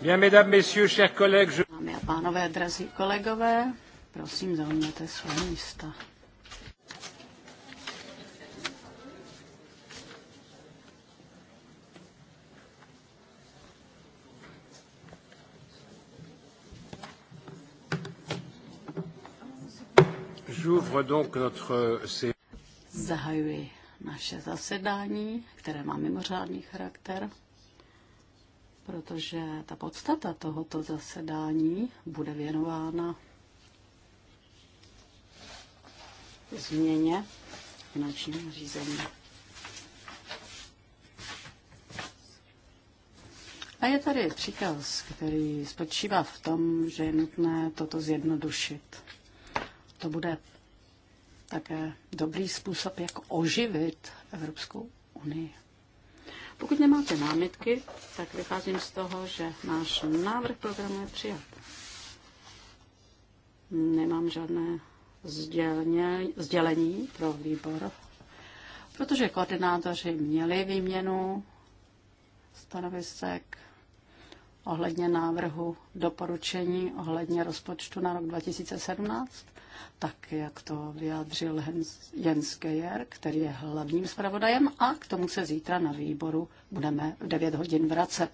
Dámy a pánové, drazí kolegové, prosím, zaujměte své místa. Euh, Zahajuji naše zasedání, které má mimořádný charakter protože ta podstata tohoto zasedání bude věnována změně finančního řízení. A je tady příkaz, který spočívá v tom, že je nutné toto zjednodušit. To bude také dobrý způsob, jak oživit Evropskou unii. Pokud nemáte námitky, tak vycházím z toho, že náš návrh programu je přijat. Nemám žádné sdělně, sdělení pro výbor, protože koordinátoři měli výměnu stanovisek ohledně návrhu doporučení ohledně rozpočtu na rok 2017 tak jak to vyjádřil Jens Geyer, který je hlavním zpravodajem a k tomu se zítra na výboru budeme v 9 hodin vracet.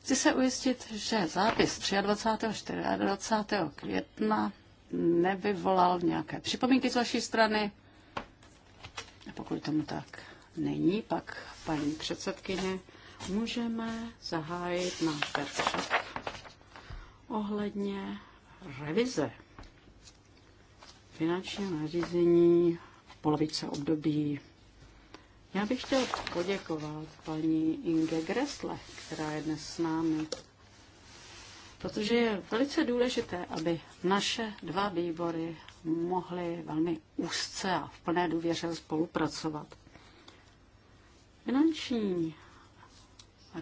Chci se ujistit, že zápis 23. a 24. května nevyvolal nějaké připomínky z vaší strany. Pokud tomu tak není, pak paní předsedkyně můžeme zahájit náš ohledně revize finančního nařízení v polovice období. Já bych chtěl poděkovat paní Inge Gresle, která je dnes s námi, protože je velice důležité, aby naše dva výbory mohly velmi úzce a v plné důvěře spolupracovat. Finanční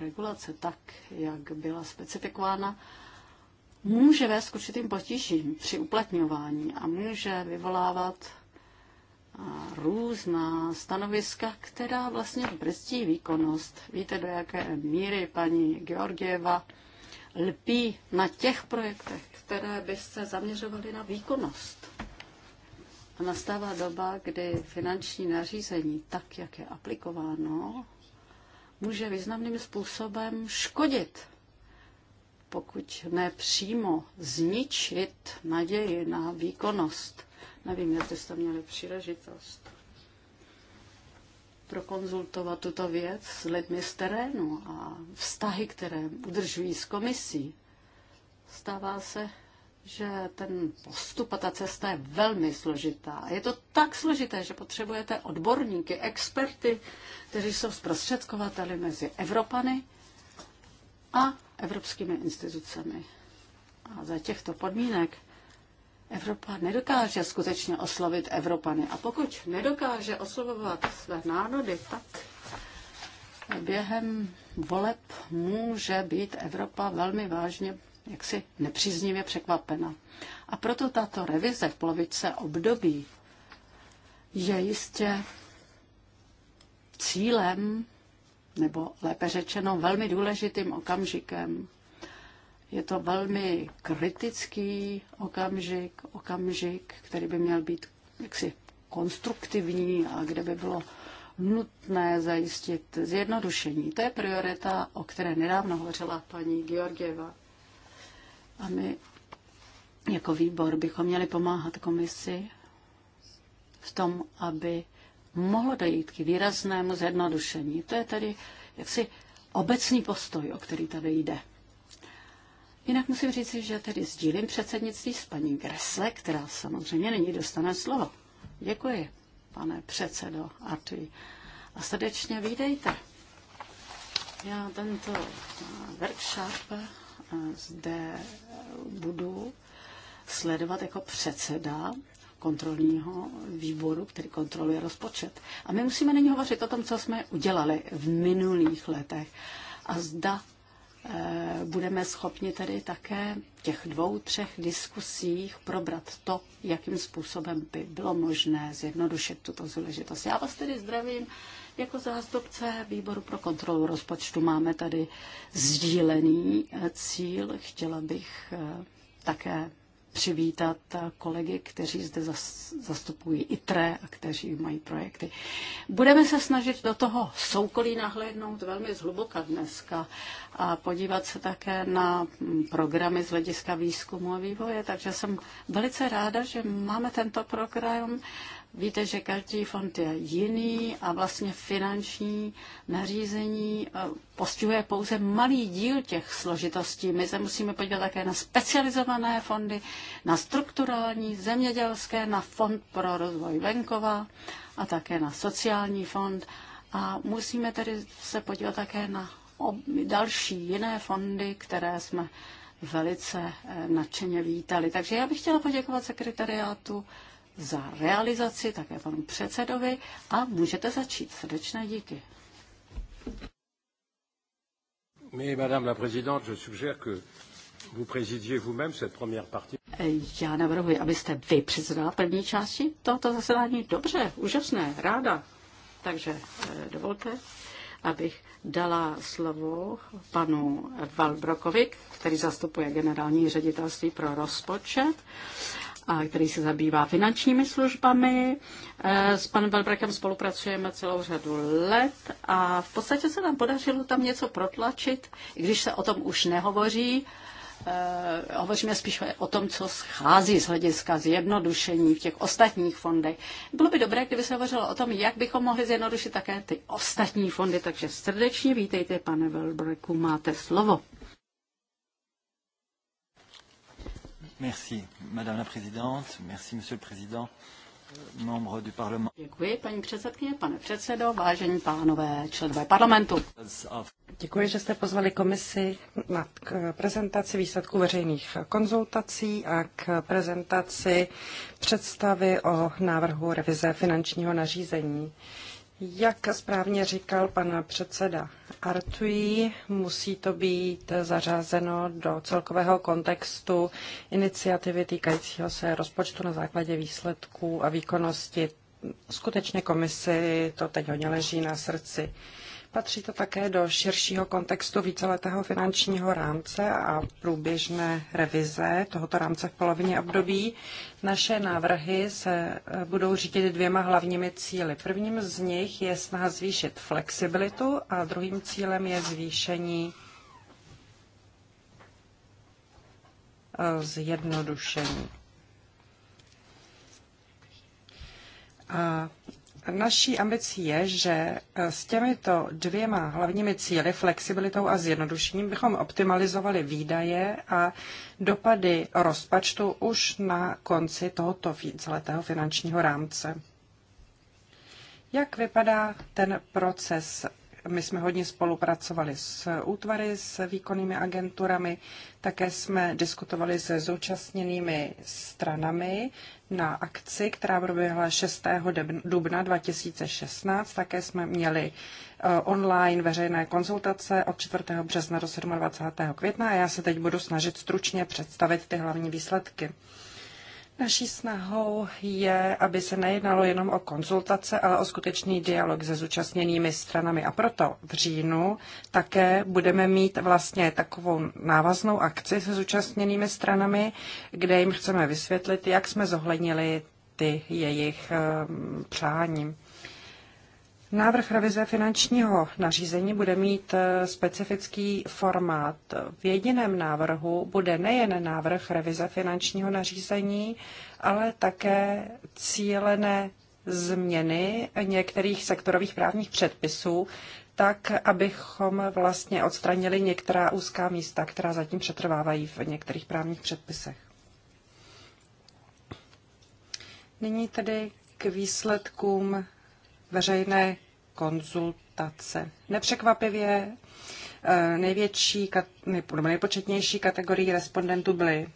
regulace tak, jak byla specifikována, může vést k určitým potížím při uplatňování a může vyvolávat různá stanoviska, která vlastně brzdí výkonnost. Víte, do jaké míry paní Georgieva lpí na těch projektech, které by se zaměřovaly na výkonnost. A nastává doba, kdy finanční nařízení, tak jak je aplikováno, může významným způsobem škodit pokud ne přímo zničit naději na výkonnost. Nevím, jestli jste měli příležitost prokonzultovat tuto věc s lidmi z terénu a vztahy, které udržují s komisí. Stává se, že ten postup a ta cesta je velmi složitá. Je to tak složité, že potřebujete odborníky, experty, kteří jsou zprostředkovateli mezi Evropany a evropskými institucemi. A za těchto podmínek Evropa nedokáže skutečně oslovit Evropany. A pokud nedokáže oslovovat své národy, tak během voleb může být Evropa velmi vážně jaksi nepříznivě překvapena. A proto tato revize v polovice období je jistě cílem nebo lépe řečeno velmi důležitým okamžikem. Je to velmi kritický okamžik, okamžik, který by měl být jaksi konstruktivní a kde by bylo nutné zajistit zjednodušení. To je priorita, o které nedávno hovořila paní Georgieva. A my jako výbor bychom měli pomáhat komisi v tom, aby mohlo dojít k výraznému zjednodušení. To je tedy jaksi obecný postoj, o který tady jde. Jinak musím říct, že tedy sdílím předsednictví s paní Gresle, která samozřejmě není dostane slovo. Děkuji, pane předsedo Artuji. A srdečně vítejte. Já tento workshop eh, zde budu sledovat jako předseda kontrolního výboru, který kontroluje rozpočet. A my musíme nyní hovořit o tom, co jsme udělali v minulých letech a zda eh, budeme schopni tedy také v těch dvou, třech diskusích probrat to, jakým způsobem by bylo možné zjednodušit tuto záležitost. Já vás tedy zdravím jako zástupce výboru pro kontrolu rozpočtu. Máme tady sdílený eh, cíl. Chtěla bych eh, také přivítat kolegy, kteří zde zastupují ITRE a kteří mají projekty. Budeme se snažit do toho soukolí nahlédnout velmi zhluboka dneska a podívat se také na programy z hlediska výzkumu a vývoje, takže jsem velice ráda, že máme tento program Víte, že každý fond je jiný a vlastně finanční nařízení eh, postihuje pouze malý díl těch složitostí. My se musíme podívat také na specializované fondy, na strukturální, zemědělské, na fond pro rozvoj venkova a také na sociální fond. A musíme tedy se podívat také na další jiné fondy, které jsme velice eh, nadšeně vítali. Takže já bych chtěla poděkovat sekretariátu za realizaci, také jako panu předsedovi a můžete začít. Srdečné díky. Já navrhuji, abyste vy předsedala první části tohoto zasedání. Dobře, úžasné, ráda. Takže eh, dovolte, abych dala slovo panu Valbrokovi, který zastupuje generální ředitelství pro rozpočet který se zabývá finančními službami. Eh, s panem Belbrekem spolupracujeme celou řadu let a v podstatě se nám podařilo tam něco protlačit, i když se o tom už nehovoří. Eh, hovoříme spíš o tom, co schází z hlediska zjednodušení v těch ostatních fondech. Bylo by dobré, kdyby se hovořilo o tom, jak bychom mohli zjednodušit také ty ostatní fondy. Takže srdečně vítejte, pane Velbreku, máte slovo. Merci, Madame la Présidente. Merci, Monsieur le Président. du Děkuji, paní předsedkyně, pane předsedo, vážení pánové členové parlamentu. Děkuji, že jste pozvali komisi na k prezentaci výsledků veřejných konzultací a k prezentaci představy o návrhu revize finančního nařízení. Jak správně říkal pan předseda Artují, musí to být zařazeno do celkového kontextu iniciativy týkajícího se rozpočtu na základě výsledků a výkonnosti. Skutečně komisi to teď hodně leží na srdci. Patří to také do širšího kontextu víceletého finančního rámce a průběžné revize tohoto rámce v polovině období. Naše návrhy se eh, budou řídit dvěma hlavními cíly. Prvním z nich je snaha zvýšit flexibilitu a druhým cílem je zvýšení eh, zjednodušení. A Naší ambicí je, že e, s těmito dvěma hlavními cíly, flexibilitou a zjednodušením, bychom optimalizovali výdaje a dopady rozpačtu už na konci tohoto celého finančního rámce. Jak vypadá ten proces my jsme hodně spolupracovali s útvary, s výkonnými agenturami, také jsme diskutovali se zúčastněnými stranami na akci, která proběhla 6. dubna 2016. Také jsme měli eh, online veřejné konzultace od 4. března do 27. května a já se teď budu snažit stručně představit ty hlavní výsledky. Naší snahou je, aby se nejednalo jenom o konzultace, ale o skutečný dialog se zúčastněnými stranami. A proto v říjnu také budeme mít vlastně takovou návaznou akci se zúčastněnými stranami, kde jim chceme vysvětlit, jak jsme zohlednili ty jejich eh, přání. Návrh revize finančního nařízení bude mít eh, specifický formát. V jediném návrhu bude nejen návrh revize finančního nařízení, ale také cílené změny některých sektorových právních předpisů, tak, abychom vlastně odstranili některá úzká místa, která zatím přetrvávají v některých právních předpisech. Nyní tedy k výsledkům veřejné konzultace. Nepřekvapivě eh, největší, nejpočetnější kategorii respondentů byly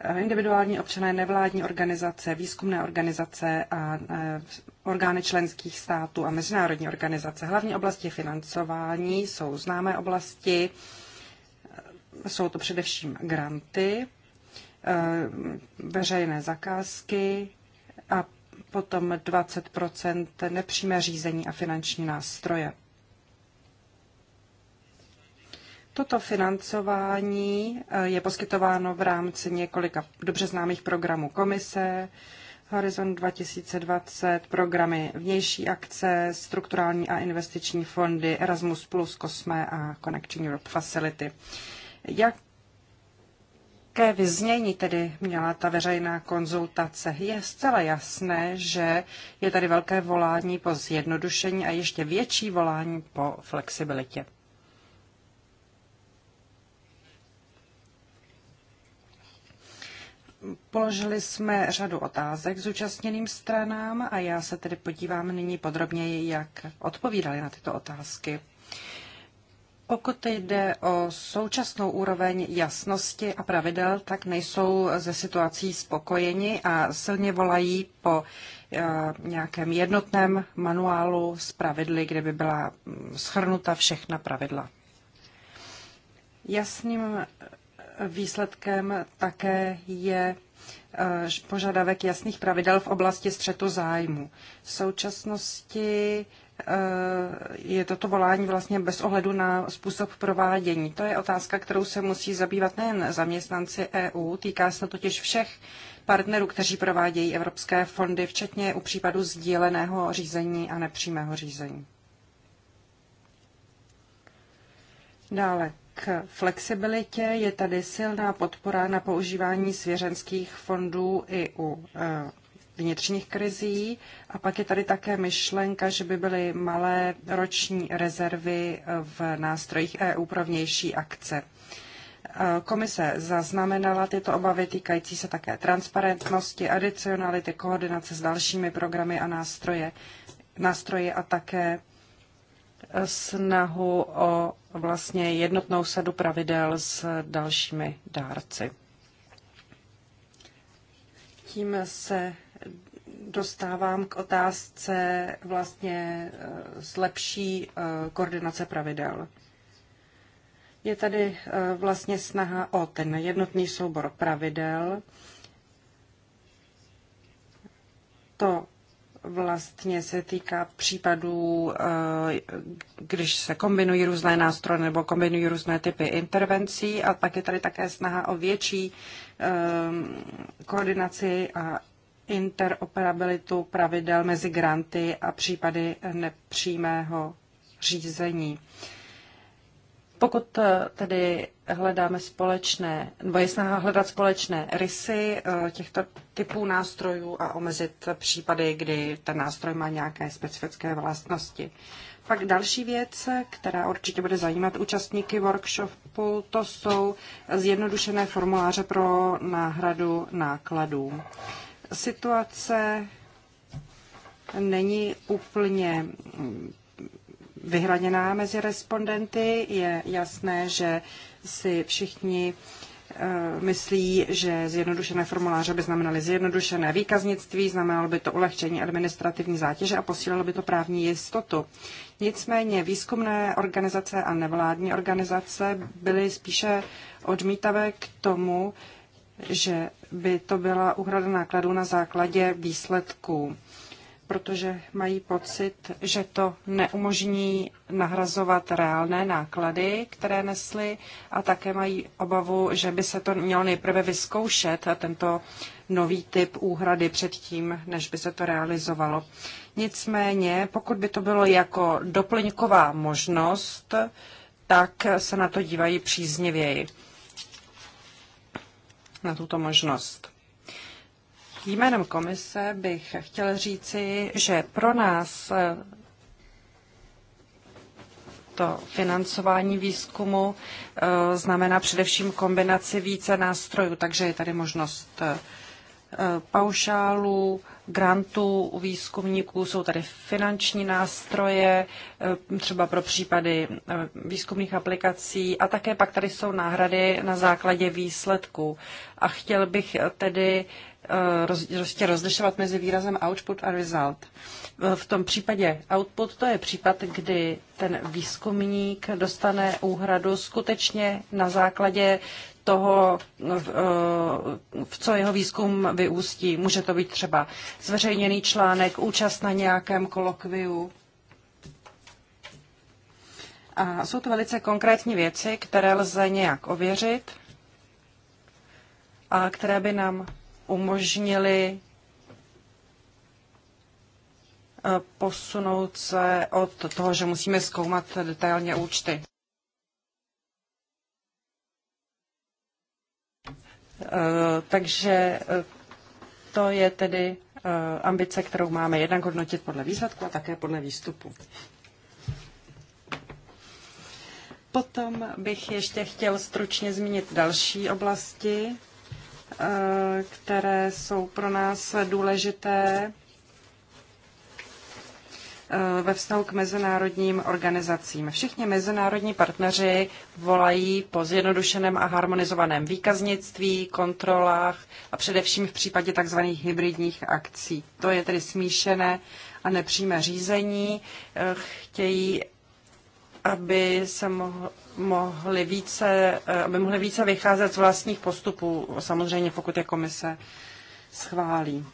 eh, individuální občané, nevládní organizace, výzkumné organizace a eh, orgány členských států a mezinárodní organizace. Hlavní oblasti financování jsou známé oblasti, jsou to především granty, veřejné zakázky, potom 20 nepřímé řízení a finanční nástroje. Toto financování eh, je poskytováno v rámci několika dobře známých programů komise, Horizon 2020, programy vnější akce, strukturální a investiční fondy Erasmus+, COSME a Connecting Europe Facility. Jak jaké vyznění tedy měla ta veřejná konzultace. Je zcela jasné, že je tady velké volání po zjednodušení a ještě větší volání po flexibilitě. Položili jsme řadu otázek zúčastněným stranám a já se tedy podívám nyní podrobněji, jak odpovídali na tyto otázky. Pokud jde o současnou úroveň jasnosti a pravidel, tak nejsou ze situací spokojeni a silně volají po eh, nějakém jednotném manuálu s pravidly, kde by byla mm, schrnuta všechna pravidla. Jasným eh, výsledkem také je eh, požadavek jasných pravidel v oblasti střetu zájmu. V současnosti Eh, je toto volání vlastně bez ohledu na způsob provádění. To je otázka, kterou se musí zabývat nejen zaměstnanci EU, týká se totiž všech partnerů, kteří provádějí evropské fondy, včetně u případu sdíleného řízení a nepřímého řízení. Dále k flexibilitě je tady silná podpora na používání svěřenských fondů i u eh, vnitřních krizí. A pak je tady také myšlenka, že by byly malé roční rezervy eh, v nástrojích EU pro vnější akce. Eh, komise zaznamenala tyto obavy týkající se také transparentnosti, adicionality, koordinace s dalšími programy a nástroje, nástroje a také eh, snahu o vlastně jednotnou sadu pravidel s dalšími dárci. Tím se dostávám k otázce vlastně eh, zlepší eh, koordinace pravidel. Je tady eh, vlastně snaha o ten jednotný soubor pravidel. To vlastně se týká případů, když se kombinují různé nástroje nebo kombinují různé typy intervencí a pak je tady také snaha o větší koordinaci a interoperabilitu pravidel mezi granty a případy nepřímého řízení. Pokud eh, tedy hledáme společné, nebo je snaha hledat společné rysy eh, těchto typů nástrojů a omezit případy, kdy ten nástroj má nějaké specifické vlastnosti. Pak další věc, která určitě bude zajímat účastníky workshopu, to jsou zjednodušené formuláře pro náhradu nákladů situace není úplně vyhraněná mezi respondenty. Je jasné, že si všichni eh, myslí, že zjednodušené formuláře by znamenaly zjednodušené výkaznictví, znamenalo by to ulehčení administrativní zátěže a posílilo by to právní jistotu. Nicméně výzkumné organizace a nevládní organizace byly spíše odmítavé k tomu, že by to byla úhrada nákladů na základě výsledků, protože mají pocit, že to neumožní nahrazovat reálné náklady, které nesly, a také mají obavu, že by se to mělo nejprve vyzkoušet, a tento nový typ úhrady předtím, než by se to realizovalo. Nicméně, pokud by to bylo jako doplňková možnost, tak se na to dívají příznivěji na tuto možnost. Jménem komise bych chtěl říci, že pro nás eh, to financování výzkumu eh, znamená především kombinaci více nástrojů, takže je tady možnost eh, Eh, paušálů, grantů u výzkumníků, jsou tady finanční nástroje, eh, třeba pro případy eh, výzkumných aplikací a také pak tady jsou náhrady na základě výsledků. A chtěl bych tedy prostě rozlišovat mezi výrazem output a result. V tom případě output to je případ, kdy ten výzkumník dostane úhradu skutečně na základě toho, eh, v co jeho výzkum vyústí. Může to být třeba zveřejněný článek, účast na nějakém kolokviu. A jsou to velice konkrétní věci, které lze nějak ověřit a které by nám umožnily eh, posunout se od toho, že musíme zkoumat detailně účty. Eh, takže eh, to je tedy eh, ambice, kterou máme jednak hodnotit podle výsledku a také podle výstupu. Potom bych ještě chtěl stručně zmínit další oblasti, které jsou pro nás důležité Eh, ve vztahu k mezinárodním organizacím. Všichni mezinárodní partneři volají po zjednodušeném a harmonizovaném výkaznictví, kontrolách a především v případě tzv. hybridních akcí. To je tedy smíšené a nepřímé řízení. Eh, chtějí, aby se mohlo mohli více, eh, aby mohli více vycházet z vlastních postupů, samozřejmě pokud je komise schválí.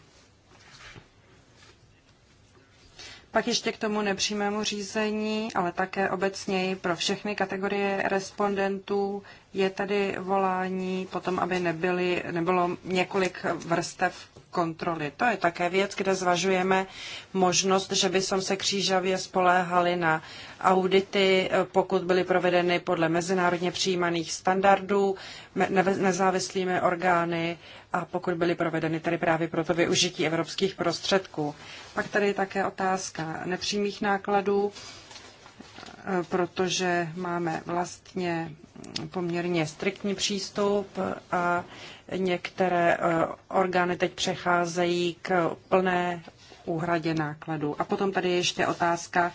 Pak ještě k tomu nepřímému řízení, ale také obecněji pro všechny kategorie respondentů je tady volání potom, aby nebyly, nebylo několik vrstev kontroly. To je také věc, kde zvažujeme možnost, že by som se křížavě spoléhali na audity, pokud byly provedeny podle mezinárodně přijímaných standardů nezávislými orgány a pokud byly provedeny tedy právě proto využití evropských prostředků. Pak tady je také otázka nepřímých nákladů, e, protože máme vlastně poměrně striktní přístup a některé eh, orgány teď přecházejí k plné úhradě nákladů. A potom tady ještě otázka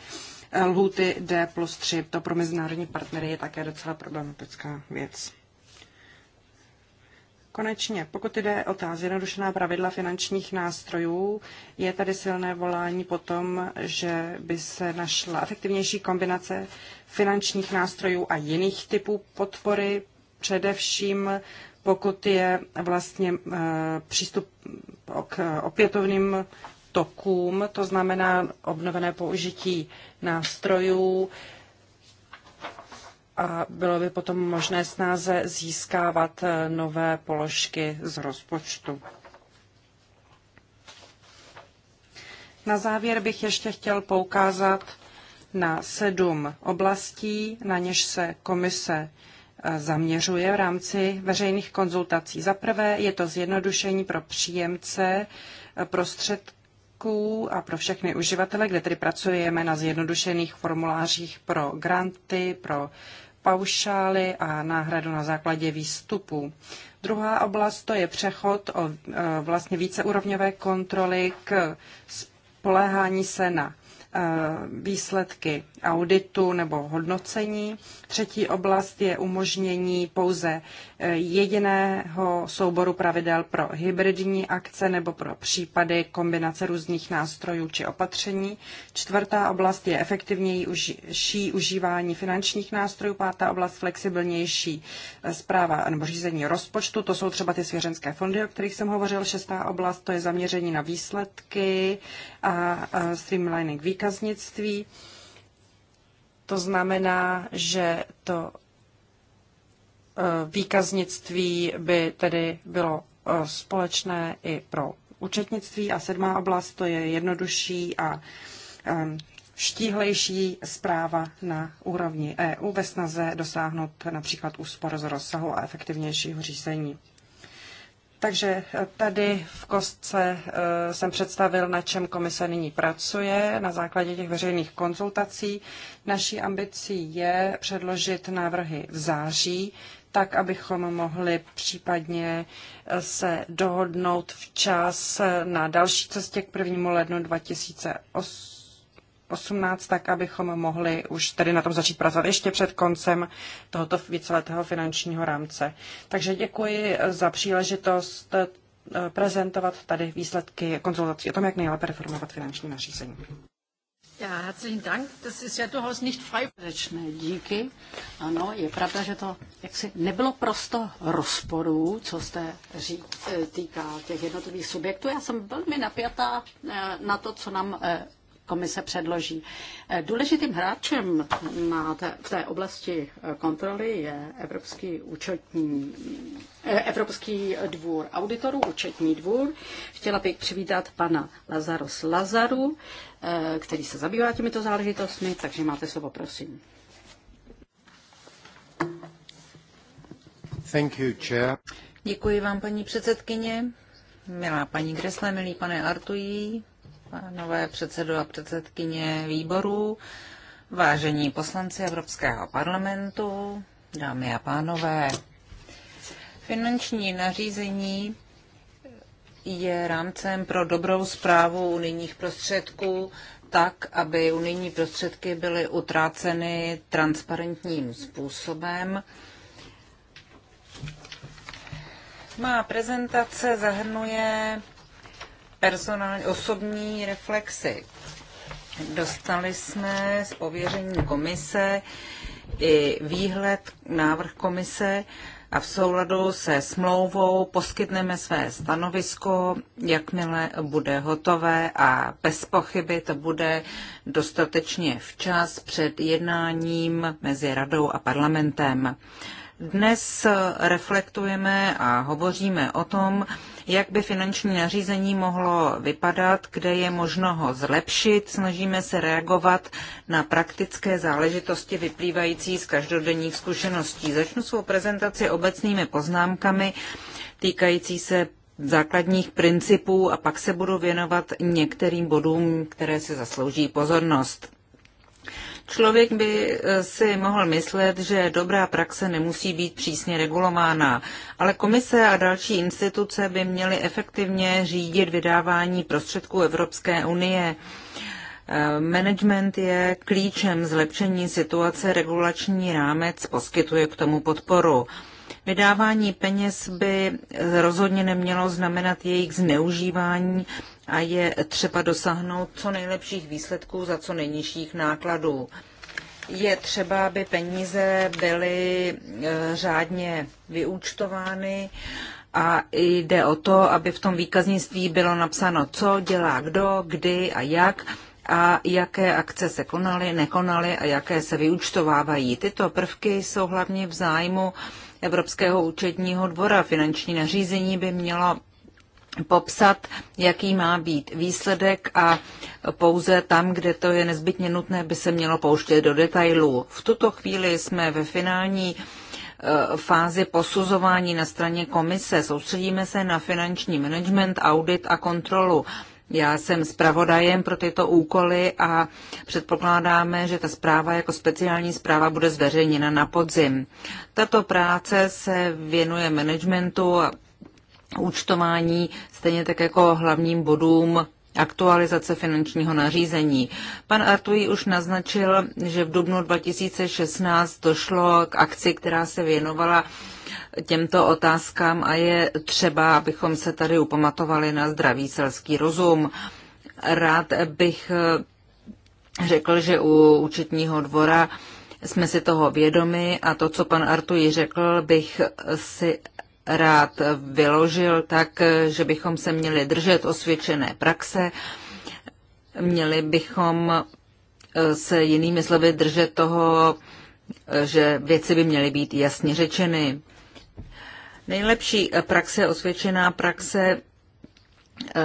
eh, lhuty D plus 3. To pro mezinárodní partnery je také docela problematická věc. Konečně, pokud jde o ta zjednodušená pravidla finančních nástrojů, je tady silné volání potom, že by se našla efektivnější kombinace finančních nástrojů a jiných typů podpory, především pokud je vlastně e, přístup k opětovným tokům, to znamená obnovené použití nástrojů, a bylo by potom možné snáze získávat eh, nové položky z rozpočtu. Na závěr bych ještě chtěl poukázat na sedm oblastí, na něž se komise eh, zaměřuje v rámci veřejných konzultací. Za prvé je to zjednodušení pro příjemce eh, prostředků a pro všechny uživatele, kde tedy pracujeme na zjednodušených formulářích pro granty, pro paušály a náhradu na základě výstupů. Druhá oblast to je přechod o e, vlastně víceúrovňové kontroly k spoléhání se na e, výsledky auditu nebo hodnocení. Třetí oblast je umožnění pouze eh, jediného souboru pravidel pro hybridní akce nebo pro případy kombinace různých nástrojů či opatření. Čtvrtá oblast je efektivnější užívání finančních nástrojů. Pátá oblast flexibilnější zpráva eh, nebo řízení rozpočtu. To jsou třeba ty svěřenské fondy, o kterých jsem hovořil. Šestá oblast to je zaměření na výsledky a eh, streamlining výkaznictví. To znamená, že to e, výkaznictví by tedy bylo e, společné i pro účetnictví. A sedmá oblast to je jednodušší a e, štíhlejší zpráva na úrovni EU ve snaze dosáhnout například úspor z rozsahu a efektivnějšího řízení. Takže eh, tady v kostce eh, jsem představil, na čem komise nyní pracuje na základě těch veřejných konzultací. Naší ambicí je předložit návrhy v září, tak abychom mohli případně eh, se dohodnout včas na další cestě k 1. lednu 2008. 2018, tak abychom mohli už tedy na tom začít pracovat ještě před koncem tohoto víceletého finančního rámce. Takže děkuji za příležitost eh, prezentovat tady výsledky konzultací o tom, jak nejlépe reformovat finanční nařízení. Ja, herzlichen Dank. Das ist ja durchaus nicht freiwillig. Díky. Ano, je pravda, že to jaksi nebylo prosto rozporů, co jste řík, eh, týká těch jednotlivých subjektů. Já jsem velmi napjatá eh, na to, co nám komise předloží. Eh, důležitým hráčem na té, v té oblasti eh, kontroly je Evropský účetní eh, Evropský dvůr auditorů, účetní dvůr. Chtěla bych přivítat pana Lazaros Lazaru, který se zabývá těmito záležitostmi, takže máte slovo, prosím. Thank you, chair. Děkuji vám, paní předsedkyně. Milá paní Gresle, milý pane Artují, pánové předsedo a předsedkyně výborů, vážení poslanci Evropského parlamentu, dámy a pánové. Finanční nařízení je rámcem pro dobrou zprávu unijních prostředků tak, aby unijní prostředky byly utráceny transparentním způsobem. Má prezentace zahrnuje personální osobní reflexy. Dostali jsme z pověření komise i výhled, návrh komise a v souladu se smlouvou poskytneme své stanovisko, jakmile bude hotové a bez pochyby to bude dostatečně včas před jednáním mezi radou a parlamentem. Dnes reflektujeme a hovoříme o tom, jak by finanční nařízení mohlo vypadat, kde je možno ho zlepšit. Snažíme se reagovat na praktické záležitosti vyplývající z každodenních zkušeností. Začnu svou prezentaci obecnými poznámkami týkající se základních principů a pak se budu věnovat některým bodům, které si zaslouží pozornost. Člověk by eh, si mohl myslet, že dobrá praxe nemusí být přísně regulována, ale komise a další instituce by měly efektivně řídit vydávání prostředků Evropské unie. Eh, management je klíčem zlepšení situace, regulační rámec poskytuje k tomu podporu. Vydávání peněz by rozhodně nemělo znamenat jejich zneužívání a je třeba dosáhnout co nejlepších výsledků za co nejnižších nákladů. Je třeba, aby peníze byly eh, řádně vyúčtovány a jde o to, aby v tom výkaznictví bylo napsáno, co dělá kdo, kdy a jak a jaké akce se konaly, nekonaly a jaké se vyúčtovávají. Tyto prvky jsou hlavně v zájmu uh, Evropského účetního dvora. Finanční nařízení by mělo popsat, jaký má být výsledek a pouze tam, kde to je nezbytně nutné, by se mělo pouštět do detailů. V tuto chvíli jsme ve finální eh, fázi posuzování na straně komise. Soustředíme se na finanční management, audit a kontrolu. Já jsem zpravodajem pro tyto úkoly a předpokládáme, že ta zpráva jako speciální zpráva bude zveřejněna na podzim. Tato práce se věnuje managementu a účtování, stejně tak jako hlavním bodům aktualizace finančního nařízení. Pan Artuji už naznačil, že v dubnu 2016 došlo k akci, která se věnovala těmto otázkám a je třeba, abychom se tady upamatovali na zdravý selský rozum. Rád bych eh, řekl, že u účetního dvora jsme si toho vědomi a to, co pan Artuji řekl, bych si rád vyložil tak, že bychom se měli držet osvědčené praxe, měli bychom eh, se jinými slovy držet toho, eh, že věci by měly být jasně řečeny. Nejlepší eh, praxe, osvědčená praxe eh,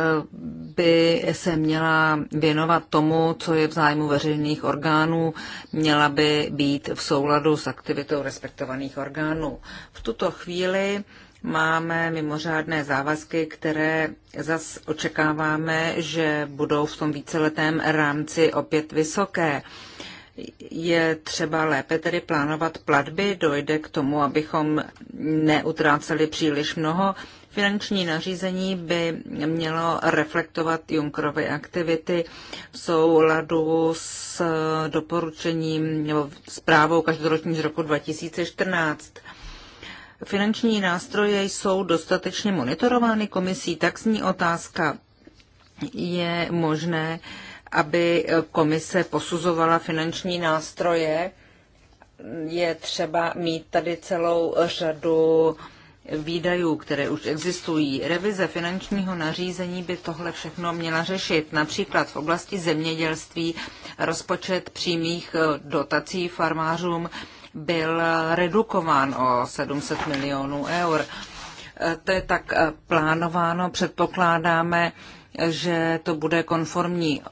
by se měla věnovat tomu, co je v zájmu veřejných orgánů, měla by být v souladu s aktivitou respektovaných orgánů. V tuto chvíli máme mimořádné závazky, které zas očekáváme, že budou v tom víceletém rámci opět vysoké je třeba lépe tedy plánovat platby, dojde k tomu, abychom neutráceli příliš mnoho. Finanční nařízení by mělo reflektovat Junckerovy aktivity v souladu s doporučením nebo zprávou každoroční z roku 2014. Finanční nástroje jsou dostatečně monitorovány komisí, tak zní otázka, je možné uh, aby komise posuzovala finanční nástroje, je třeba mít tady celou řadu výdajů, které už existují. Revize finančního nařízení by tohle všechno měla řešit. Například v oblasti zemědělství rozpočet přímých eh, dotací farmářům byl redukován o 700 milionů eur. Eh, to je tak eh, plánováno, předpokládáme, že to bude konformní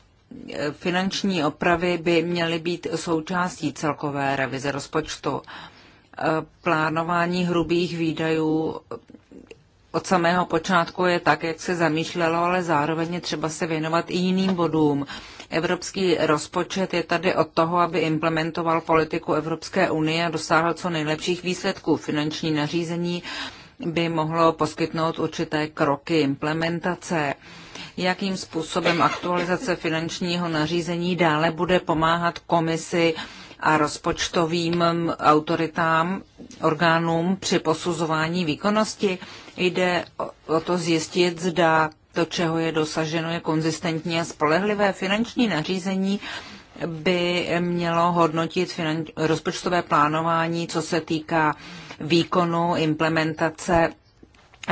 finanční opravy by měly být součástí celkové revize rozpočtu. Plánování hrubých výdajů od samého počátku je tak, jak se zamýšlelo, ale zároveň je třeba se věnovat i jiným bodům. Evropský rozpočet je tady od toho, aby implementoval politiku Evropské unie a dosáhl co nejlepších výsledků. Finanční nařízení by mohlo poskytnout určité kroky implementace jakým způsobem aktualizace finančního nařízení dále bude pomáhat komisi a rozpočtovým autoritám, orgánům při posuzování výkonnosti. Jde o to zjistit, zda to, čeho je dosaženo, je konzistentní a spolehlivé. Finanční nařízení by mělo hodnotit rozpočtové plánování, co se týká výkonu, implementace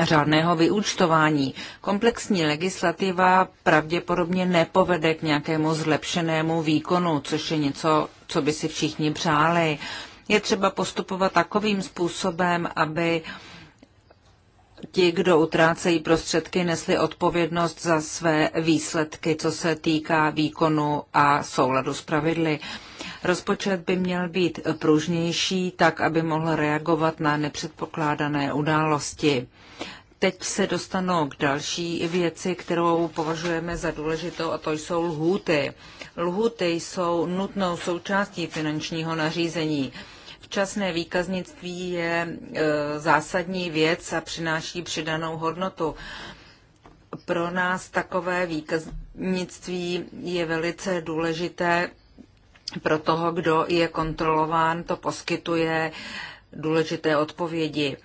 řádného vyúčtování. Komplexní legislativa pravděpodobně nepovede k nějakému zlepšenému výkonu, což je něco, co by si všichni přáli. Je třeba postupovat takovým způsobem, aby ti, kdo utrácejí prostředky, nesli odpovědnost za své výsledky, co se týká výkonu a souladu s pravidly. Rozpočet by měl být pružnější, tak aby mohl reagovat na nepředpokládané události teď se dostanu k další věci, kterou považujeme za důležitou, a to jsou lhůty. Lhůty jsou nutnou součástí finančního nařízení. Včasné výkaznictví je e, zásadní věc a přináší přidanou hodnotu. Pro nás takové výkaznictví je velice důležité pro toho, kdo je kontrolován, to poskytuje důležité odpovědi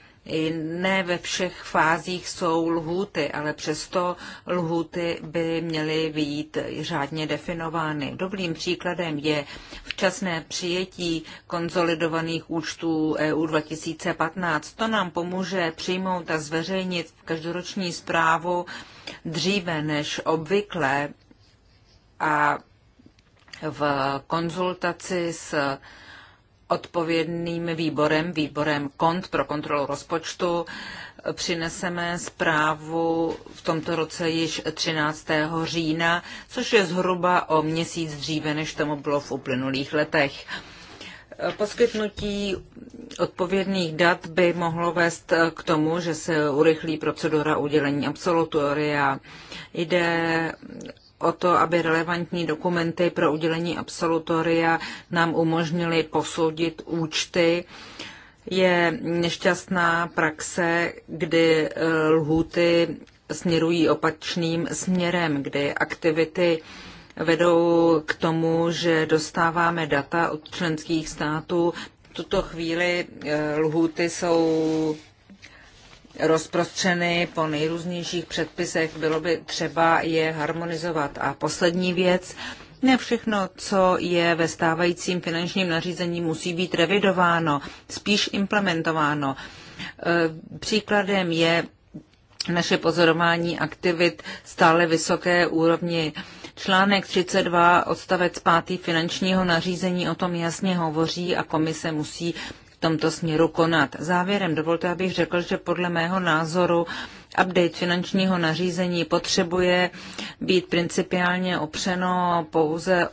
ne ve všech fázích jsou lhůty, ale přesto lhůty by měly být řádně definovány. Dobrým příkladem je včasné přijetí konzolidovaných účtů EU 2015. To nám pomůže přijmout a zveřejnit každoroční zprávu dříve než obvykle a v konzultaci s odpovědným výborem, výborem KONT pro kontrolu rozpočtu, přineseme zprávu v tomto roce již 13. října, což je zhruba o měsíc dříve, než tomu bylo v uplynulých letech. Poskytnutí odpovědných dat by mohlo vést k tomu, že se urychlí procedura udělení absolutoria. Jde o to, aby relevantní dokumenty pro udělení absolutoria nám umožnily posoudit účty. Je nešťastná praxe, kdy eh, lhuty směrují opačným směrem, kdy aktivity vedou k tomu, že dostáváme data od členských států. V tuto chvíli eh, lhuty jsou rozprostřeny po nejrůznějších předpisech, bylo by třeba je harmonizovat. A poslední věc, ne všechno, co je ve stávajícím finančním nařízení, musí být revidováno, spíš implementováno. E, příkladem je naše pozorování aktivit stále vysoké úrovni. Článek 32 odstavec 5 finančního nařízení o tom jasně hovoří a komise musí v tomto směru konat. Závěrem dovolte, abych řekl, že podle mého názoru update finančního nařízení potřebuje být principiálně opřeno pouze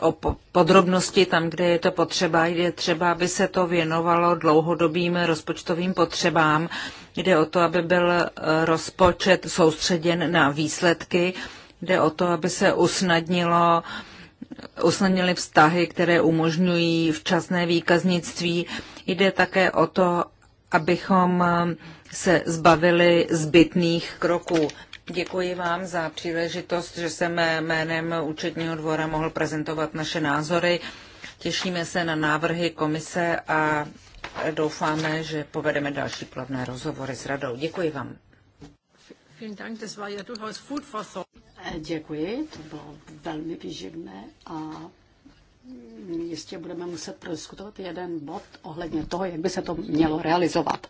o podrobnosti tam, kde je to potřeba. Je třeba, aby se to věnovalo dlouhodobým rozpočtovým potřebám. Jde o to, aby byl e, rozpočet soustředěn na výsledky. Jde o to, aby se usnadnilo uh, usnadnili vztahy, které umožňují včasné výkaznictví. Jde také o to, abychom se zbavili zbytných kroků. Děkuji vám za příležitost, že jsem jménem účetního dvora mohl prezentovat naše názory. Těšíme se na návrhy komise a doufáme, že povedeme další plavné rozhovory s radou. Děkuji vám. Eh, děkuji, to bylo velmi výživné a jistě budeme muset prodiskutovat jeden bod ohledně toho, jak by se to mělo realizovat.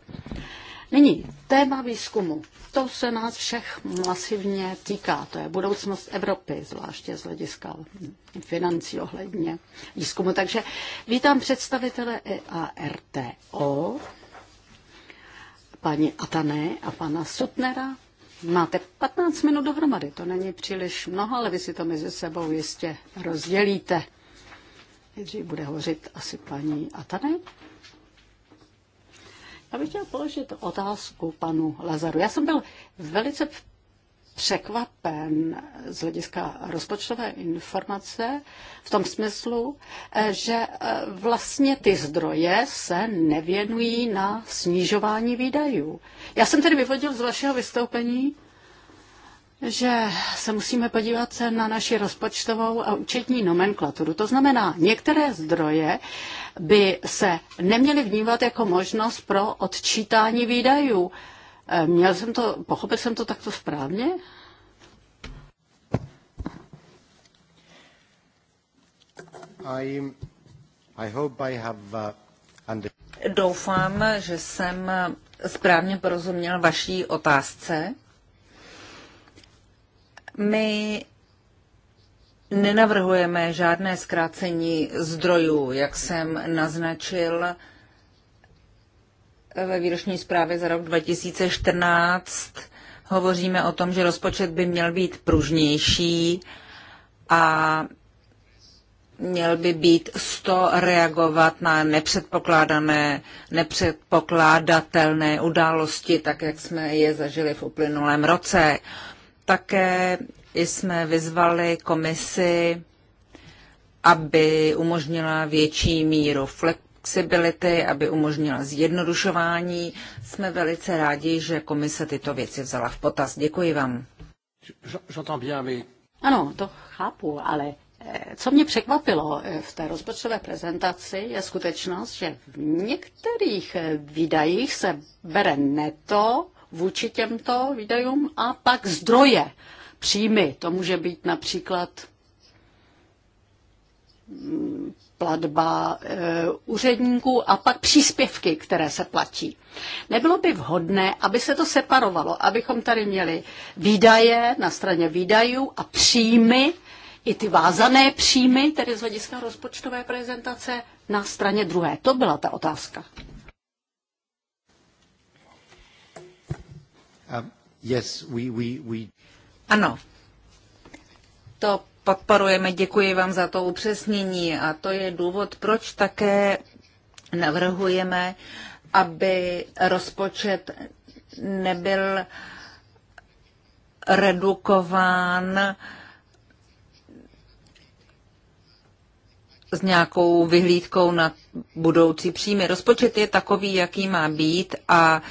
Nyní téma výzkumu. To se nás všech masivně týká. To je budoucnost Evropy, zvláště z hlediska financí ohledně výzkumu. Takže vítám představitele EARTO, paní Atané a pana Sutnera Máte 15 minut dohromady, to není příliš mnoho, ale vy si to mezi sebou jistě rozdělíte. Nejdřív bude hovořit asi paní Atane. Já bych chtěla položit otázku panu Lazaru. Já jsem byl velice překvapen z hlediska rozpočtové informace v tom smyslu, eh, že eh, vlastně ty zdroje se nevěnují na snižování výdajů. Já jsem tedy vyvodil z vašeho vystoupení, že se musíme podívat se na naši rozpočtovou a účetní nomenklaturu. To znamená, některé zdroje by se neměly vnívat jako možnost pro odčítání výdajů, Eh, měl jsem to, pochopil jsem to takto správně? I, I hope I have uh, under... Doufám, že jsem správně porozuměl vaší otázce. My nenavrhujeme žádné zkrácení zdrojů, jak jsem naznačil ve výroční zprávě za rok 2014 hovoříme o tom, že rozpočet by měl být pružnější a měl by být to reagovat na nepředpokládané, nepředpokládatelné události, tak jak jsme je zažili v uplynulém roce. Také jsme vyzvali komisi, aby umožnila větší míru flexibility, aby umožnila zjednodušování. Jsme velice rádi, že komise tyto věci vzala v potaz. Děkuji vám. Ano, to chápu, ale eh, co mě překvapilo eh, v té rozpočtové prezentaci je skutečnost, že v některých eh, výdajích se bere neto vůči těmto výdajům a pak zdroje, příjmy. To může být například mm, platba e, úředníků a pak příspěvky, které se platí. Nebylo by vhodné, aby se to separovalo, abychom tady měli výdaje na straně výdajů a příjmy, i ty vázané příjmy, tedy z hlediska rozpočtové prezentace, na straně druhé. To byla ta otázka. Um, yes, we, we, we... Ano, to podporujeme. Děkuji vám za to upřesnění a to je důvod, proč také navrhujeme, aby rozpočet nebyl redukován s nějakou vyhlídkou na budoucí příjmy. Rozpočet je takový, jaký má být a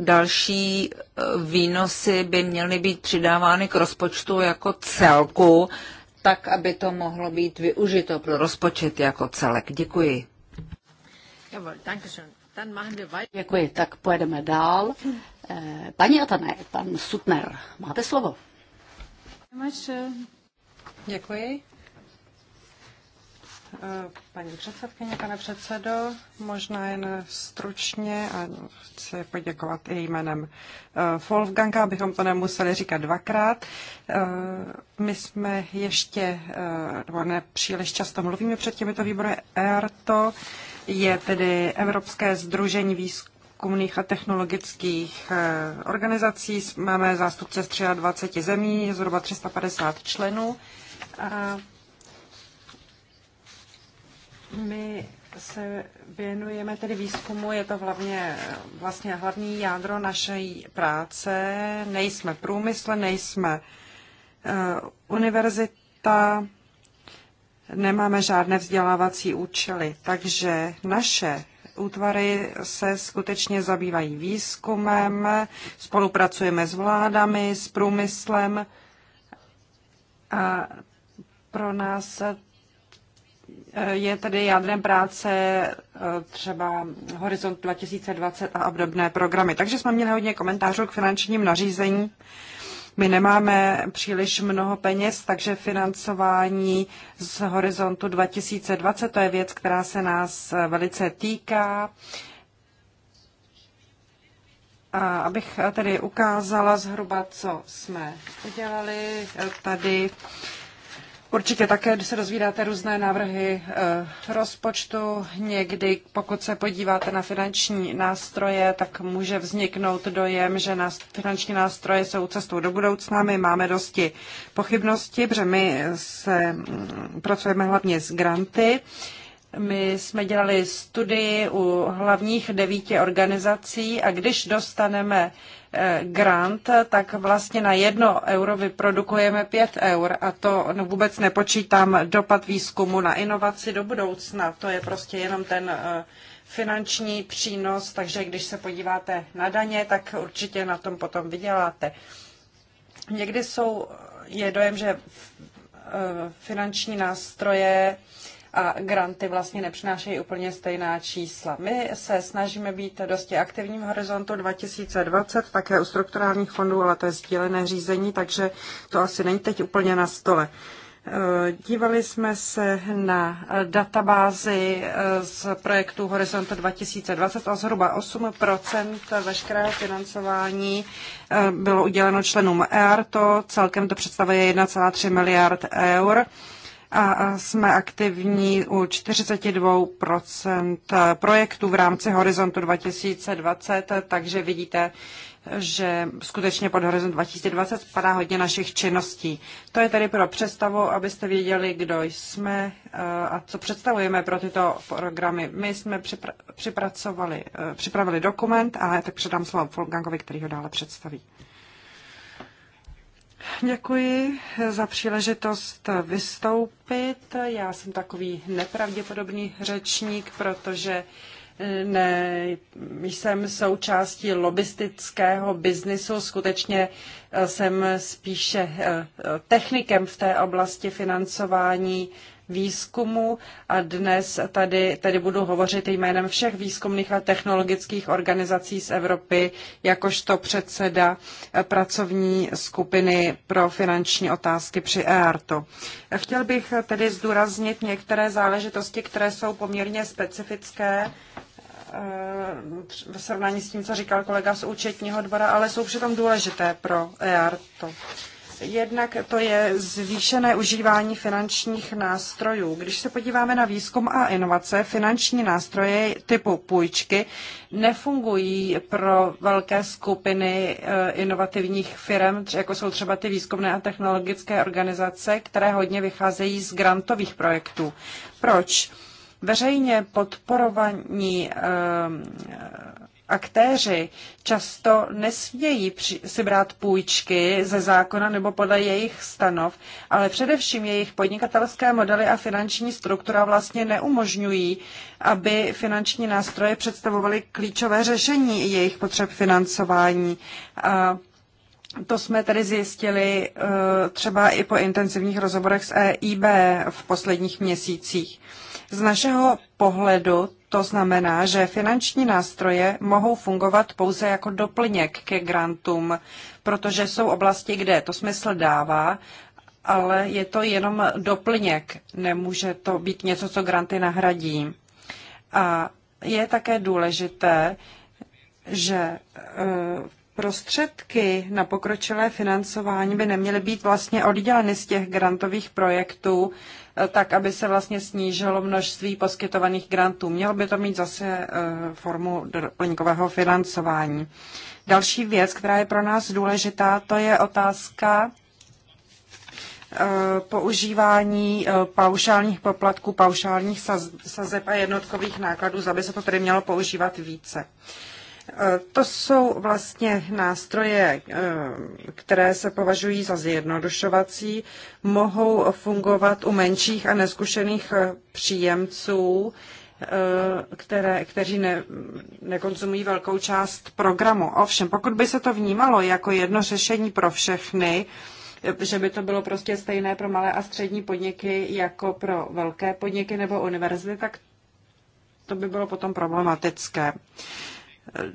další eh, výnosy by měly být přidávány k rozpočtu jako celku, tak, aby to mohlo být využito pro rozpočet jako celek. Děkuji. Děkuji, tak pojedeme dál. Eh, paní Atané, pan Sutner, máte slovo. Děkuji. Eh, paní předsedkyně, pane předsedo. Možná jen stručně a chci poděkovat i jménem eh, Wolfganga, abychom to nemuseli říkat dvakrát. Eh, my jsme ještě, nebo ne příliš často mluvíme před těmito výbory, ERTO je tedy Evropské združení výzkumných a technologických organizací. Máme zástupce z 23 zemí, zhruba 350 členů. A my se věnujeme tedy výzkumu, je to hlavně, vlastně hlavní jádro naší práce. Nejsme průmysl, nejsme eh, univerzita, nemáme žádné vzdělávací účely. Takže naše útvary se skutečně zabývají výzkumem, spolupracujeme s vládami, s průmyslem a pro nás je tedy jádrem práce e, třeba Horizont 2020 a obdobné programy. Takže jsme měli hodně komentářů k finančním nařízení. My nemáme příliš mnoho peněz, takže financování z horizontu 2020, to je věc, která se nás velice týká. A abych tedy ukázala zhruba, co jsme udělali e, tady. Uh, Určitě také se dozvídáte různé návrhy eh, rozpočtu. Někdy, pokud se podíváte na finanční nástroje, tak může vzniknout dojem, že finanční nástroje jsou cestou do budoucna. My máme dosti pochybnosti, protože my se mm, pracujeme hlavně s granty. My jsme dělali studii u hlavních devíti organizací a když dostaneme Eh, grant, tak vlastně na jedno euro vyprodukujeme pět eur a to no, vůbec nepočítám dopad výzkumu na inovaci do budoucna. To je prostě jenom ten eh, finanční přínos, takže když se podíváte na daně, tak určitě na tom potom vyděláte. Někdy jsou, je dojem, že eh, finanční nástroje a granty vlastně nepřinášejí úplně stejná čísla. My se snažíme být dosti aktivní v horizontu 2020, také u strukturálních fondů, ale to je sdílené řízení, takže to asi není teď úplně na stole. Eh, dívali jsme se na databázi eh, z projektu Horizontu 2020 a zhruba 8 veškerého financování eh, bylo uděleno členům ERTO, to celkem to představuje 1,3 miliard eur a jsme aktivní u 42% projektů v rámci Horizontu 2020, takže vidíte, že skutečně pod Horizont 2020 spadá hodně našich činností. To je tedy pro představu, abyste věděli, kdo jsme a co představujeme pro tyto programy. My jsme e, připravili dokument a tak předám slovo Wolfgangovi, který ho dále představí. Děkuji za příležitost vystoupit. Já jsem takový nepravděpodobný řečník, protože eh, ne, jsem součástí lobistického biznisu, skutečně eh, jsem spíše eh, technikem v té oblasti financování výzkumu a dnes tady, tady budu hovořit jménem všech výzkumných a technologických organizací z Evropy jakožto předseda pracovní skupiny pro finanční otázky při EARTO. Chtěl bych tedy zdůraznit některé záležitosti, které jsou poměrně specifické eh, ve srovnání s tím, co říkal kolega z účetního dvora, ale jsou přitom důležité pro EARTO. Jednak to je zvýšené užívání finančních nástrojů. Když se podíváme na výzkum a inovace, finanční nástroje typu půjčky nefungují pro velké skupiny eh, inovativních firm, jako jsou třeba ty výzkumné a technologické organizace, které hodně vycházejí z grantových projektů. Proč? Veřejně podporovaní eh, aktéři často nesmějí si brát půjčky ze zákona nebo podle jejich stanov, ale především jejich podnikatelské modely a finanční struktura vlastně neumožňují, aby finanční nástroje představovaly klíčové řešení jejich potřeb financování. A to jsme tedy zjistili eh, třeba i po intenzivních rozhovorech s EIB v posledních měsících. Z našeho pohledu to znamená, že finanční nástroje mohou fungovat pouze jako doplněk ke grantům, protože jsou oblasti, kde to smysl dává, ale je to jenom doplněk, nemůže to být něco, co granty nahradí. A je také důležité, že e, prostředky na pokročilé financování by neměly být vlastně odděleny z těch grantových projektů, tak aby se vlastně snížilo množství poskytovaných grantů. Mělo by to mít zase e, formu doplňkového financování. Další věc, která je pro nás důležitá, to je otázka e, používání e, paušálních poplatků, paušálních sazeb a jednotkových nákladů, aby se to tedy mělo používat více. Eh, to jsou vlastně nástroje, eh, které se považují za zjednodušovací, mohou fungovat u menších a neskušených eh, příjemců, které, kteří ne, nekonzumují velkou část programu. Ovšem, pokud by se to vnímalo jako jedno řešení pro všechny, že by to bylo prostě stejné pro malé a střední podniky jako pro velké podniky nebo univerzity, tak to by bylo potom problematické. Uh,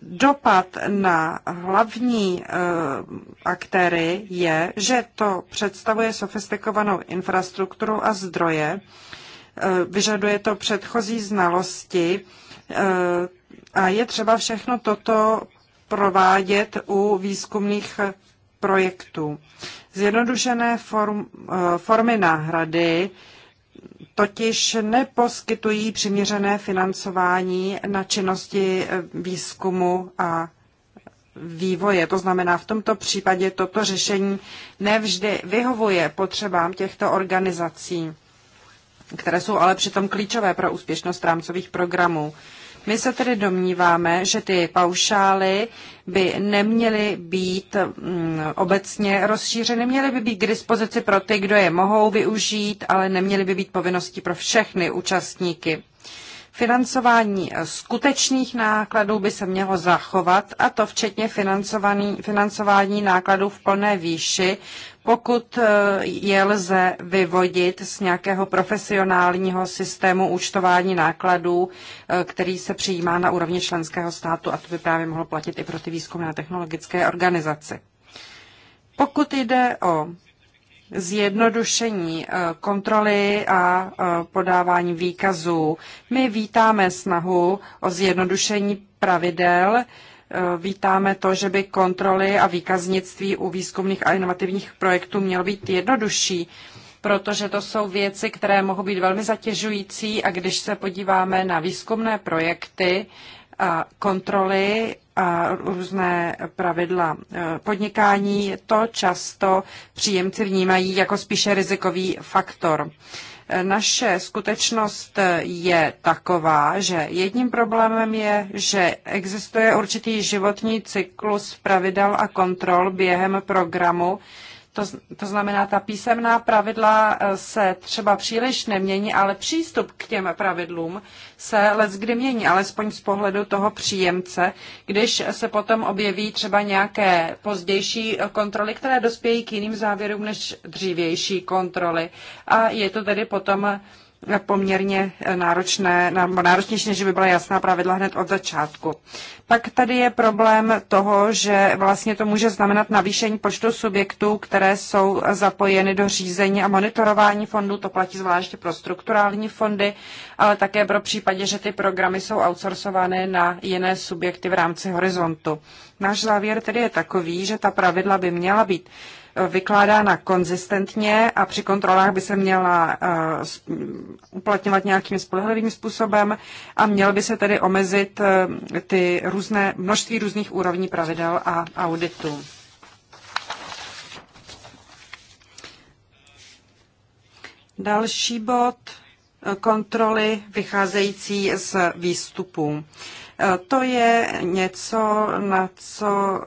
Dopad na hlavní eh, aktéry je, že to představuje sofistikovanou infrastrukturu a zdroje, eh, vyžaduje to předchozí znalosti eh, a je třeba všechno toto provádět u výzkumných projektů. Zjednodušené form, formy náhrady totiž neposkytují přiměřené financování na činnosti eh, výzkumu a vývoje. To znamená, v tomto případě toto řešení nevždy vyhovuje potřebám těchto organizací, které jsou ale přitom klíčové pro úspěšnost rámcových programů. My se tedy domníváme, že ty paušály by neměly být mm, obecně rozšířeny, měly by být k dispozici pro ty, kdo je mohou využít, ale neměly by být povinností pro všechny účastníky. Financování eh, skutečných nákladů by se mělo zachovat, a to včetně financování nákladů v plné výši, pokud eh, je lze vyvodit z nějakého profesionálního systému účtování nákladů, eh, který se přijímá na úrovni členského státu, a to by právě mohlo platit i pro ty výzkumné a technologické organizace. Pokud jde o zjednodušení eh, kontroly a eh, podávání výkazů. My vítáme snahu o zjednodušení pravidel, eh, vítáme to, že by kontroly a výkaznictví u výzkumných a inovativních projektů mělo být jednodušší, protože to jsou věci, které mohou být velmi zatěžující a když se podíváme na výzkumné projekty a kontroly, a různé pravidla eh, podnikání, to často příjemci vnímají jako spíše rizikový faktor. Eh, naše skutečnost je taková, že jedním problémem je, že existuje určitý životní cyklus pravidel a kontrol během programu, to, to znamená, ta písemná pravidla eh, se třeba příliš nemění, ale přístup k těm pravidlům se kdy mění, alespoň z pohledu toho příjemce, když se potom objeví třeba nějaké pozdější kontroly, které dospějí k jiným závěrům než dřívější kontroly. A je to tedy potom poměrně náročné, náročnější, než by byla jasná pravidla hned od začátku. Pak tady je problém toho, že vlastně to může znamenat navýšení počtu subjektů, které jsou zapojeny do řízení a monitorování fondů. To platí zvláště pro strukturální fondy, ale také pro případě, že ty programy jsou outsourcovány na jiné subjekty v rámci horizontu. Náš závěr tedy je takový, že ta pravidla by měla být vykládána konzistentně a při kontrolách by se měla eh, uplatňovat nějakým spolehlivým způsobem a měl by se tedy omezit eh, ty různé, množství různých úrovní pravidel a auditů. Další bod eh, kontroly vycházející z výstupů. To je něco, na co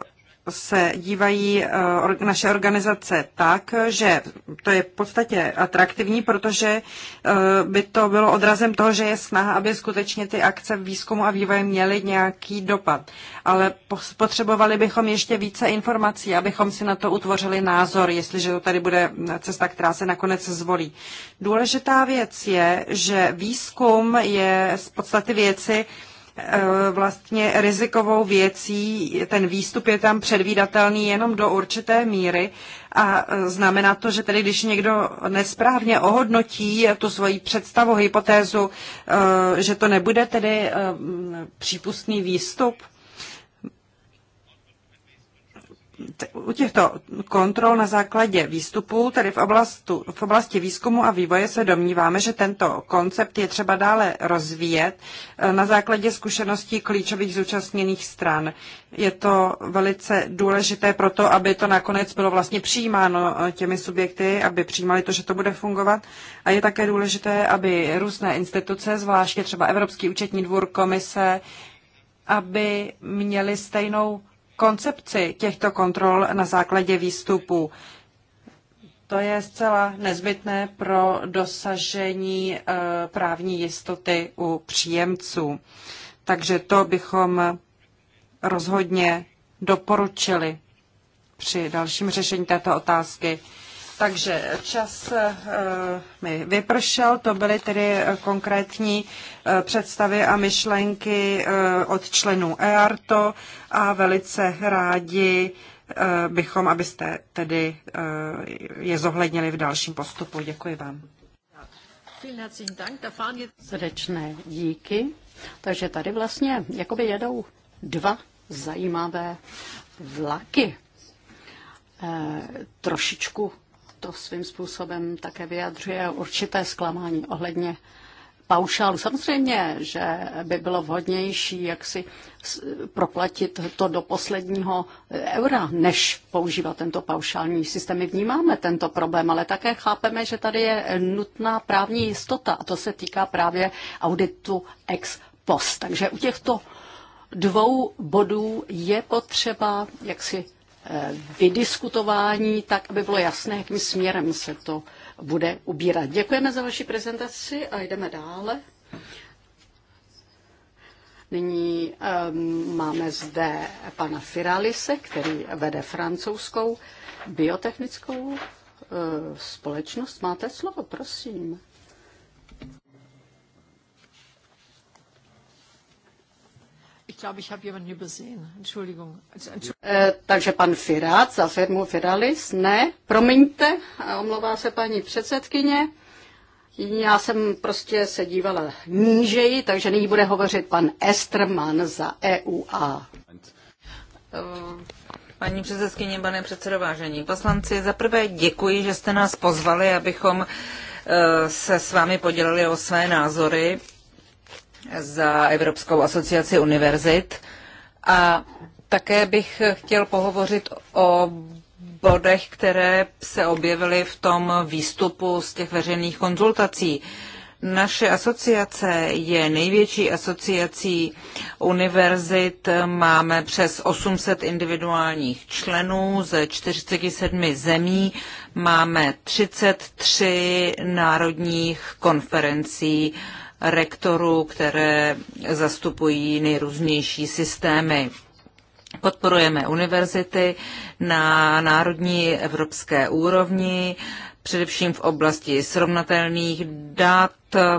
se dívají eh, naše organizace tak, že to je v podstatě atraktivní, protože eh, by to bylo odrazem toho, že je snaha, aby skutečně ty akce v výzkumu a vývoje měly nějaký dopad. Ale potřebovali bychom ještě více informací, abychom si na to utvořili názor, jestliže to tady bude cesta, která se nakonec zvolí. Důležitá věc je, že výzkum je z podstaty věci, Eh, vlastně rizikovou věcí. Ten výstup je tam předvídatelný jenom do určité míry a eh, znamená to, že tedy když někdo nesprávně ohodnotí tu svoji představu, hypotézu, eh, že to nebude tedy přípustný výstup? u těchto kontrol na základě výstupů, tedy v, oblastu, v oblasti výzkumu a vývoje se domníváme, že tento koncept je třeba dále rozvíjet eh, na základě zkušeností klíčových zúčastněných stran. Je to velice důležité proto, aby to nakonec bylo vlastně přijímáno eh, těmi subjekty, aby přijímali to, že to bude fungovat. A je také důležité, aby různé instituce, zvláště třeba Evropský účetní dvůr, komise, aby měli stejnou koncepci těchto kontrol na základě výstupů. To je zcela nezbytné pro dosažení eh, právní jistoty u příjemců. Takže to bychom rozhodně doporučili při dalším řešení této otázky. Takže čas eh, mi vypršel, to byly tedy eh, konkrétní eh, představy a myšlenky od členů EARTO a velice rádi bychom, abyste tedy je zohlednili v dalším postupu. Děkuji vám. Srdečné díky. Takže tady vlastně jakoby jedou dva zajímavé vlaky. E, trošičku to svým způsobem také vyjadřuje určité zklamání ohledně paušálu. Samozřejmě, že by bylo vhodnější, jak si proplatit to do posledního eura, než používat tento paušální systém. My vnímáme tento problém, ale také chápeme, že tady je nutná právní jistota a to se týká právě auditu ex post. Takže u těchto dvou bodů je potřeba jaksi Eh, vydiskutování, tak aby bylo jasné, jakým směrem se to bude ubírat. Děkujeme za vaši prezentaci a jdeme dále. Nyní um, máme zde pana Firalise, který vede francouzskou biotechnickou uh, společnost. Máte slovo, prosím. Eh, takže pan Firat za firmu Firalis, ne, promiňte, omlouvá se paní předsedkyně. Já jsem prostě se dívala nížeji, takže nyní bude hovořit pan Esterman za EUA. Eh, paní předsedkyně, pane předsedo, vážení poslanci, zaprvé děkuji, že jste nás pozvali, abychom eh, se s vámi podělili o své názory za Evropskou asociaci univerzit a také bych chtěl pohovořit o bodech, které se objevily v tom výstupu z těch veřejných konzultací. Naše asociace je největší asociací univerzit. Máme přes 800 individuálních členů ze 47 zemí. Máme 33 národních konferencí rektorů, které zastupují nejrůznější systémy. Podporujeme univerzity na národní evropské úrovni, především v oblasti srovnatelných dat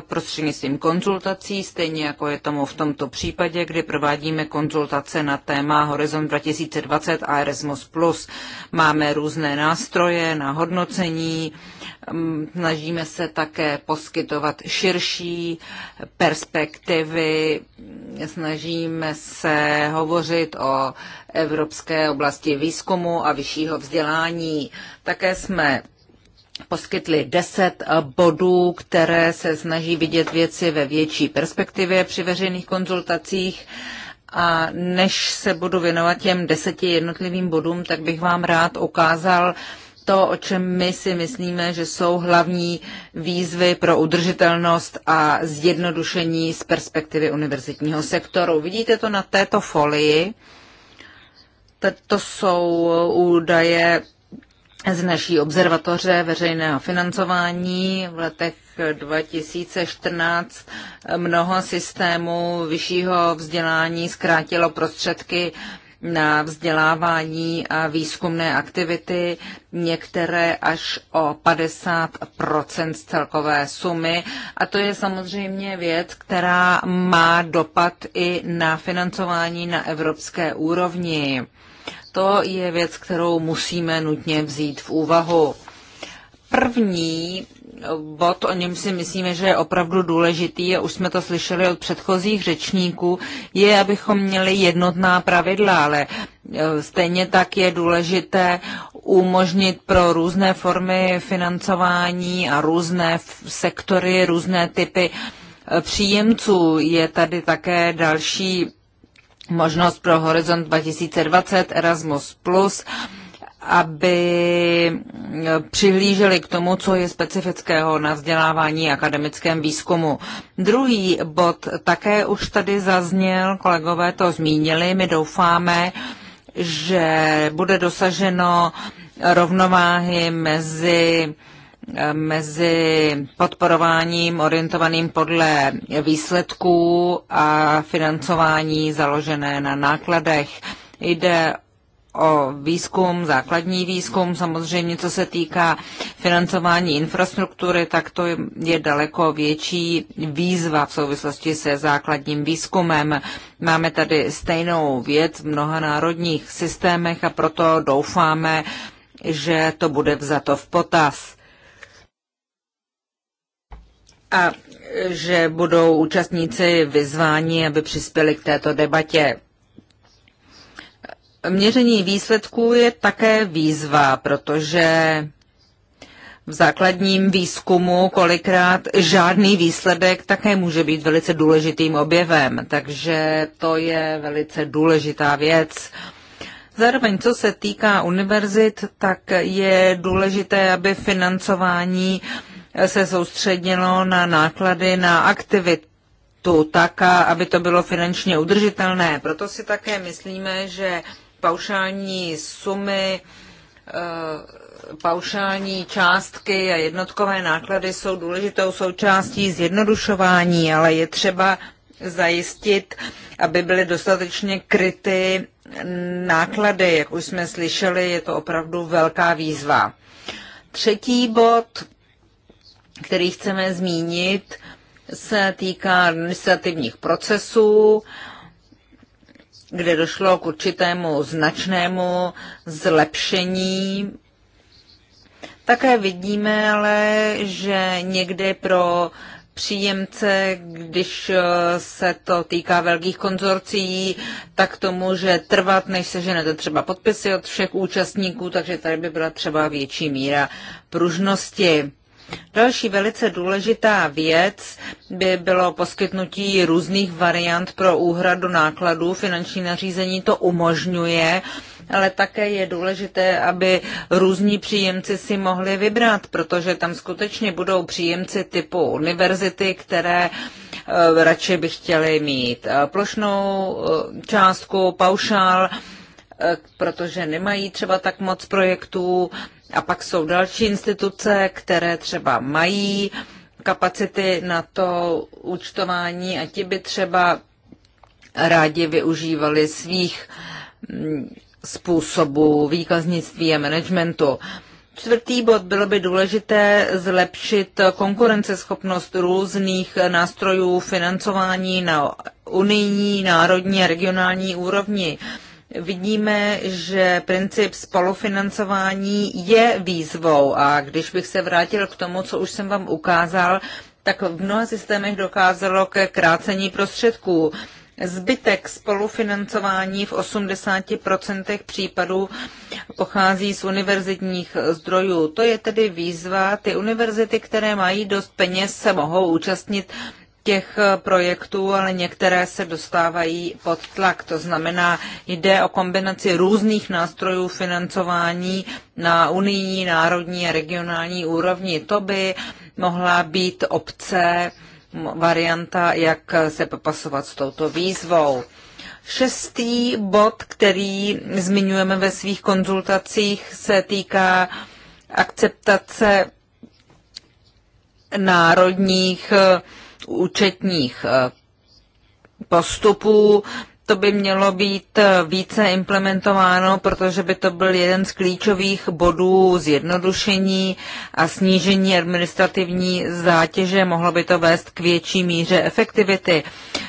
prostřednictvím konzultací, stejně jako je tomu v tomto případě, kdy provádíme konzultace na téma Horizon 2020 a Erasmus+. Máme různé nástroje na hodnocení, Mm, snažíme se také poskytovat širší perspektivy, snažíme se hovořit o evropské oblasti výzkumu a vyššího vzdělání. Také jsme poskytli deset bodů, které se snaží vidět věci ve větší perspektivě při veřejných konzultacích. A než se budu věnovat těm deseti jednotlivým bodům, tak bych vám rád ukázal, to, o čem my si myslíme, že jsou hlavní výzvy pro udržitelnost a zjednodušení z perspektivy univerzitního sektoru. Vidíte to na této folii. To jsou údaje z naší observatoře veřejného financování v letech 2014 mnoho systémů vyššího vzdělání zkrátilo prostředky na vzdělávání a výzkumné aktivity, některé až o 50 z celkové sumy. A to je samozřejmě věc, která má dopad i na financování na evropské úrovni. To je věc, kterou musíme nutně vzít v úvahu. První bod, o něm si myslíme, že je opravdu důležitý a už jsme to slyšeli od předchozích řečníků, je, abychom měli jednotná pravidla, ale e, stejně tak je důležité umožnit pro různé formy financování a různé sektory, různé typy e, příjemců. Je tady také další možnost pro Horizont 2020, Erasmus+, aby e, přihlíželi k tomu, co je specifického na vzdělávání akademickém výzkumu. Druhý bod také už tady zazněl, kolegové to zmínili, my doufáme, že bude dosaženo rovnováhy mezi e, mezi podporováním orientovaným podle výsledků a financování založené na nákladech. Jde o výzkum, základní výzkum, samozřejmě co se týká financování infrastruktury, tak to je daleko větší výzva v souvislosti se základním výzkumem. Máme tady stejnou věc v mnoha národních systémech a proto doufáme, že to bude vzato v potaz. A že budou účastníci vyzváni, aby přispěli k této debatě. Měření výsledků je také výzva, protože v základním výzkumu kolikrát žádný výsledek také může být velice důležitým objevem, takže to je velice důležitá věc. Zároveň, co se týká univerzit, tak je důležité, aby financování se soustředilo na náklady na aktivitu, tak, aby to bylo finančně udržitelné. Proto si také myslíme, že paušální sumy, eh, paušální částky a jednotkové náklady jsou důležitou součástí zjednodušování, ale je třeba zajistit, aby byly dostatečně kryty náklady. Jak už jsme slyšeli, je to opravdu velká výzva. Třetí bod, který chceme zmínit, se týká administrativních procesů kde došlo k určitému značnému zlepšení. Také vidíme ale, že někde pro příjemce, když se to týká velkých konzorcí, tak to může trvat, než se ženete třeba podpisy od všech účastníků, takže tady by byla třeba větší míra pružnosti. Další velice důležitá věc by bylo poskytnutí různých variant pro úhradu nákladů. Finanční nařízení to umožňuje, ale také je důležité, aby různí příjemci si mohli vybrat, protože tam skutečně budou příjemci typu univerzity, které eh, radši by chtěli mít eh, plošnou eh, částku, paušál, protože nemají třeba tak moc projektů, a pak jsou další instituce, které třeba mají kapacity na to účtování a ti by třeba rádi využívali svých mm, způsobů výkaznictví a managementu. Čtvrtý bod, bylo by důležité zlepšit konkurenceschopnost různých nástrojů financování na unijní, národní a regionální úrovni. Uh, vidíme, že princip spolufinancování je výzvou a když bych se vrátil k tomu, co už jsem vám ukázal, tak v mnoha systémech dokázalo ke krácení prostředků. Zbytek spolufinancování v 80% případů pochází z univerzitních zdrojů. To je tedy výzva. Ty univerzity, které mají dost peněz, se mohou účastnit těch eh, projektů, ale některé se dostávají pod tlak. To znamená, jde o kombinaci různých nástrojů financování na unijní, národní a regionální úrovni. To by mohla být obce varianta, jak se popasovat s touto výzvou. Šestý bod, který zmiňujeme ve svých konzultacích, se týká akceptace národních uh, účetních eh, postupů. To by mělo být eh, více implementováno, protože by to byl jeden z klíčových bodů zjednodušení a snížení administrativní zátěže. Mohlo by to vést k větší míře efektivity.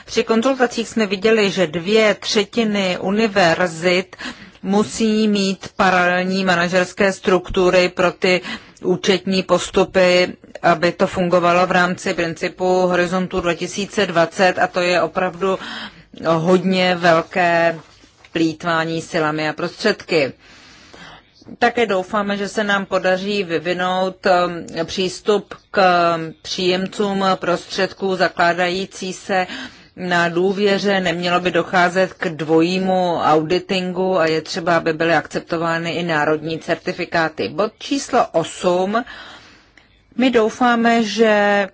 Při konzultacích jsme viděli, že dvě třetiny univerzit musí mít paralelní manažerské struktury pro ty uh, účetní postupy, aby to fungovalo v rámci principu Horizontu 2020 a to je opravdu hodně velké plítvání silami a prostředky. Také doufáme, že se nám podaří vyvinout um, přístup k příjemcům prostředků zakládající se na důvěře, nemělo by docházet k dvojímu auditingu a je třeba, aby byly akceptovány i národní certifikáty. Bod číslo 8. My doufáme, že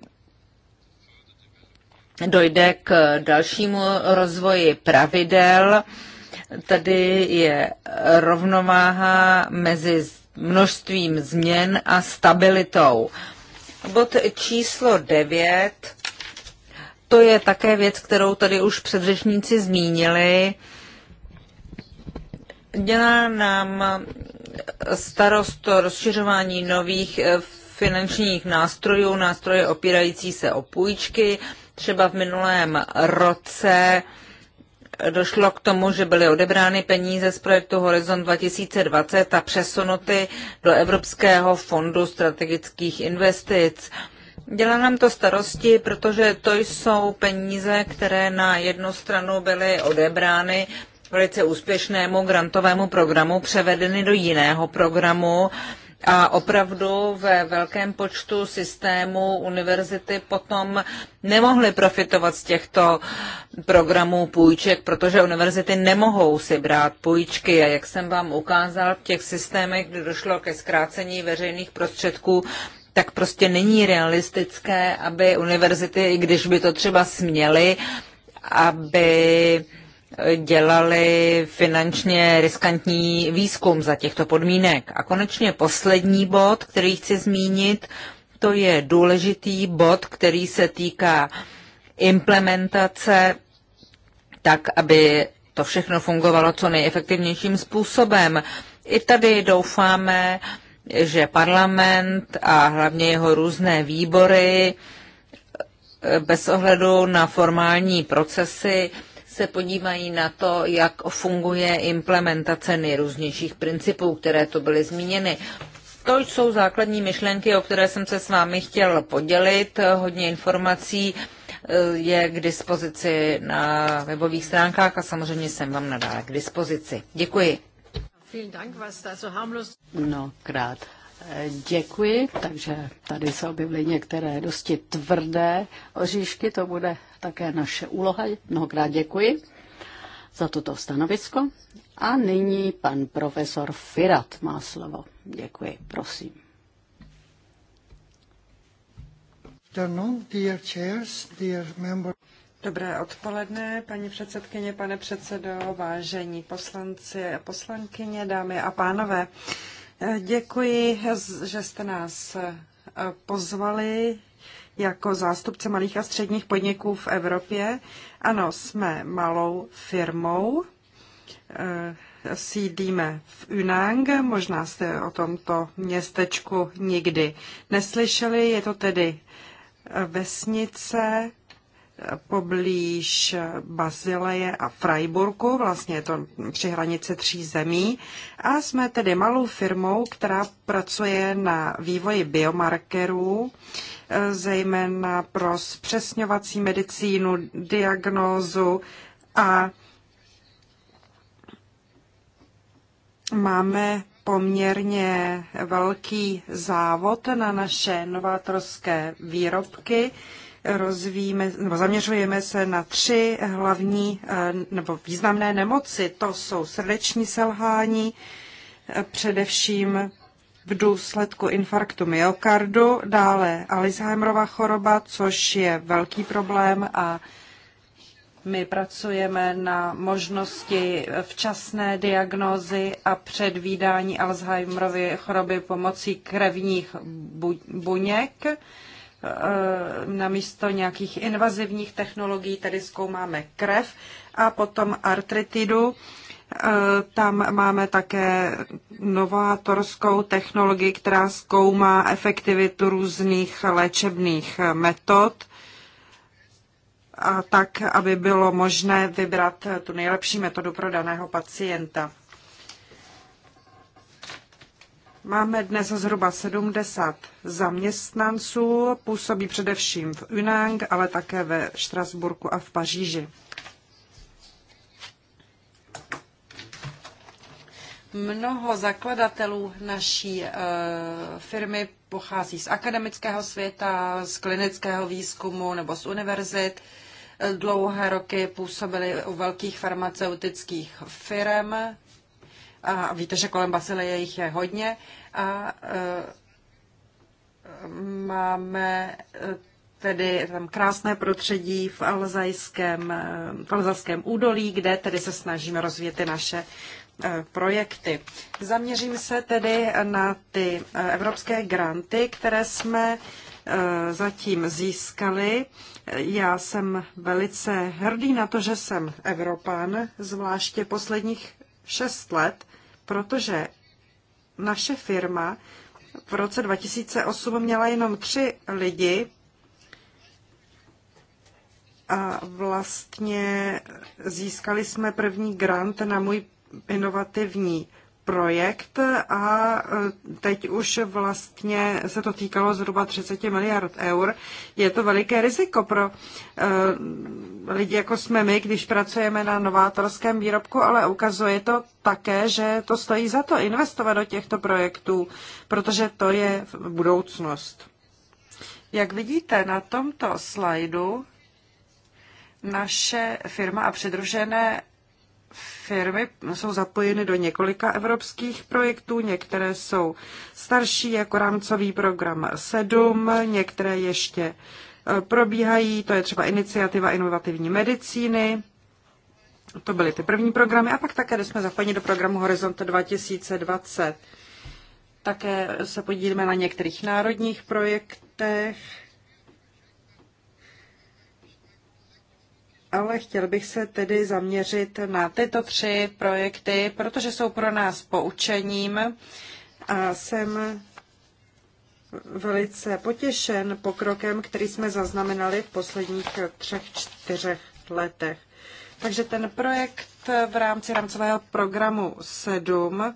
dojde k dalšímu rozvoji pravidel. Tady je rovnováha mezi množstvím změn a stabilitou. Bod číslo 9 to je také věc, kterou tady už předřečníci zmínili. Dělá nám starost to rozšiřování nových eh, finančních nástrojů, nástroje opírající se o půjčky. Třeba v minulém roce došlo k tomu, že byly odebrány peníze z projektu Horizon 2020 a přesunuty do Evropského fondu strategických investic. Dělá nám to starosti, protože to jsou peníze, které na jednu stranu byly odebrány velice úspěšnému grantovému programu, převedeny do jiného programu a opravdu ve velkém počtu systémů univerzity potom nemohly profitovat z těchto programů půjček, protože univerzity nemohou si brát půjčky a jak jsem vám ukázal v těch systémech, kdy došlo ke zkrácení veřejných prostředků, tak prostě není realistické, aby univerzity, i když by to třeba směly, aby dělali finančně riskantní výzkum za těchto podmínek. A konečně poslední bod, který chci zmínit, to je důležitý bod, který se týká implementace tak, aby to všechno fungovalo co nejefektivnějším způsobem. I tady doufáme, že parlament a hlavně jeho různé výbory eh, bez ohledu na formální procesy se podívají na to, jak funguje implementace nejrůznějších principů, které tu byly zmíněny. To jsou základní myšlenky, o které jsem se s vámi chtěl podělit. Hodně informací eh, je k dispozici na webových stránkách a samozřejmě jsem vám nadále k dispozici. Děkuji. Mnohokrát děkuji, takže tady se objevily některé dosti tvrdé oříšky, to bude také naše úloha. Mnohokrát děkuji za toto stanovisko. A nyní pan profesor Firat má slovo. Děkuji, prosím. Dobré odpoledne, paní předsedkyně, pane předsedo, vážení poslanci a poslankyně, dámy a pánové. Děkuji, že jste nás eh, pozvali jako zástupce malých a středních podniků v Evropě. Ano, jsme malou firmou, eh, Sídíme v Unang, možná jste o tomto městečku nikdy neslyšeli, je to tedy vesnice, poblíž Bazileje a Freiburgu, vlastně je to při hranici tří zemí. A jsme tedy malou firmou, která pracuje na vývoji biomarkerů, zejména pro zpřesňovací medicínu, diagnózu a máme poměrně velký závod na naše novátorské výrobky rozvíjíme, nebo zaměřujeme se na tři hlavní eh, nebo významné nemoci. To jsou srdeční selhání, eh, především v důsledku infarktu myokardu, dále Alzheimerova choroba, což je velký problém a my pracujeme na možnosti včasné diagnózy a předvídání Alzheimerovy choroby pomocí krevních buněk. Eh, na místo nějakých invazivních technologií, tedy zkoumáme krev a potom artritidu. Eh, tam máme také novátorskou technologii, která zkoumá efektivitu různých léčebných metod a tak, aby bylo možné vybrat tu nejlepší metodu pro daného pacienta. Máme dnes zhruba 70 zaměstnanců, působí především v Unang, ale také ve Štrasburku a v Paříži. Mnoho zakladatelů naší eh, firmy pochází z akademického světa, z klinického výzkumu nebo z univerzit. Eh, dlouhé roky působili u velkých farmaceutických firm, a víte, že kolem Basileje jich je hodně a e, máme e, tedy tam krásné prostředí v Alzajském, e, v Alzajském údolí, kde tedy se snažíme rozvíjet ty naše projekty. Zaměřím se tedy na ty evropské granty, které jsme zatím získali. Já jsem velice hrdý na to, že jsem Evropan, zvláště posledních šest let protože naše firma v roce 2008 měla jenom tři lidi a vlastně získali jsme první grant na můj inovativní projekt a e, teď už vlastně se to týkalo zhruba 30 miliard eur. Je to veliké riziko pro e, lidi, jako jsme my, když pracujeme na novátorském výrobku, ale ukazuje to také, že to stojí za to investovat do těchto projektů, protože to je budoucnost. Jak vidíte na tomto slajdu, naše firma a přidružené firmy jsou zapojeny do několika evropských projektů, některé jsou starší jako rámcový program 7, některé ještě e, probíhají, to je třeba iniciativa inovativní medicíny, to byly ty první programy a pak také jsme zapojeni do programu Horizont 2020. Také se podílíme na některých národních projektech, ale chtěl bych se tedy zaměřit na tyto tři projekty, protože jsou pro nás poučením a jsem velice potěšen pokrokem, který jsme zaznamenali v posledních třech, čtyřech letech. Takže ten projekt v rámci rámcového programu 7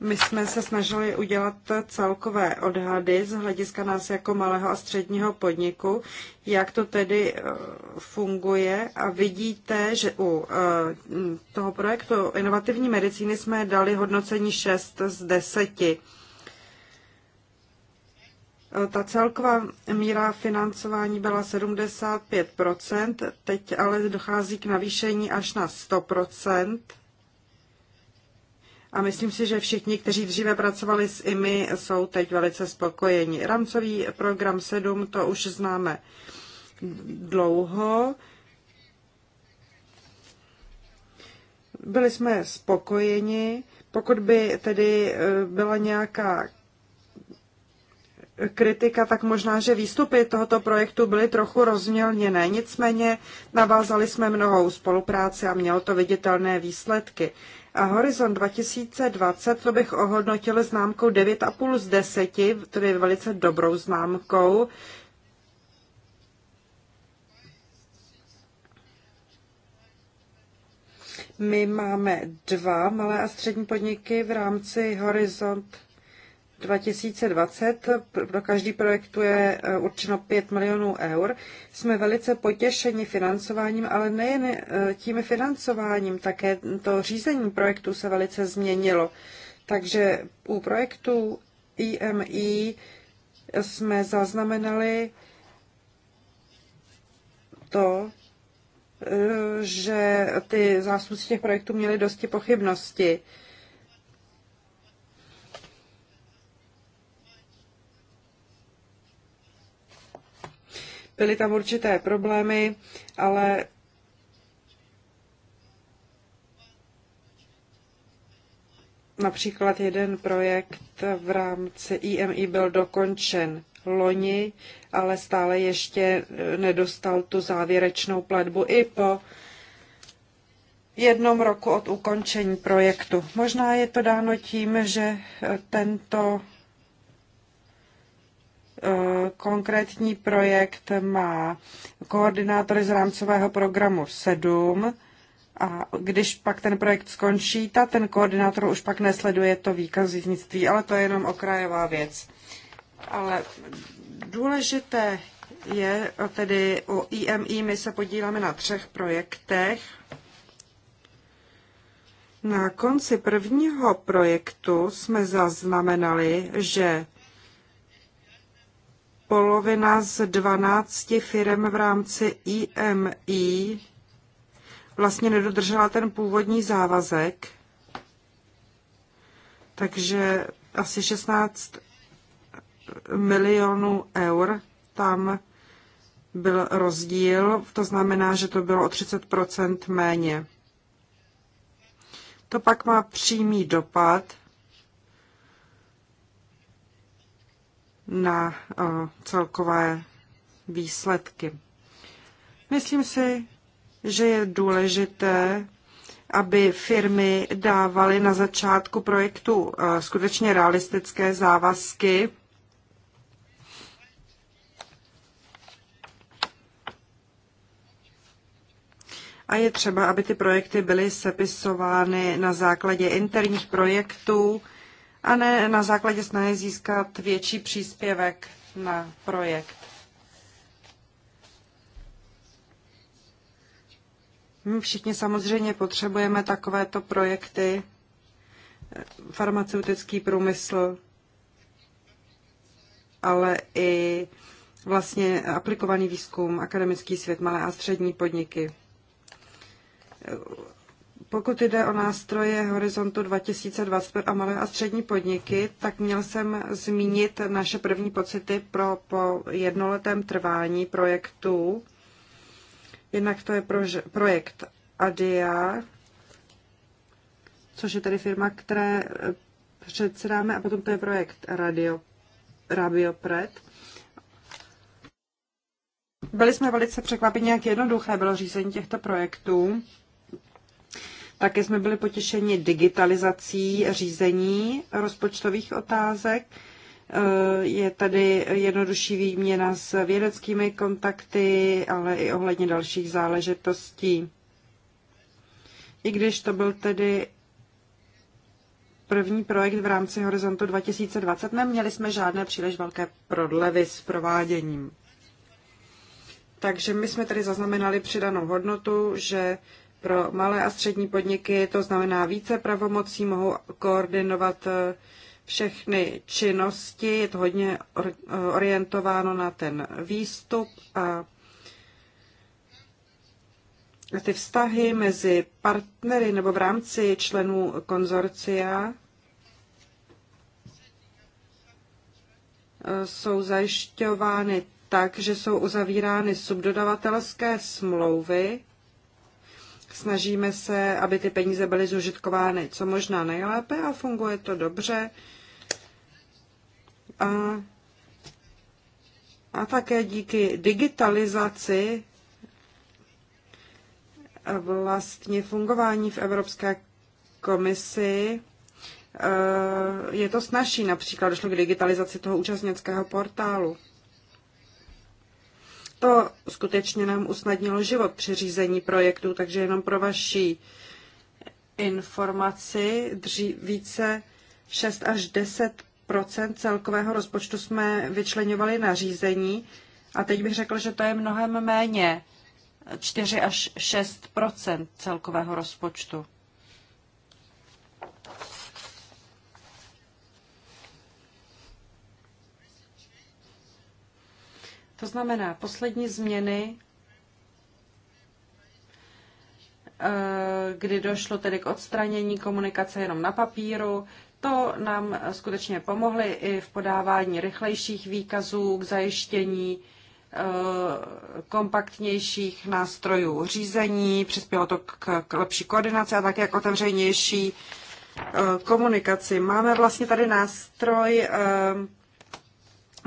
my jsme se snažili udělat celkové odhady z hlediska nás jako malého a středního podniku, jak to tedy eh, funguje a vidíte, že u eh, toho projektu inovativní medicíny jsme dali hodnocení 6 z 10. Eh, ta celková míra financování byla 75%, teď ale dochází k navýšení až na 100%. A myslím si, že všichni, kteří dříve pracovali s IMI, jsou teď velice spokojeni. Rámcový program 7 to už známe dlouho. Byli jsme spokojeni. Pokud by tedy eh, byla nějaká kritika, tak možná, že výstupy tohoto projektu byly trochu rozmělněné. Nicméně navázali jsme mnohou spolupráci a mělo to viditelné výsledky. A Horizon 2020 to bych ohodnotila známkou 9,5 z 10, tedy velice dobrou známkou. My máme dva malé a střední podniky v rámci Horizont 2020. Pro každý projektu je e, určeno 5 milionů eur. Jsme velice potěšeni financováním, ale nejen e, tím financováním, také to řízení projektu se velice změnilo. Takže u projektu IMI jsme zaznamenali to, e, že ty zástupci těch projektů měli dosti pochybnosti. Byly tam určité problémy, ale například jeden projekt v rámci IMI byl dokončen loni, ale stále ještě eh, nedostal tu závěrečnou platbu i po jednom roku od ukončení projektu. Možná je to dáno tím, že eh, tento E, konkrétní projekt má koordinátory z rámcového programu 7 a když pak ten projekt skončí, ta ten koordinátor už pak nesleduje to výkaznictví, ale to je jenom okrajová věc. Ale důležité je tedy o IMI, my se podíláme na třech projektech. Na konci prvního projektu jsme zaznamenali, že polovina z 12 firm v rámci IMI vlastně nedodržela ten původní závazek, takže asi 16 milionů eur tam byl rozdíl, to znamená, že to bylo o 30 méně. To pak má přímý dopad na eh, celkové výsledky. Myslím si, že je důležité, aby firmy dávaly na začátku projektu eh, skutečně realistické závazky. A je třeba, aby ty projekty byly sepisovány na základě interních projektů, a ne na základě snahy získat větší příspěvek na projekt. My všichni samozřejmě potřebujeme takovéto projekty. Eh, farmaceutický průmysl, ale i vlastně aplikovaný výzkum, akademický svět, malé a střední podniky. Pokud jde o nástroje Horizontu 2020 a malé a střední podniky, tak měl jsem zmínit naše první pocity pro, po jednoletém trvání projektu. Jednak to je projekt ADIA, což je tedy firma, které eh, předsedáme, a potom to je projekt Radio, Radio Pred. Byli jsme velice překvapeni, jak jednoduché bylo řízení těchto projektů. Také jsme byli potěšeni digitalizací řízení rozpočtových otázek. Eh, je tady jednodušší výměna s vědeckými kontakty, ale i ohledně dalších záležitostí. I když to byl tedy první projekt v rámci Horizontu 2020, neměli jsme žádné příliš velké prodlevy s prováděním. Takže my jsme tady zaznamenali přidanou hodnotu, že pro malé a střední podniky to znamená více pravomocí, mohou koordinovat eh, všechny činnosti, je to hodně eh, orientováno na ten výstup a ty vztahy mezi partnery nebo v rámci členů konzorcia eh, jsou zajišťovány tak, že jsou uzavírány subdodavatelské smlouvy snažíme se, aby ty peníze byly zužitkovány co možná nejlépe a funguje to dobře. A, a také díky digitalizaci eh, vlastně fungování v Evropské komisi eh, je to snažší. Například došlo k digitalizaci toho účastnického portálu. To skutečně nám usnadnilo život při řízení projektu, takže jenom pro vaší informaci dří, více 6 až 10 celkového rozpočtu jsme vyčlenovali na řízení a teď bych řekl, že to je mnohem méně 4 až 6 celkového rozpočtu. To znamená, poslední změny, eh, kdy došlo tedy k odstranění komunikace jenom na papíru, to nám skutečně pomohly i v podávání rychlejších výkazů k zajištění eh, kompaktnějších nástrojů řízení, přispělo to k, lepší koordinaci a také k otevřenější eh, komunikaci. Máme vlastně tady nástroj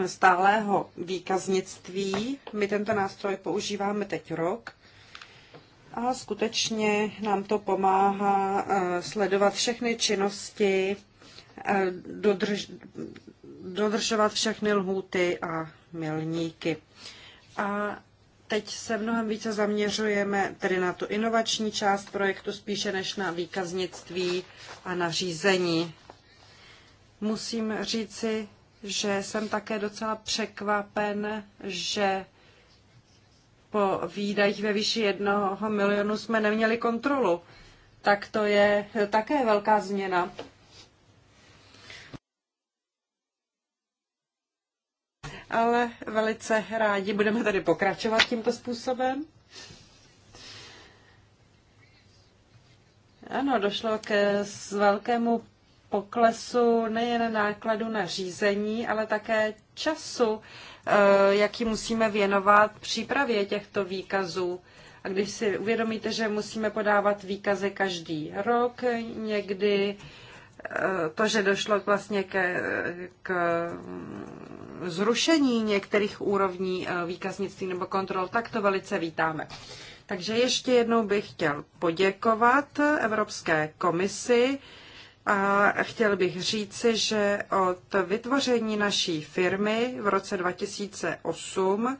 stálého výkaznictví. My tento nástroj používáme teď rok a skutečně nám to pomáhá eh, sledovat všechny činnosti, eh, dodrž, dodržovat všechny lhůty a milníky. A teď se mnohem více zaměřujeme tedy na tu inovační část projektu spíše než na výkaznictví a na řízení. Musím říci, že jsem také docela překvapen, že po výdajích ve výši jednoho milionu jsme neměli kontrolu. Tak to je také velká změna. Ale velice rádi budeme tady pokračovat tímto způsobem. Ano, došlo k velkému poklesu nejen nákladu na řízení, ale také času, eh, jaký musíme věnovat přípravě těchto výkazů. A když si uvědomíte, že musíme podávat výkazy každý rok, někdy eh, to, že došlo vlastně ke, k mm, zrušení některých úrovní eh, výkaznictví nebo kontrol, tak to velice vítáme. Takže ještě jednou bych chtěl poděkovat Evropské komisi, a chtěl bych říci, že od vytvoření naší firmy v roce 2008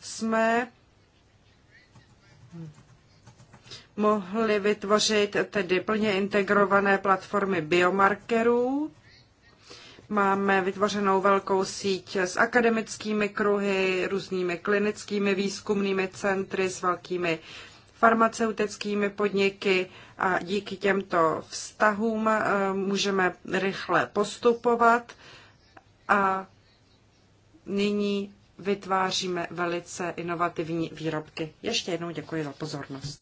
jsme mohli vytvořit tedy plně integrované platformy biomarkerů. Máme vytvořenou velkou síť s akademickými kruhy, různými klinickými výzkumnými centry, s velkými farmaceutickými podniky a díky těmto vztahům eh, můžeme rychle postupovat a nyní vytváříme velice inovativní výrobky. Ještě jednou děkuji za pozornost.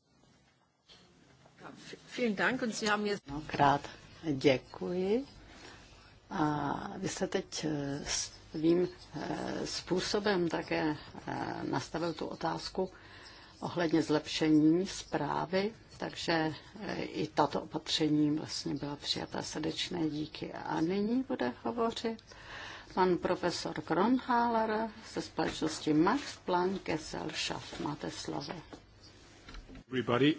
Mnohokrát děkuji. A vy jste teď eh, svým eh, způsobem také nastavil tu otázku, ohledně zlepšení zprávy, takže eh, i tato opatření vlastně byla přijata srdečné díky. A nyní bude hovořit pan profesor Kronhaler ze společnosti Max Planck Gesellschaft. Máte slovo. Everybody.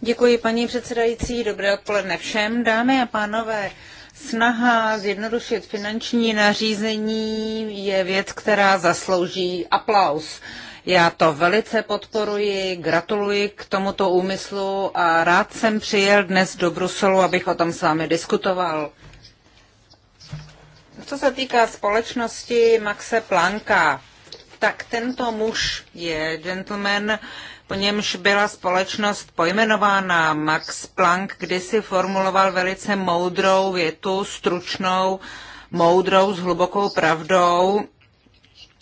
Děkuji paní předsedající, dobré odpoledne všem. Dámy a pánové, snaha zjednodušit finanční nařízení je věc, která zaslouží aplaus. Já to velice podporuji, gratuluji k tomuto úmyslu a rád jsem přijel dnes do Bruselu, abych o tom s vámi diskutoval. Co se týká společnosti Maxe Planka, tak tento muž je gentleman, po němž byla společnost pojmenována. Max Planck si formuloval velice moudrou větu, stručnou, moudrou s hlubokou pravdou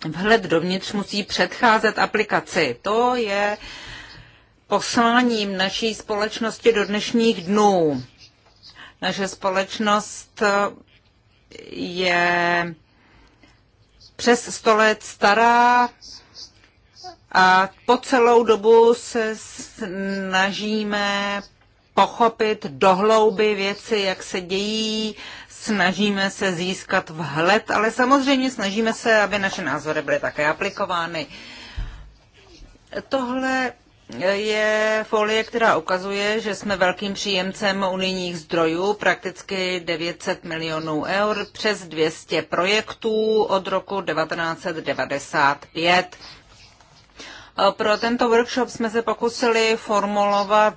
vhled dovnitř musí předcházet aplikaci. To je posláním naší společnosti do dnešních dnů. Naše společnost je přes 100 let stará a po celou dobu se snažíme pochopit dohlouby věci, jak se dějí, snažíme se získat vhled, ale samozřejmě snažíme se, aby naše názory byly také aplikovány. Tohle je folie, která ukazuje, že jsme velkým příjemcem unijních zdrojů, prakticky 900 milionů eur, přes 200 projektů od roku 1995. Pro tento workshop jsme se pokusili formulovat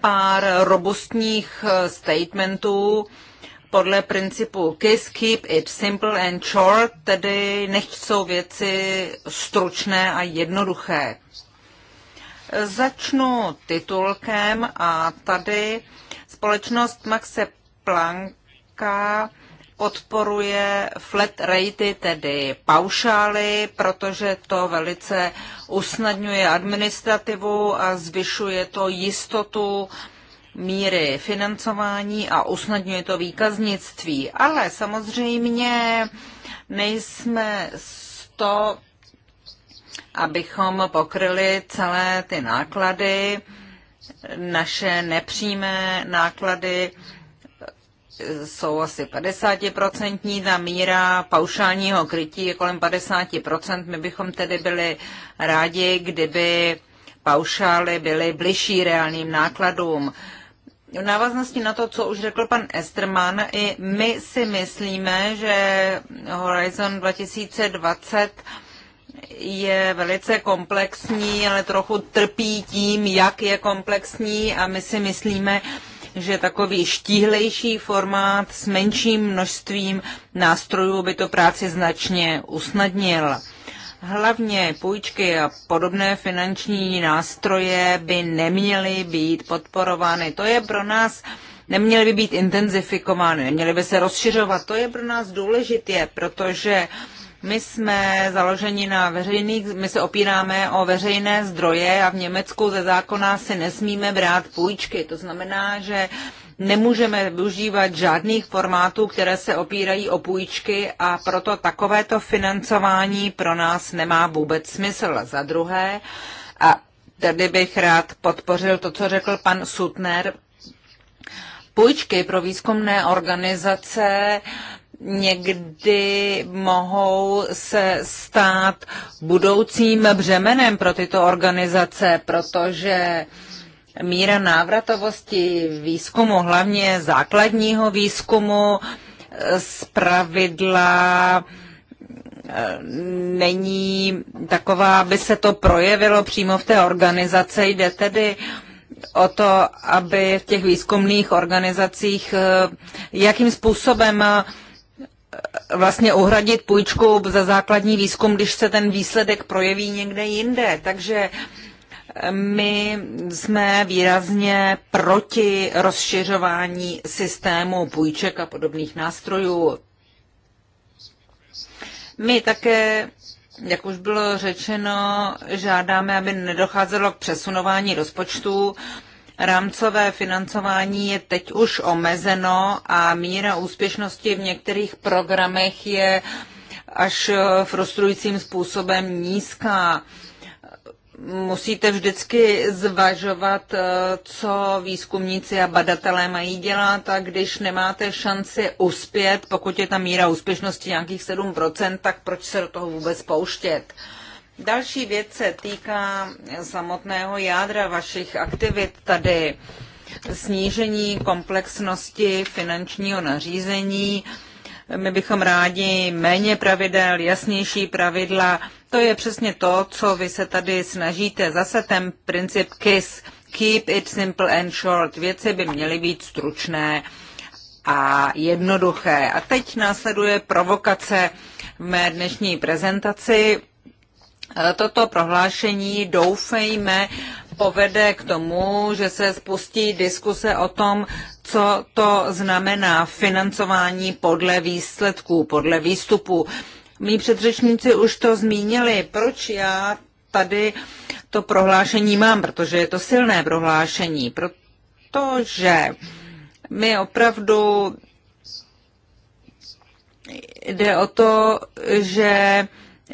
pár robustních statementů, podle principu KISS, Keep It Simple and Short, tedy nechť jsou věci stručné a jednoduché. Začnu titulkem a tady společnost Maxe Planka podporuje flat ratey, tedy paušály, protože to velice usnadňuje administrativu a zvyšuje to jistotu uh, míry financování a usnadňuje to výkaznictví. Ale samozřejmě nejsme z to, abychom pokryli celé ty náklady, naše nepřímé náklady jsou asi 50% ta míra paušálního krytí je kolem 50%. My bychom tedy byli rádi, kdyby paušály byly bližší reálným nákladům v návaznosti na to, co už řekl pan Esterman, i my si myslíme, že Horizon 2020 je velice komplexní, ale trochu trpí tím, jak je komplexní a my si myslíme, že takový štíhlejší formát s menším množstvím nástrojů by to práci značně usnadnil. Hlavně půjčky a podobné finanční nástroje by neměly být podporovány. To je pro nás, neměly by být intenzifikovány, neměly by se rozšiřovat. To je pro nás důležité, protože my jsme založeni na veřejných, my se opíráme o veřejné zdroje a v Německu ze zákona si nesmíme brát půjčky. To znamená, že nemůžeme využívat žádných formátů, které se opírají o půjčky a proto takovéto financování pro nás nemá vůbec smysl. Za druhé, a tady bych rád podpořil to, co řekl pan Sutner, půjčky pro výzkumné organizace někdy mohou se stát budoucím břemenem pro tyto organizace, protože míra návratovosti výzkumu, hlavně základního výzkumu, z pravidla eh, není taková, aby se to projevilo přímo v té organizaci. Jde tedy o to, aby v těch výzkumných organizacích, eh, jakým způsobem eh, vlastně uhradit půjčku za základní výzkum, když se ten výsledek projeví někde jinde. Takže uh, my jsme výrazně proti rozšiřování systému půjček a podobných nástrojů. My také, jak už bylo řečeno, žádáme, aby nedocházelo k přesunování rozpočtu. Rámcové financování je teď už omezeno a míra úspěšnosti v některých programech je až frustrujícím způsobem nízká musíte vždycky zvažovat, eh, co výzkumníci a badatelé mají dělat a když nemáte šanci uspět, pokud je ta míra úspěšnosti nějakých 7%, tak proč se do toho vůbec pouštět? Další věc se týká samotného jádra vašich aktivit tady. Snížení komplexnosti finančního nařízení. My bychom rádi méně pravidel, jasnější pravidla, to je přesně to, co vy se tady snažíte. Zase ten princip KISS, keep it simple and short. Věci by měly být stručné a jednoduché. A teď následuje provokace v mé dnešní prezentaci. E, toto prohlášení doufejme povede k tomu, že se spustí diskuse o tom, co to znamená financování podle výsledků, podle výstupů. Mí předřečníci už to zmínili, proč já tady to prohlášení mám, protože je to silné prohlášení, protože my opravdu jde o to, že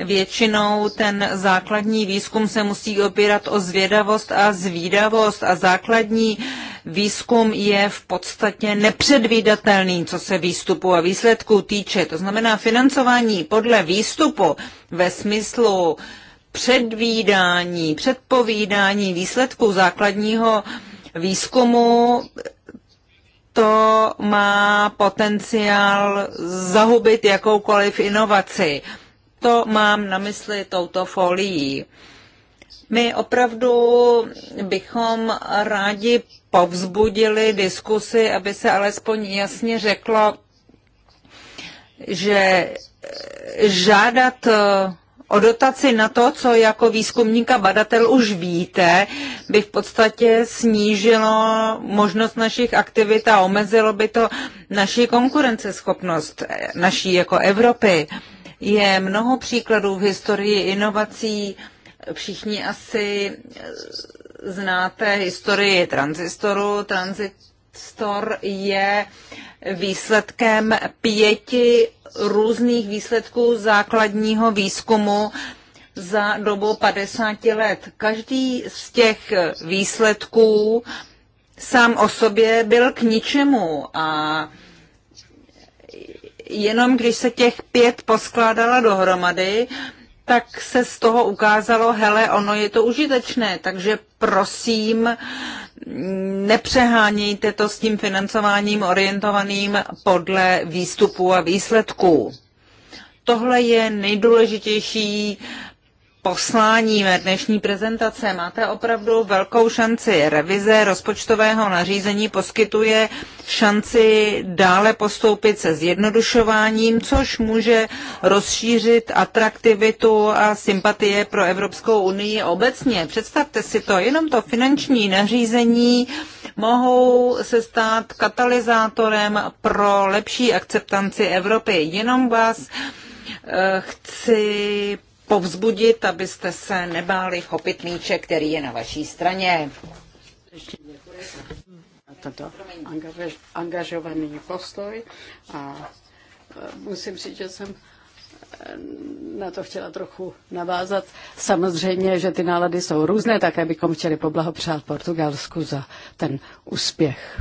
Většinou ten základní výzkum se musí opírat o zvědavost a zvídavost a základní výzkum je v podstatě nepředvídatelný, co se výstupu a výsledků týče. To znamená financování podle výstupu ve smyslu předvídání, předpovídání výsledků základního výzkumu to má potenciál zahubit jakoukoliv inovaci to mám na mysli touto folií. My opravdu bychom rádi povzbudili diskusy, aby se alespoň jasně řeklo, že eh, žádat eh, o dotaci na to, co jako výzkumník a badatel už víte, by v podstatě snížilo možnost našich aktivit a omezilo by to naši konkurenceschopnost, eh, naší jako Evropy. Je mnoho příkladů v historii inovací. Všichni asi eh, znáte historii transistoru. Transistor je výsledkem pěti různých výsledků základního výzkumu za dobu 50 let. Každý z těch výsledků sám o sobě byl k ničemu a jenom když se těch pět poskládala dohromady, tak se z toho ukázalo, hele, ono je to užitečné, takže prosím, nepřehánějte to s tím financováním orientovaným podle výstupů a výsledků. Tohle je nejdůležitější posláním dnešní prezentace. Máte opravdu velkou šanci. Revize rozpočtového nařízení poskytuje šanci dále postoupit se zjednodušováním, což může rozšířit atraktivitu a sympatie pro Evropskou unii obecně. Představte si to, jenom to finanční nařízení mohou se stát katalyzátorem pro lepší akceptanci Evropy. Jenom vás eh, chci povzbudit, abyste se nebáli chopit míče, který je na vaší straně. Tato angažovaný postoj a e, musím říct, že jsem e, na to chtěla trochu navázat. Samozřejmě, že ty nálady jsou různé, také bychom chtěli poblahopřát Portugalsku za ten úspěch.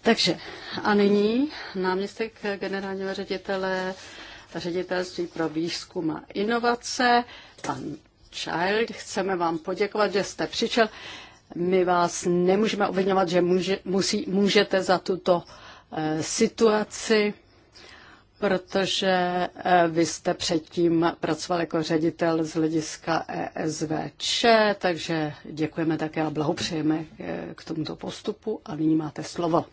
Takže a nyní náměstek generálního ředitele ředitelství pro výzkum a inovace, pan Child. Chceme vám poděkovat, že jste přišel. My vás nemůžeme obvinovat, že může, musí, můžete za tuto e, situaci, protože e, vy jste předtím pracoval jako ředitel z hlediska ESVČ, takže děkujeme také a blahopřejeme eh, k tomuto postupu a nyní máte slovo.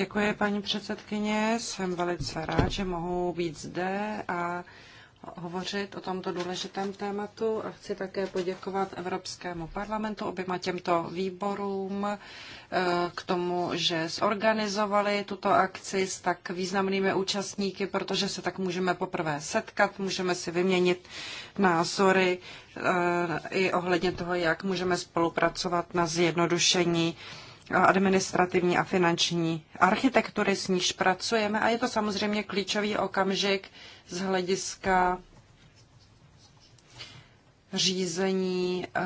Děkuji, paní předsedkyně. Jsem velice rád, že mohu být zde a hovořit o tomto důležitém tématu a chci také poděkovat Evropskému parlamentu, oběma těmto výborům eh, k tomu, že zorganizovali tuto akci s tak významnými účastníky, protože se tak můžeme poprvé setkat, můžeme si vyměnit názory eh, i ohledně toho, jak můžeme spolupracovat na zjednodušení administrativní a finanční architektury, s níž pracujeme a je to samozřejmě klíčový okamžik z hlediska řízení eh,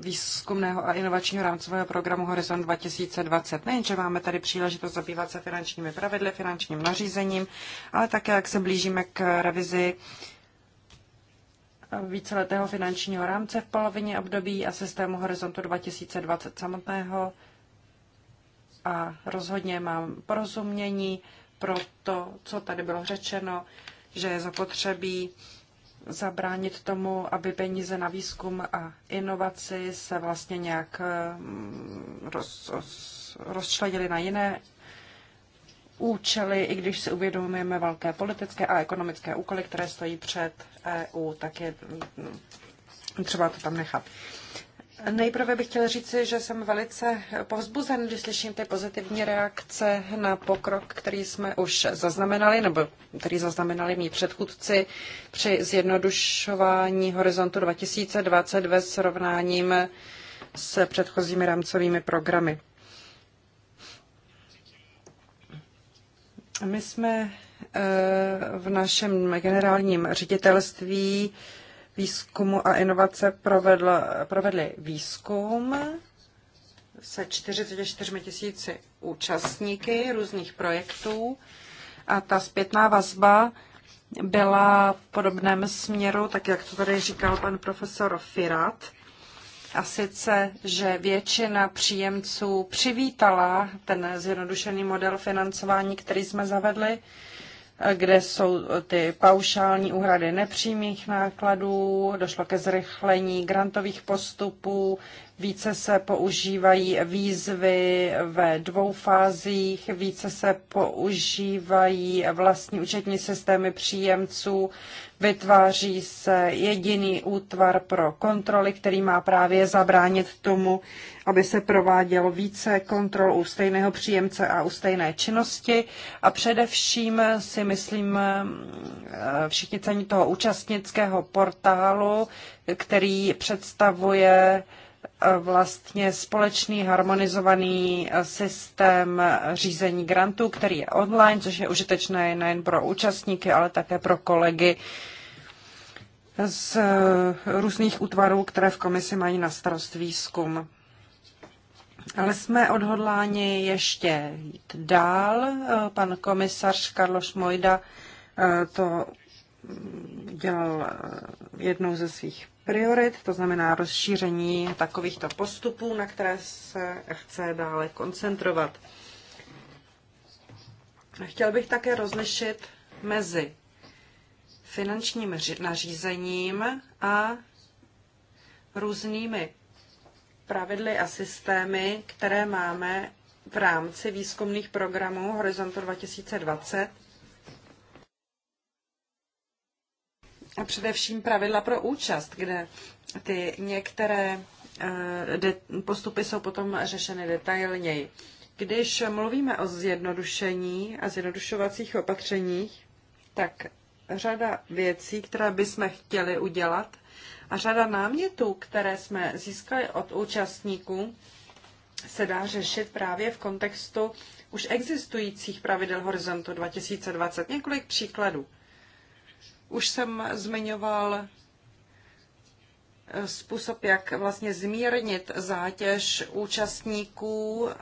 výzkumného a inovačního rámcového programu Horizon 2020. Nejenže máme tady příležitost zabývat se finančními pravidly, finančním nařízením, ale také, jak se blížíme k revizi víceletého finančního rámce v polovině období a systému Horizontu 2020 samotného, a rozhodně mám porozumění pro to, co tady bylo řečeno, že je zapotřebí zabránit tomu, aby peníze na výzkum a inovaci se vlastně nějak eh, roz, roz, rozčlenily na jiné účely, i když si uvědomujeme velké politické a ekonomické úkoly, které stojí před EU, tak je hm, třeba to tam nechat. Nejprve bych chtěla říci, že jsem velice povzbuzen, když slyším ty pozitivní reakce na pokrok, který jsme už zaznamenali, nebo který zaznamenali mý předchůdci při zjednodušování horizontu 2020 ve srovnáním s předchozími rámcovými programy. My jsme eh, v našem generálním ředitelství výzkumu a inovace provedl, provedli výzkum se 44 tisíci účastníky různých projektů a ta zpětná vazba byla v podobném směru, tak jak to tady říkal pan profesor Firat, a sice, že většina příjemců přivítala ten zjednodušený model financování, který jsme zavedli, kde jsou ty paušální úhrady nepřímých nákladů, došlo ke zrychlení grantových postupů, více se používají výzvy ve dvou fázích, více se používají vlastní účetní systémy příjemců, vytváří se jediný útvar pro kontroly, který má právě zabránit tomu, aby se provádělo více kontrol u stejného příjemce a u stejné činnosti. A především si myslím eh, všichni cení toho účastnického portálu, který představuje vlastně společný harmonizovaný eh, systém eh, řízení grantů, který je online, což je užitečné nejen pro účastníky, ale také pro kolegy z eh, různých útvarů, které v komisi mají na starost výzkum. Ale jsme odhodláni ještě jít dál. Pan komisař Karloš Mojda to dělal jednou ze svých priorit, to znamená rozšíření takovýchto postupů, na které se chce dále koncentrovat. Chtěl bych také rozlišit mezi finančním nařízením a různými pravidly a systémy, které máme v rámci výzkumných programů Horizontu 2020 především pravidla pro účast, kde ty některé eh, postupy jsou potom řešeny detailněji. Když mluvíme o zjednodušení a zjednodušovacích opatřeních, tak řada věcí, které bychom chtěli udělat, a řada námětů, které jsme získali od účastníků, se dá řešit právě v kontextu už existujících pravidel Horizontu 2020. Několik příkladů. Už jsem zmiňoval eh, způsob, jak vlastně zmírnit zátěž účastníků eh,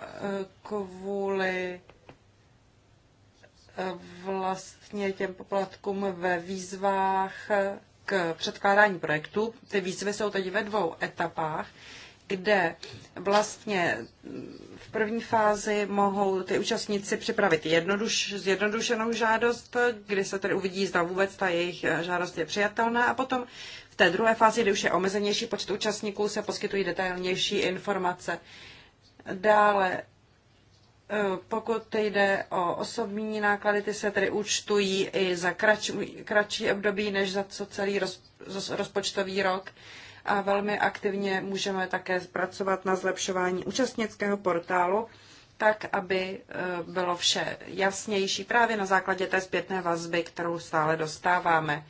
kvůli eh, vlastně těm poplatkům ve výzvách k předkládání projektů. Ty výzvy jsou teď ve dvou etapách kde vlastně v první fázi mohou ty účastníci připravit jednoduš, zjednodušenou žádost, kdy se tedy uvidí, zda vůbec ta jejich žádost je přijatelná a potom v té druhé fázi, kdy už je omezenější počet účastníků, se poskytují detailnější informace. Dále, eh, pokud jde o osobní náklady, ty se tedy účtují i za kratší, kratší období, než za co celý roz, rozpočtový rok a velmi aktivně můžeme také zpracovat na zlepšování účastnického portálu, tak, aby e, bylo vše jasnější právě na základě té zpětné vazby, kterou stále dostáváme.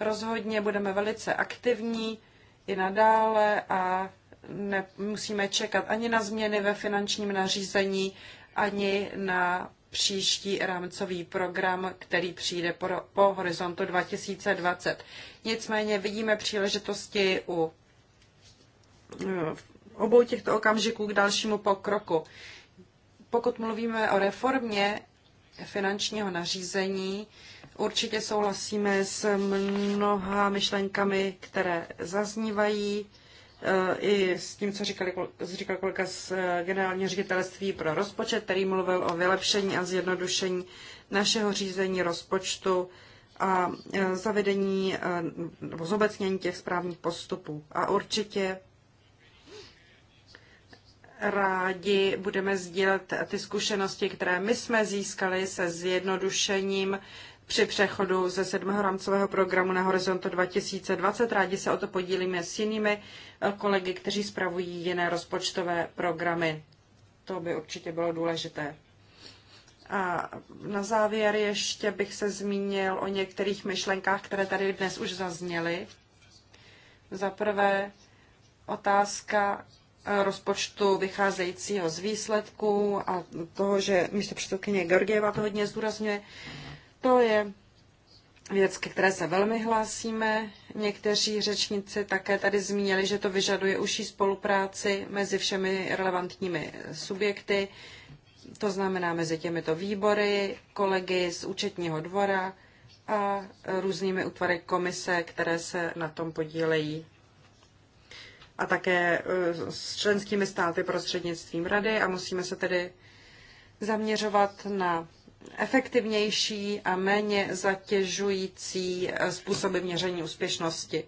Rozhodně budeme velice aktivní i nadále a nemusíme čekat ani na změny ve finančním nařízení, ani na příští rámcový program, který přijde po, po horizontu 2020. Nicméně vidíme příležitosti u eh, obou těchto okamžiků k dalšímu pokroku. Pokud mluvíme o reformě finančního nařízení, určitě souhlasíme s mnoha myšlenkami, které zaznívají i s tím, co říkali, říkal kolega z eh, generálního ředitelství pro rozpočet, který mluvil o vylepšení a zjednodušení našeho řízení rozpočtu a eh, zavedení eh, nebo zobecnění těch správních postupů. A určitě rádi budeme sdílet ty zkušenosti, které my jsme získali se zjednodušením při přechodu ze sedmého rámcového programu na Horizontu 2020. Rádi se o to podílíme s jinými eh, kolegy, kteří spravují jiné rozpočtové programy. To by určitě bylo důležité. A na závěr ještě bych se zmínil o některých myšlenkách, které tady dnes už zazněly. Za prvé otázka eh, rozpočtu vycházejícího z výsledků a toho, že místo předsedkyně Georgieva to hodně zdůrazňuje, to je věc, ke které se velmi hlásíme. Někteří řečníci také tady zmínili, že to vyžaduje užší spolupráci mezi všemi relevantními subjekty, to znamená mezi těmito výbory, kolegy z účetního dvora a různými útvary komise, které se na tom podílejí. A také eh, s členskými státy prostřednictvím rady a musíme se tedy zaměřovat na efektivnější a méně zatěžující eh, způsoby měření úspěšnosti.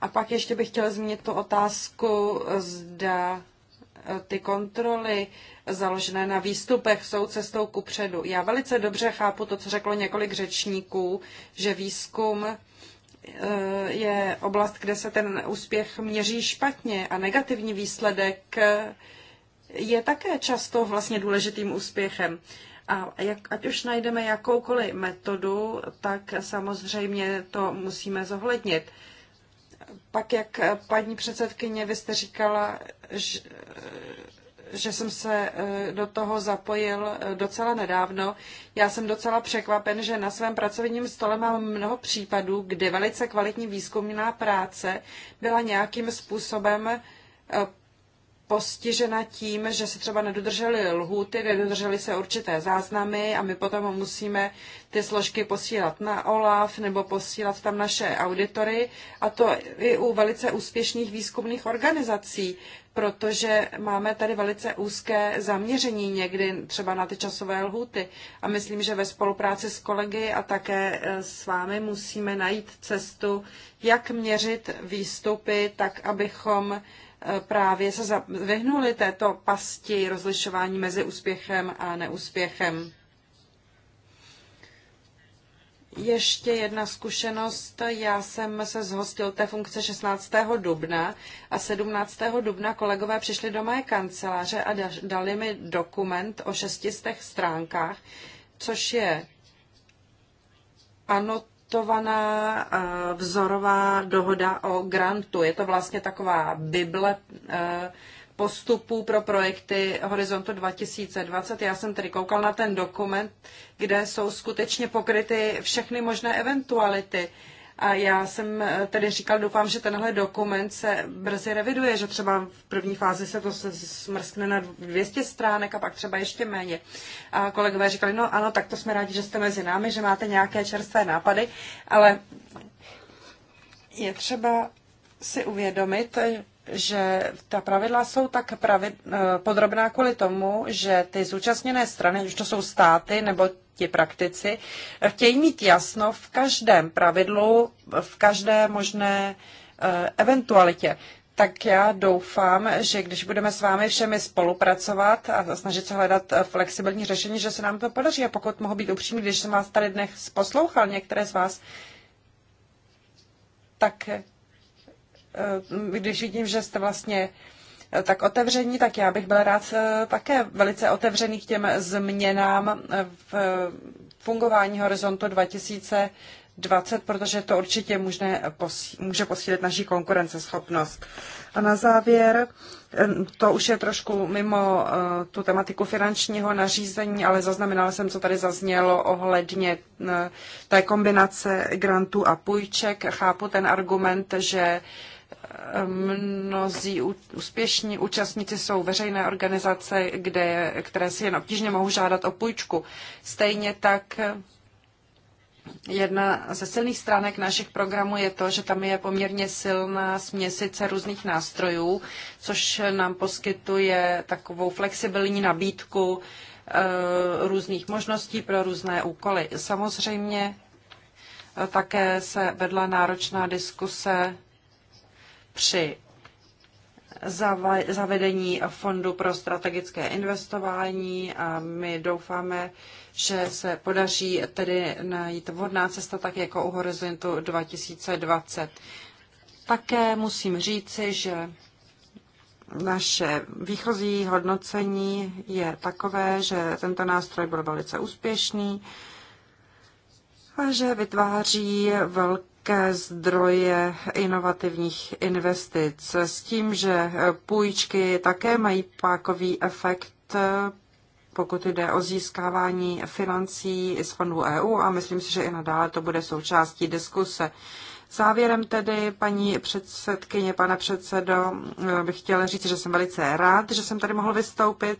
A pak ještě bych chtěla zmínit tu otázku, eh, zda eh, ty kontroly založené na výstupech jsou cestou ku předu. Já velice dobře chápu to, co řeklo několik řečníků, že výzkum je oblast, kde se ten úspěch měří špatně a negativní výsledek je také často vlastně důležitým úspěchem. A jak, ať už najdeme jakoukoliv metodu, tak samozřejmě to musíme zohlednit. Pak, jak paní předsedkyně, vy jste říkala, že, že jsem se eh, do toho zapojil eh, docela nedávno. Já jsem docela překvapen, že na svém pracovním stole mám mnoho případů, kdy velice kvalitní výzkumná práce byla nějakým způsobem eh, postižena tím, že se třeba nedodržely lhůty, nedodržely se určité záznamy a my potom musíme ty složky posílat na OLAF nebo posílat tam naše auditory a to i u velice úspěšných výzkumných organizací, protože máme tady velice úzké zaměření někdy třeba na ty časové lhůty a myslím, že ve spolupráci s kolegy a také eh, s vámi musíme najít cestu, jak měřit výstupy tak, abychom Eh, právě se vyhnuli této pasti rozlišování mezi úspěchem a neúspěchem. Ještě jedna zkušenost. Já jsem se zhostil té funkce 16. dubna a 17. dubna kolegové přišli do mé kanceláře a dali mi dokument o šestistech stránkách, což je anot akceptovaná eh, vzorová dohoda o grantu. Je to vlastně taková bible eh, postupů pro projekty Horizontu 2020. Já jsem tedy koukal na ten dokument, kde jsou skutečně pokryty všechny možné eventuality. A já jsem eh, tedy říkal, doufám, že tenhle dokument se brzy reviduje, že třeba v první fázi se to smrskne na 200 stránek a pak třeba ještě méně. A kolegové říkali, no ano, tak to jsme rádi, že jste mezi námi, že máte nějaké čerstvé nápady, ale je třeba si uvědomit, že ta pravidla jsou tak pravid, eh, podrobná kvůli tomu, že ty zúčastněné strany, už to jsou státy nebo ti praktici eh, chtějí mít jasno v každém pravidlu, v každé možné eh, eventualitě. Tak já doufám, že když budeme s vámi všemi spolupracovat a snažit se hledat eh, flexibilní řešení, že se nám to podaří. A pokud mohu být upřímný, když jsem vás tady dnes poslouchal, některé z vás, tak když vidím, že jste vlastně tak otevření, tak já bych byl rád eh, také velice otevřený k těm změnám eh, v eh, fungování horizontu 2020, protože to určitě může, může posílit naši konkurenceschopnost. A na závěr, to už je trošku mimo tu tematiku finančního nařízení, ale zaznamenala jsem, co tady zaznělo ohledně té kombinace grantů a půjček. Chápu ten argument, že mnozí úspěšní účastníci jsou veřejné organizace, kde, které si jen obtížně mohou žádat o půjčku. Stejně tak Jedna ze silných stránek našich programů je to, že tam je poměrně silná směsice různých nástrojů, což nám poskytuje takovou flexibilní nabídku eh, různých možností pro různé úkoly. Samozřejmě eh, také se vedla náročná diskuse při zavedení Fondu pro strategické investování a my doufáme, že se podaří tedy najít vhodná cesta tak jako u horizontu 2020. Také musím říci, že naše výchozí hodnocení je takové, že tento nástroj byl velice úspěšný a že vytváří velký také zdroje inovativních investic s tím, že půjčky také mají pákový efekt, pokud jde o získávání financí z fondů EU a myslím si, že i nadále to bude součástí diskuse. Závěrem tedy, paní předsedkyně, pane předsedo, bych chtěla říct, že jsem velice rád, že jsem tady mohl vystoupit.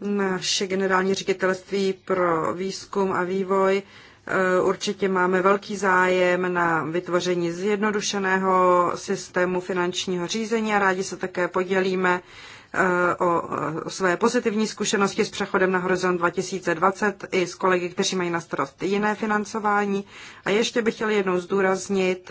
Naše generální ředitelství pro výzkum a vývoj Eh, určitě máme velký zájem na vytvoření zjednodušeného systému finančního řízení a rádi se také podělíme eh, o eh, své pozitivní zkušenosti s přechodem na Horizon 2020 i s kolegy, kteří mají na starost jiné financování. A ještě bych chtěl jednou zdůraznit,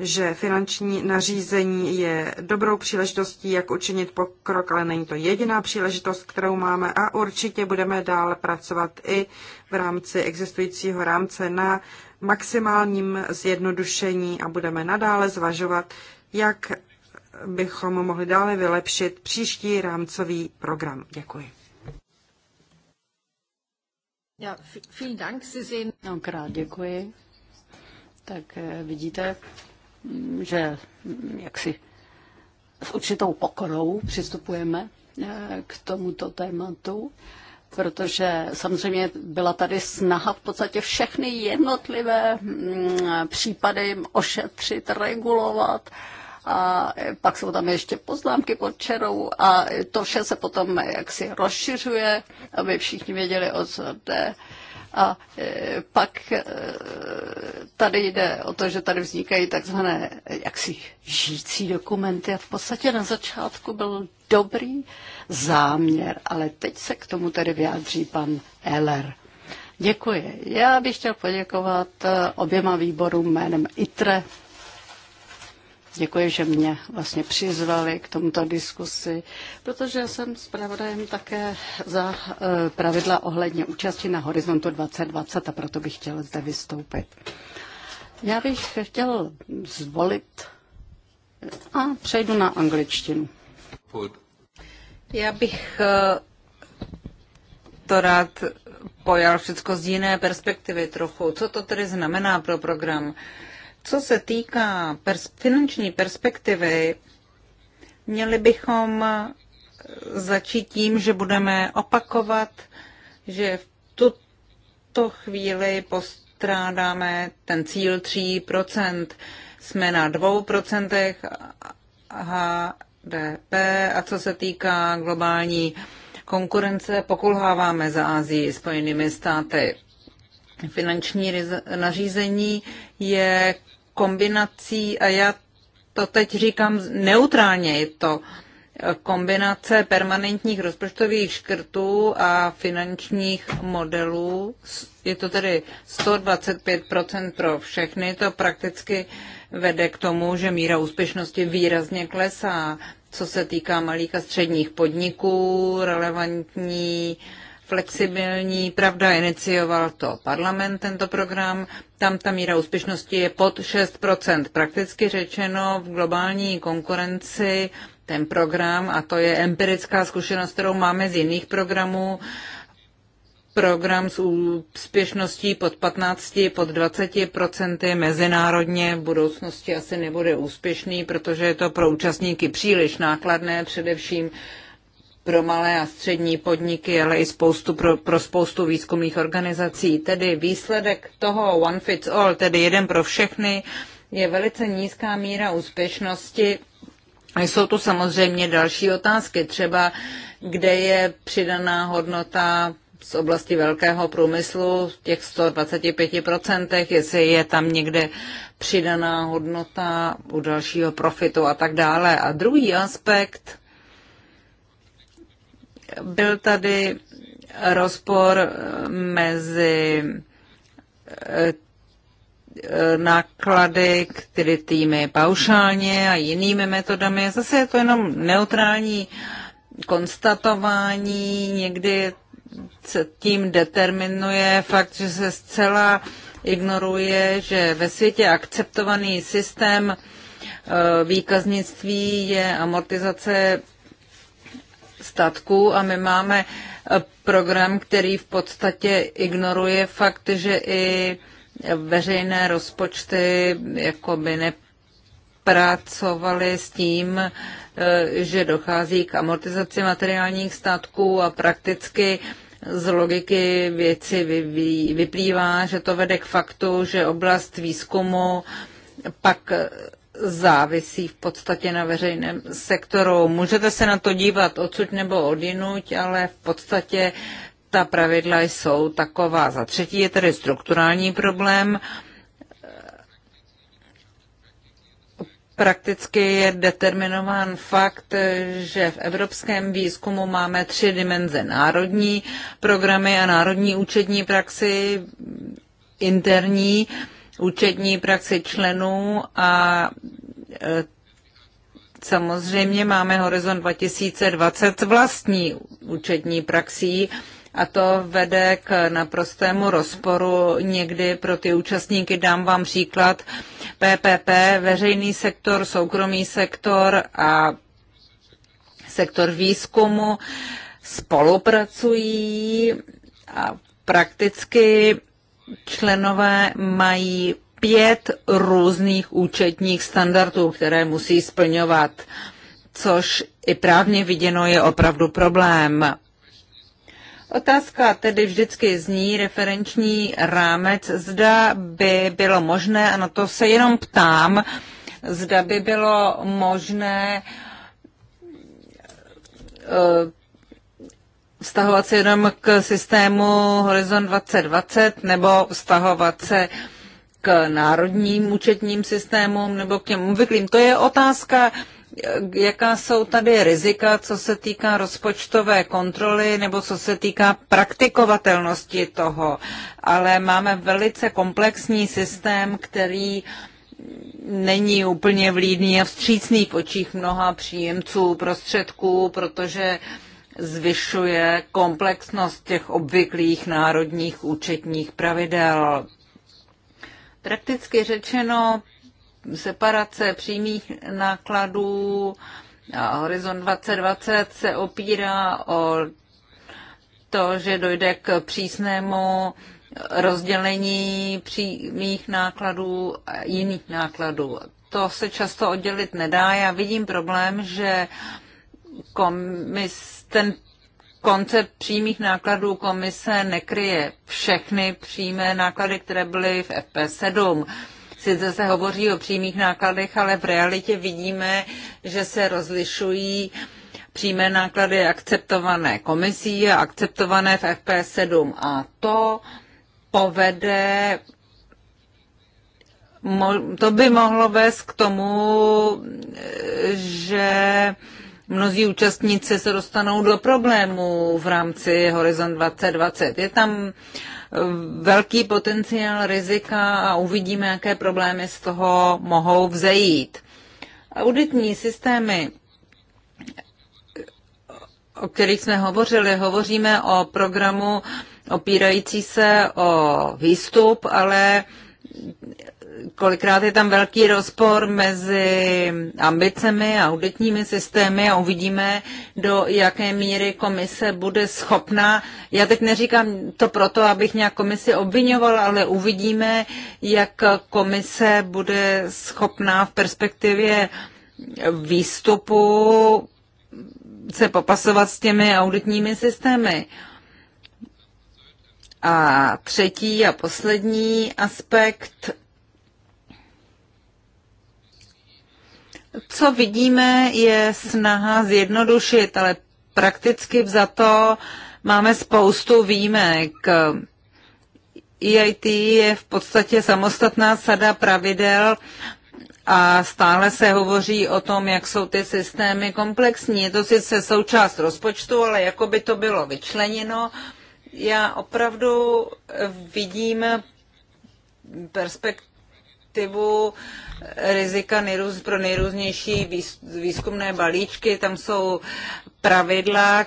že finanční nařízení je dobrou příležitostí, jak učinit pokrok, ale není to jediná příležitost, kterou máme a určitě budeme dále pracovat i v rámci existujícího rámce na maximálním zjednodušení a budeme nadále zvažovat, jak bychom mohli dále vylepšit příští rámcový program. Děkuji. Ja, vielen Dank. Sie sehen... Krát děkuji. Tak eh, vidíte, že jaksi s určitou pokorou přistupujeme eh, k tomuto tématu, protože samozřejmě byla tady snaha v podstatě všechny jednotlivé mm, případy ošetřit, regulovat a pak jsou tam ještě poznámky pod čerou a to vše se potom jaksi rozšiřuje, aby všichni věděli, o co jde. A e, pak e, tady jde o to, že tady vznikají takzvané jaksi žijící dokumenty a v podstatě na začátku byl dobrý záměr, ale teď se k tomu tedy vyjádří pan Eller. Děkuji. Já bych chtěl poděkovat e, oběma výborům jménem ITRE Děkuji, že mě vlastně přizvali k tomuto diskusi, protože jsem zpravodajem také za e, pravidla ohledně účasti na Horizontu 2020 a proto bych chtěl zde vystoupit. Já bych chtěl zvolit a přejdu na angličtinu. Já bych e, to rád pojal všechno z jiné perspektivy trochu. Co to tedy znamená pro program? Co se týká pers- finanční perspektivy, měli bychom začít tím, že budeme opakovat, že v tuto chvíli postrádáme ten cíl 3%. Jsme na 2% HDP a co se týká globální konkurence, pokulháváme za Asii Spojenými státy. Finanční nařízení je kombinací, a já to teď říkám neutrálně, je to kombinace permanentních rozpočtových škrtů a finančních modelů. Je to tedy 125% pro všechny. To prakticky vede k tomu, že míra úspěšnosti výrazně klesá. Co se týká malých a středních podniků, relevantní uh, flexibilní. Pravda, inicioval to parlament, tento program. Tam ta míra úspěšnosti je pod 6%. Prakticky řečeno v globální konkurenci ten program, a to je empirická zkušenost, kterou máme z jiných programů, program s úspěšností pod 15, pod 20% mezinárodně v budoucnosti asi nebude úspěšný, protože je to pro účastníky příliš nákladné, především pro malé a střední podniky, ale i spoustu pro, pro spoustu výzkumných organizací. Tedy výsledek toho one fits all, tedy jeden pro všechny, je velice nízká míra úspěšnosti. Jsou tu samozřejmě další otázky, třeba kde je přidaná hodnota z oblasti velkého průmyslu v těch 125%, jestli je tam někde přidaná hodnota u dalšího profitu a tak dále. A druhý aspekt byl tady rozpor eh, mezi eh, eh, náklady, které týmy paušálně a jinými metodami. Zase je to jenom neutrální konstatování, někdy se tím determinuje fakt, že se zcela ignoruje, že ve světě akceptovaný systém výkaznictví je amortizace statků a my máme eh, program, který v podstatě ignoruje fakt, že i veřejné rozpočty jakoby nepracovaly s tím, eh, že dochází k amortizaci materiálních statků a prakticky z logiky věci vyplývá, že to vede k faktu, že oblast výzkumu pak eh, závisí v podstatě na veřejném sektoru. Můžete se na to dívat odsud nebo odinuť, ale v podstatě ta pravidla jsou taková. Za třetí je tedy strukturální problém. Prakticky je determinován fakt, že v evropském výzkumu máme tři dimenze. Národní programy a národní účetní praxi, interní účetní praxi členů a e, samozřejmě máme Horizon 2020 vlastní účetní praxí a to vede k naprostému rozporu někdy pro ty účastníky. Dám vám příklad PPP, veřejný sektor, soukromý sektor a sektor výzkumu spolupracují a prakticky členové mají pět různých účetních standardů, které musí splňovat, což i právně viděno je opravdu problém. Otázka tedy vždycky zní referenční rámec, zda by bylo možné, a na to se jenom ptám, zda by bylo možné eh, vztahovat se jenom k systému Horizon 2020 nebo vztahovat se k národním účetním systémům nebo k těm obvyklým. To je otázka, jaká jsou tady rizika, co se týká rozpočtové kontroly nebo co se týká praktikovatelnosti toho. Ale máme velice komplexní systém, který není úplně vlídný a vstřícný v očích mnoha příjemců prostředků, protože uh, zvyšuje komplexnost těch obvyklých národních účetních pravidel. Prakticky řečeno, separace přímých nákladů a Horizon 2020 se opírá o to, že dojde k přísnému rozdělení přímých nákladů a jiných nákladů. To se často oddělit nedá. Já vidím problém, že komis ten koncept přímých nákladů komise nekryje všechny přímé náklady, které byly v FP7. Sice se hovoří o přímých nákladech, ale v realitě vidíme, že se rozlišují přímé náklady akceptované komisí a akceptované v FP7. A to povede to by mohlo vést k tomu, že mnozí účastníci se dostanou do problémů v rámci Horizon 2020. Je tam eh, velký potenciál rizika a uvidíme, jaké problémy z toho mohou vzejít. Auditní systémy, o kterých jsme hovořili, hovoříme o programu opírající se o výstup, ale kolikrát je tam velký rozpor mezi ambicemi a auditními systémy a uvidíme, do jaké míry komise bude schopná. Já teď neříkám to proto, abych nějak komisi obvinoval, ale uvidíme, jak komise bude schopná v perspektivě výstupu se popasovat s těmi auditními systémy. A třetí a poslední aspekt Co vidíme, je snaha zjednodušit, ale prakticky za to máme spoustu výjimek. EIT je v podstatě samostatná sada pravidel a stále se hovoří o tom, jak jsou ty systémy komplexní. Je to sice součást rozpočtu, ale jako by to bylo vyčleněno. Já opravdu vidím perspektivu perspektivu eh, rizika nejrůz, pro nejrůznější výzkumné balíčky. Tam jsou pravidla,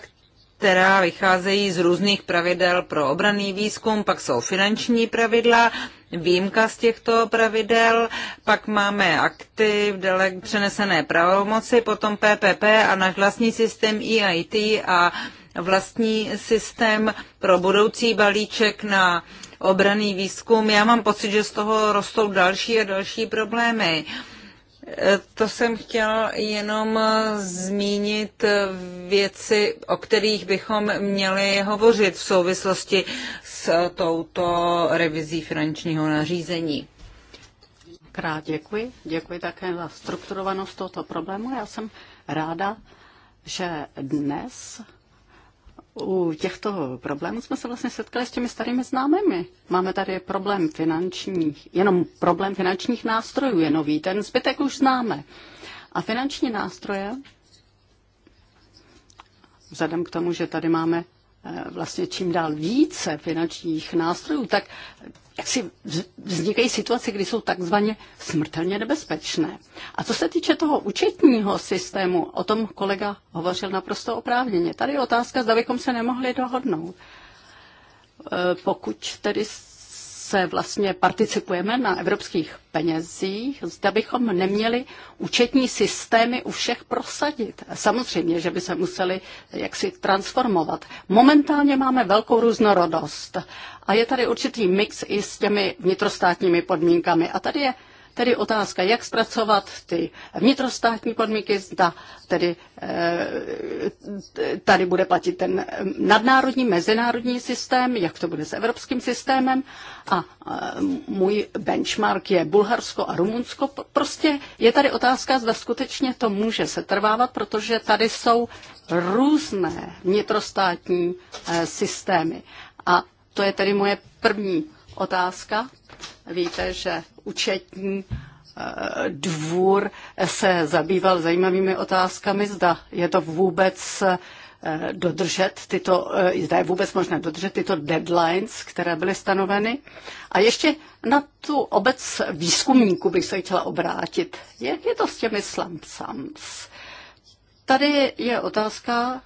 která vycházejí z různých pravidel pro obraný výzkum, pak jsou finanční pravidla, výjimka z těchto pravidel, pak máme akty v delek přenesené pravomoci, potom PPP a náš vlastní systém EIT a vlastní systém pro budoucí balíček na uh, obraný výzkum. Já mám pocit, že z toho rostou další a další problémy. E, to jsem chtěl jenom zmínit věci, o kterých bychom měli hovořit v souvislosti s touto revizí finančního nařízení. Krát děkuji. Děkuji také za strukturovanost tohoto problému. Já jsem ráda, že dnes u těchto problémů jsme se vlastně setkali s těmi starými známými. Máme tady problém finančních, jenom problém finančních nástrojů je nový, ten zbytek už známe. A finanční nástroje, vzhledem k tomu, že tady máme eh, vlastně čím dál více finančních nástrojů, tak jak si vznikají situace, kdy jsou takzvaně smrtelně nebezpečné. A co se týče toho účetního systému, o tom kolega hovořil naprosto oprávněně. Tady je otázka, zda bychom se nemohli dohodnout. E, pokud tedy se vlastně participujeme na evropských penězích, zda bychom neměli účetní systémy u všech prosadit. Samozřejmě, že by se museli jaksi transformovat. Momentálně máme velkou různorodost a je tady určitý mix i s těmi vnitrostátními podmínkami. A tady je Tedy otázka, jak zpracovat ty vnitrostátní podmínky, zda tedy eh, tady bude platit ten nadnárodní, mezinárodní systém, jak to bude s evropským systémem. A eh, můj benchmark je Bulharsko a Rumunsko. Prostě je tady otázka, zda skutečně to může se trvávat, protože tady jsou různé vnitrostátní eh, systémy. A to je tedy moje první otázka. Víte, že účetní eh, dvůr se zabýval zajímavými otázkami, zda je to vůbec eh, dodržet tyto, eh, zda je vůbec možné dodržet tyto deadlines, které byly stanoveny. A ještě na tu obec výzkumníků bych se chtěla obrátit. Jak je to s těmi slumpsams? Tady je otázka,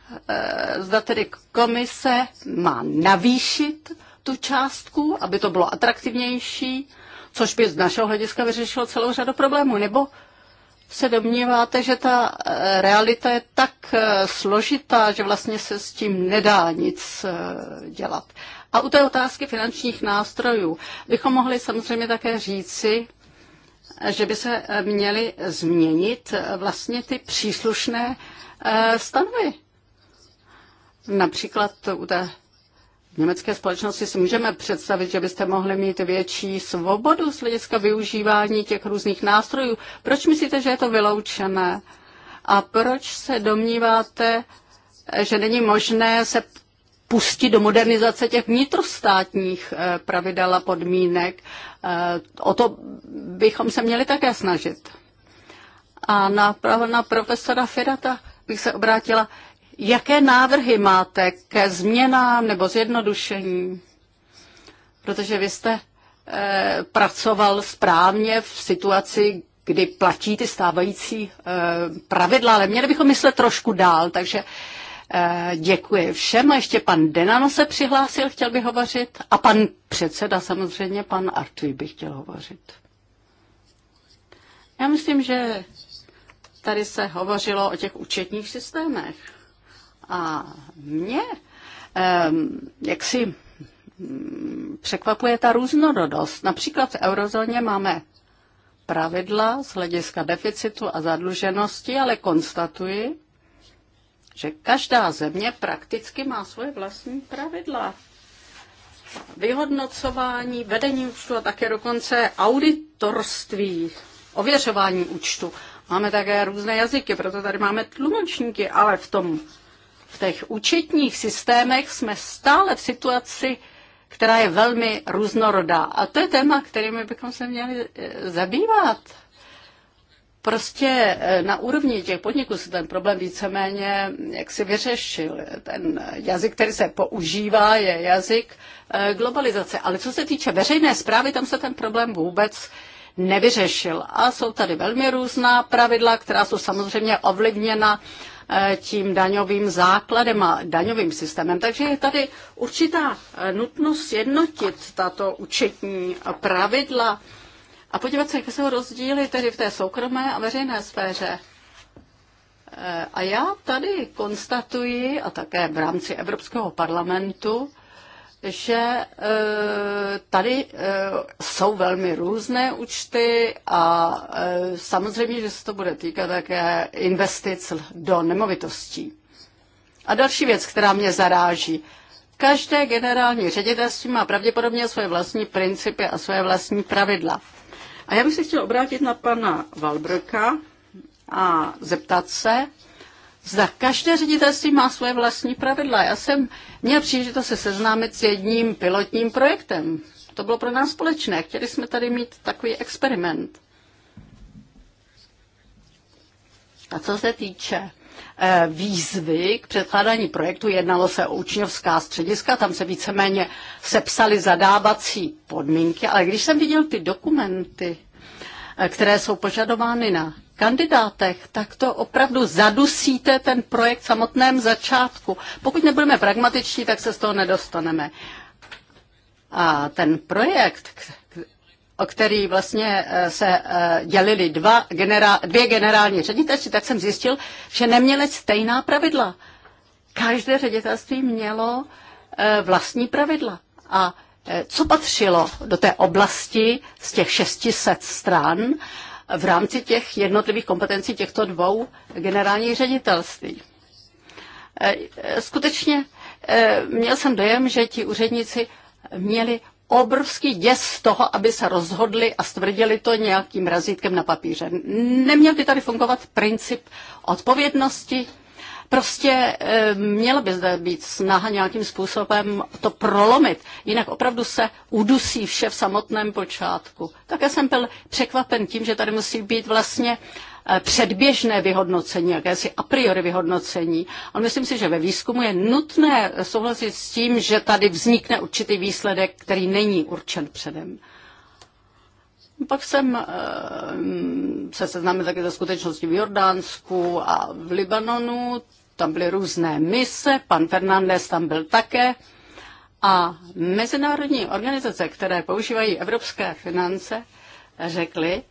zda tedy komise má navýšit tu částku, aby to bylo atraktivnější, což by z našeho hlediska vyřešilo celou řadu problémů. Nebo se domníváte, že ta eh, realita je tak eh, složitá, že vlastně se s tím nedá nic eh, dělat. A u té otázky finančních nástrojů bychom mohli samozřejmě také říci, že by se měly změnit vlastně ty příslušné stanovy. Například u té německé společnosti si můžeme představit, že byste mohli mít větší svobodu z hlediska využívání těch různých nástrojů. Proč myslíte, že je to vyloučené? A proč se domníváte, že není možné se pustit do modernizace těch vnitrostátních eh, pravidel a podmínek? Eh, o to bychom se měli také snažit. A na, na profesora Firata bych se obrátila. Jaké návrhy máte ke změnám nebo zjednodušení? Protože vy jste e, pracoval správně v situaci, kdy platí ty stávající e, pravidla, ale měli bychom myslet trošku dál, takže e, děkuji všem. A ještě pan Denano se přihlásil, chtěl by hovořit. A pan předseda samozřejmě, pan Artuj by chtěl hovořit. Já myslím, že tady se hovořilo o těch účetních systémech. A mě jak si mm, překvapuje ta různorodost. Například v eurozóně máme pravidla z hlediska deficitu a zadluženosti, ale konstatuji, že každá země prakticky má svoje vlastní pravidla. Vyhodnocování, vedení účtu a také dokonce auditorství, ověřování účtu. Máme také různé jazyky, proto tady máme tlumočníky, ale v tom v těch účetních systémech jsme stále v situaci, která je velmi různorodá. A to je téma, kterými bychom se měli eh, zabývat. Prostě eh, na úrovni těch podniků se ten problém víceméně eh, jak si vyřešil. Ten jazyk, který se používá, je jazyk globalizace. Ale co se týče veřejné zprávy, tam se ten problém vůbec nevyřešil. A jsou tady velmi různá pravidla, která jsou samozřejmě ovlivněna uh, Eh, tím daňovým základem a daňovým systémem. Takže je tady určitá eh, nutnost jednotit tato účetní pravidla a podívat se, jaké jsou rozdíly tedy v té soukromé a veřejné sféře. Eh, a já tady konstatuji, a také v rámci Evropského parlamentu, že e, tady e, jsou velmi různé účty a e, samozřejmě, že se to bude týkat také investic do nemovitostí. A další věc, která mě zaráží. Každé generální ředitelství má pravděpodobně svoje vlastní principy a svoje vlastní pravidla. A já bych se chtěl obrátit na pana Valbrka a zeptat se, zda každé ředitelství má svoje vlastní pravidla. Já jsem měl příležitost se seznámit s jedním pilotním projektem. To bylo pro nás společné. Chtěli jsme tady mít takový experiment. A co se týče eh, výzvy k předkládání projektu. Jednalo se o učňovská střediska, tam se víceméně sepsaly zadávací podmínky, ale když jsem viděl ty dokumenty, eh, které jsou požadovány na kandidátech, tak to opravdu zadusíte ten projekt v samotném začátku. Pokud nebudeme pragmatiční, tak se z toho nedostaneme. A ten projekt, o který vlastně e, se e, dělili dva generál, dvě generální ředitelství, tak jsem zjistil, že neměli stejná pravidla. Každé ředitelství mělo e, vlastní pravidla. A co patřilo do té oblasti z těch 600 stran v rámci těch jednotlivých kompetencí těchto dvou generálních ředitelství. E, skutečně e, měl jsem dojem, že ti úředníci měli obrovský děs z toho, aby se rozhodli a stvrdili to nějakým razítkem na papíře. Neměl by tady fungovat princip odpovědnosti Prostě eh, měla by zde být snaha nějakým způsobem to prolomit, jinak opravdu se udusí vše v samotném počátku. Také jsem byl překvapen tím, že tady musí být vlastně eh, předběžné vyhodnocení, jakési a priori vyhodnocení. Ale myslím si, že ve výzkumu je nutné souhlasit s tím, že tady vznikne určitý výsledek, který není určen předem. Pak jsem eh, se seznámil také ze skutečnosti v Jordánsku a v Libanonu. Tam byly různé mise, pan Fernández tam byl také. A mezinárodní organizace, které používají evropské finance, řekly,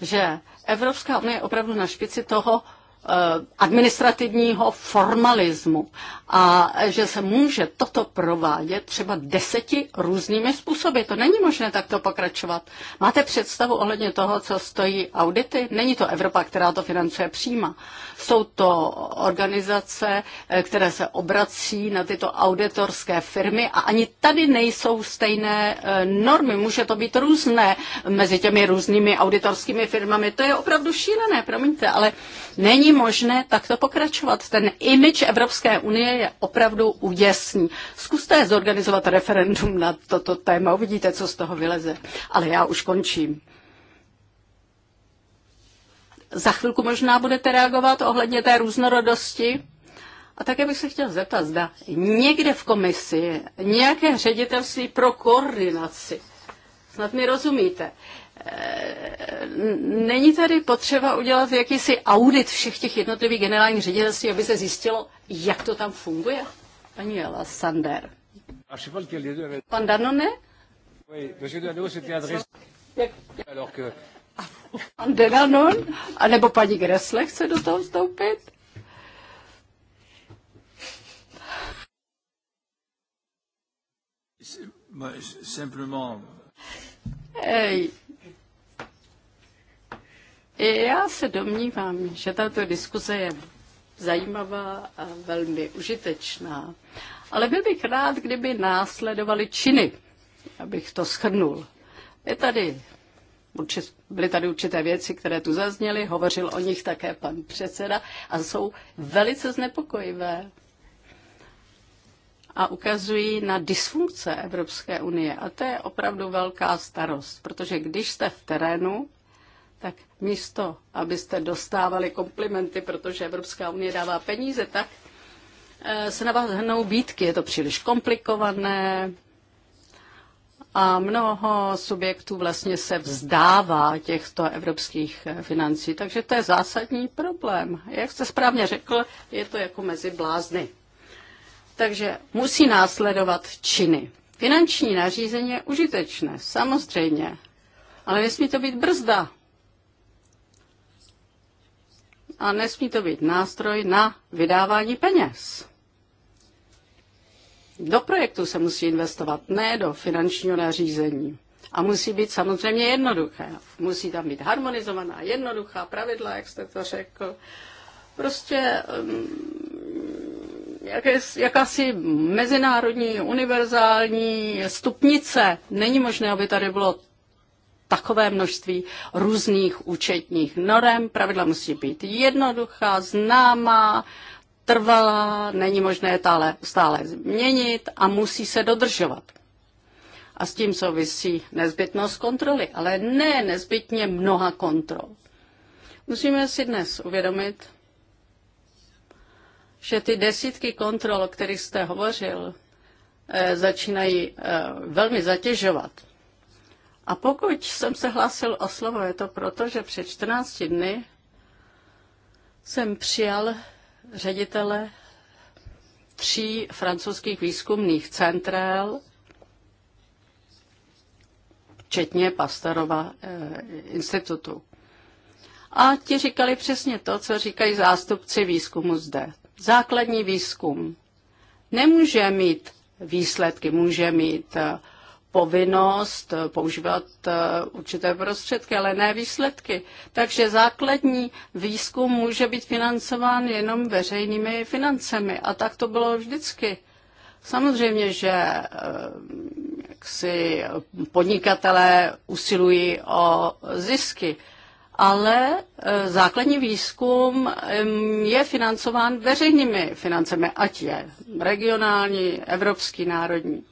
že Evropská unie je opravdu na špici toho, Eh, administrativního formalismu a že se může toto provádět třeba deseti různými způsoby. To není možné takto pokračovat. Máte představu ohledně toho, co stojí audity? Není to Evropa, která to financuje přímo. Jsou to organizace, eh, které se obrací na tyto auditorské firmy a ani tady nejsou stejné eh, normy. Může to být různé mezi těmi různými auditorskými firmami. To je opravdu šílené, promiňte, ale není možné takto pokračovat. Ten image Evropské unie je opravdu uděsný. Zkuste zorganizovat referendum na toto téma, uvidíte, co z toho vyleze. Ale já už končím. Za chvilku možná budete reagovat ohledně té různorodosti. A také bych se chtěl zeptat, zda někde v komisi nějaké ředitelství pro koordinaci. Snad mi rozumíte není tady potřeba udělat jakýsi audit všech těch jednotlivých generálních ředitelství, aby se zjistilo, jak to tam funguje? Paní Jela Sander. Ah, Pan Danone? Pan Danone A nebo paní Gressle chce do toho vstoupit? Simplement. Hey. Já se domnívám, že tato diskuze je zajímavá a velmi užitečná. Ale byl bych rád, kdyby následovaly činy, abych to schrnul. Je tady, byly tady určité věci, které tu zazněly, hovořil o nich také pan předseda a jsou velice znepokojivé a ukazují na dysfunkce Evropské unie. A to je opravdu velká starost, protože když jste v terénu, tak místo, abyste dostávali komplimenty, protože Evropská unie dává peníze, tak eh, se na vás hnou bítky. Je to příliš komplikované a mnoho subjektů vlastně se vzdává těchto evropských eh, financí. Takže to je zásadní problém. Jak jste správně řekl, je to jako mezi blázny. Takže musí následovat činy. Finanční nařízení je užitečné, samozřejmě, ale nesmí to být brzda a nesmí to být nástroj na vydávání peněz. Do projektu se musí investovat, ne do finančního nařízení. A musí být samozřejmě jednoduché. Musí tam být harmonizovaná, jednoduchá pravidla, jak jste to řekl. Prostě um, jaké, jakási mezinárodní, univerzální stupnice. Není možné, aby tady bylo takové množství různých účetních norem. Pravidla musí být jednoduchá, známá, trvalá, není možné tále, stále změnit a musí se dodržovat. A s tím souvisí nezbytnost kontroly, ale ne nezbytně mnoha kontrol. Musíme si dnes uvědomit, že ty desítky kontrol, o kterých jste hovořil, eh, začínají eh, velmi zatěžovat a pokud jsem se hlásil o slovo, je to proto, že před 14 dny jsem přijal ředitele tří francouzských výzkumných centrál, včetně Pasterova eh, institutu. A ti říkali přesně to, co říkají zástupci výzkumu zde. Základní výzkum nemůže mít výsledky, může mít eh, povinnost používat eh, určité prostředky, ale ne výsledky. Takže základní výzkum může být financován jenom veřejnými financemi a tak to bylo vždycky. Samozřejmě, že eh, si podnikatelé usilují o zisky, ale eh, základní výzkum je financován veřejnými financemi, ať je regionální, evropský, národní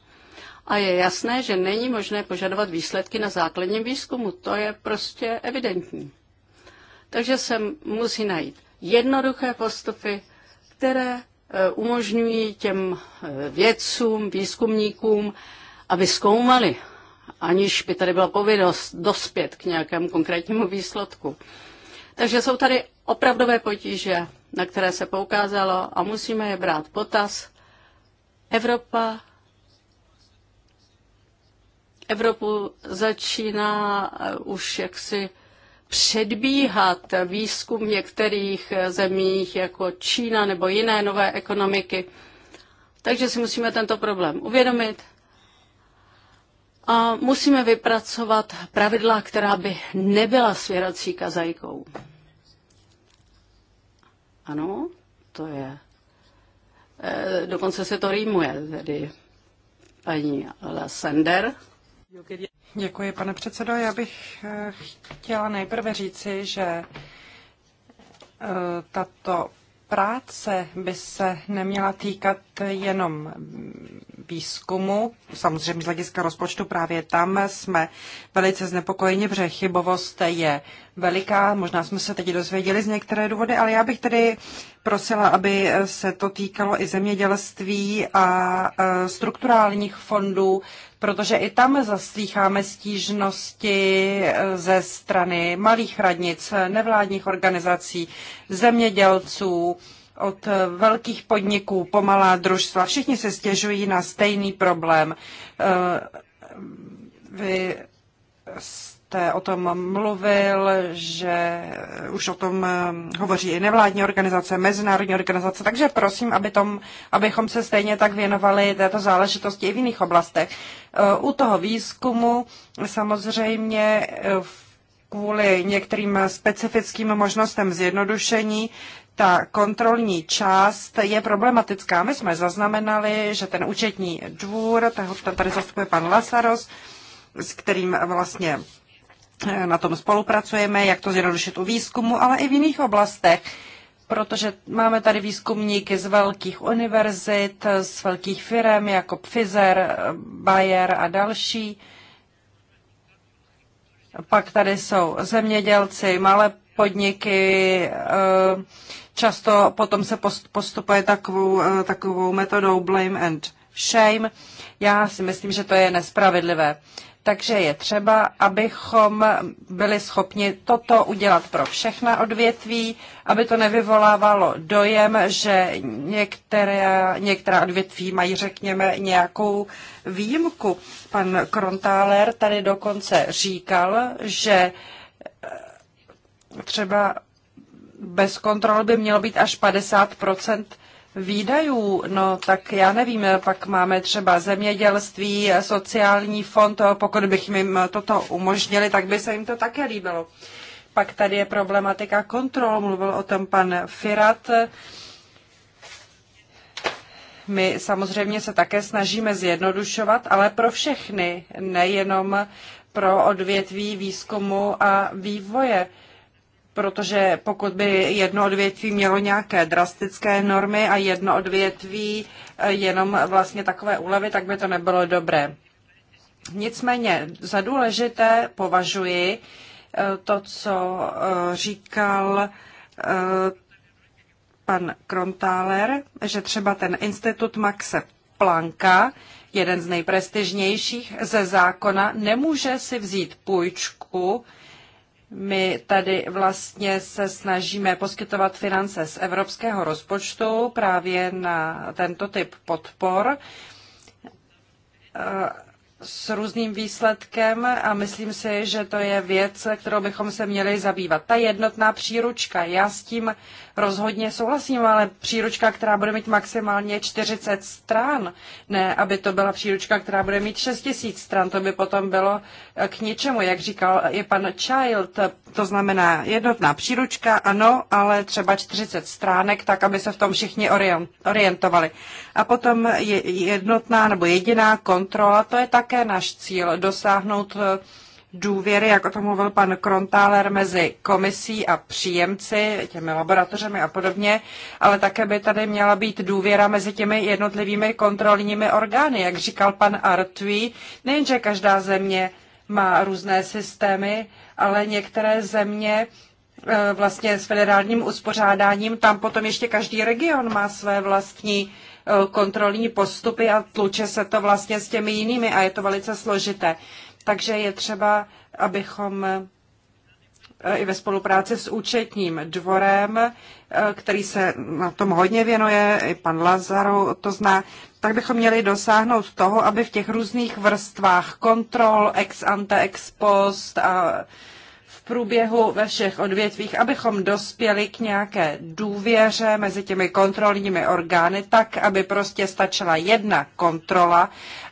a je jasné, že není možné požadovat výsledky na základním výzkumu. To je prostě evidentní. Takže se musí najít jednoduché postupy, které e, umožňují těm e, vědcům, výzkumníkům, aby zkoumali, aniž by tady byla povinnost dospět k nějakému konkrétnímu výsledku. Takže jsou tady opravdové potíže, na které se poukázalo a musíme je brát potaz. Evropa Evropu začíná eh, už jaksi předbíhat výzkum některých eh, zemích jako Čína nebo jiné nové ekonomiky. Takže si musíme tento problém uvědomit a musíme vypracovat pravidla, která by nebyla svěrací kazajkou. Ano, to je. E, dokonce se to rýmuje, tedy paní Sender. Děkuji, pane předsedo. Já bych eh, chtěla nejprve říci, že eh, tato práce by se neměla týkat jenom výzkumu. Samozřejmě z hlediska rozpočtu právě tam jsme velice znepokojeni, protože chybovost je veliká. Možná jsme se teď dozvěděli z některé důvody, ale já bych tedy prosila, aby se to týkalo i zemědělství a e, strukturálních fondů, protože i tam zaslýcháme stížnosti e, ze strany malých radnic, nevládních organizací, zemědělců, od velkých podniků, pomalá družstva. Všichni se stěžují na stejný problém. E, vy jste o tom mluvil, že už o tom eh, hovoří i nevládní organizace, mezinárodní organizace, takže prosím, aby tom, abychom se stejně tak věnovali této záležitosti i v jiných oblastech. Eh, u toho výzkumu samozřejmě eh, kvůli některým specifickým možnostem zjednodušení ta kontrolní část je problematická. My jsme zaznamenali, že ten účetní dvůr, tady zastupuje pan Lasaros, s kterým vlastně Eh, na tom spolupracujeme, jak to zjednodušit u výzkumu, ale i v jiných oblastech, protože máme tady výzkumníky z velkých univerzit, z velkých firm jako Pfizer, Bayer a další. Pak tady jsou zemědělci, malé podniky. Eh, často potom se postupuje takovou, eh, takovou metodou blame and shame. Já si myslím, že to je nespravedlivé. Takže je třeba, abychom byli schopni toto udělat pro všechna odvětví, aby to nevyvolávalo dojem, že některé, některá odvětví mají, řekněme, nějakou výjimku. Pan Krontáler tady dokonce říkal, že eh, třeba bez kontrol by mělo být až 50 výdajů, no tak já nevím, pak máme třeba zemědělství, sociální fond, pokud bych jim toto umožnili, tak by se jim to také líbilo. Pak tady je problematika kontrol, mluvil o tom pan Firat. My samozřejmě se také snažíme zjednodušovat, ale pro všechny, nejenom pro odvětví výzkumu a vývoje protože pokud by jedno odvětví mělo nějaké drastické normy a jedno odvětví eh, jenom vlastně takové úlevy, tak by to nebylo dobré. Nicméně za důležité považuji eh, to, co eh, říkal pan Krontáler, že třeba ten institut Maxe Planka, jeden z nejprestižnějších ze zákona, nemůže si vzít půjčku, my tady vlastně se snažíme poskytovat finance z evropského rozpočtu právě na tento typ podpor eh, s různým výsledkem a myslím si, že to je věc, kterou bychom se měli zabývat. Ta jednotná příručka, já s tím rozhodně souhlasím, ale příručka, která bude mít maximálně 40 stran, ne, aby to byla příručka, která bude mít 6 tisíc stran, to by potom bylo eh, k ničemu, jak říkal eh, i pan Child, eh, to znamená jednotná příručka, ano, ale třeba 40 stránek, tak aby se v tom všichni orientovali. A potom jednotná nebo jediná kontrola, to je také náš cíl, dosáhnout důvěry, jak o tom mluvil pan Krontáler, mezi komisí a příjemci, těmi laboratořemi a podobně, ale také by tady měla být důvěra mezi těmi jednotlivými kontrolními orgány. Jak říkal pan Artví, nejenže každá země má různé systémy, ale některé země e, vlastně s federálním uspořádáním, tam potom ještě každý region má své vlastní e, kontrolní postupy a tluče se to vlastně s těmi jinými a je to velice složité. Takže je třeba, abychom eh, i ve spolupráci s účetním dvorem, eh, který se na tom hodně věnuje, i pan Lazaru to zná, tak bychom měli dosáhnout toho, aby v těch různých vrstvách kontrol ex ante, ex post a v průběhu ve všech odvětvích, abychom dospěli k nějaké důvěře mezi těmi kontrolními orgány, tak, aby prostě stačila jedna kontrola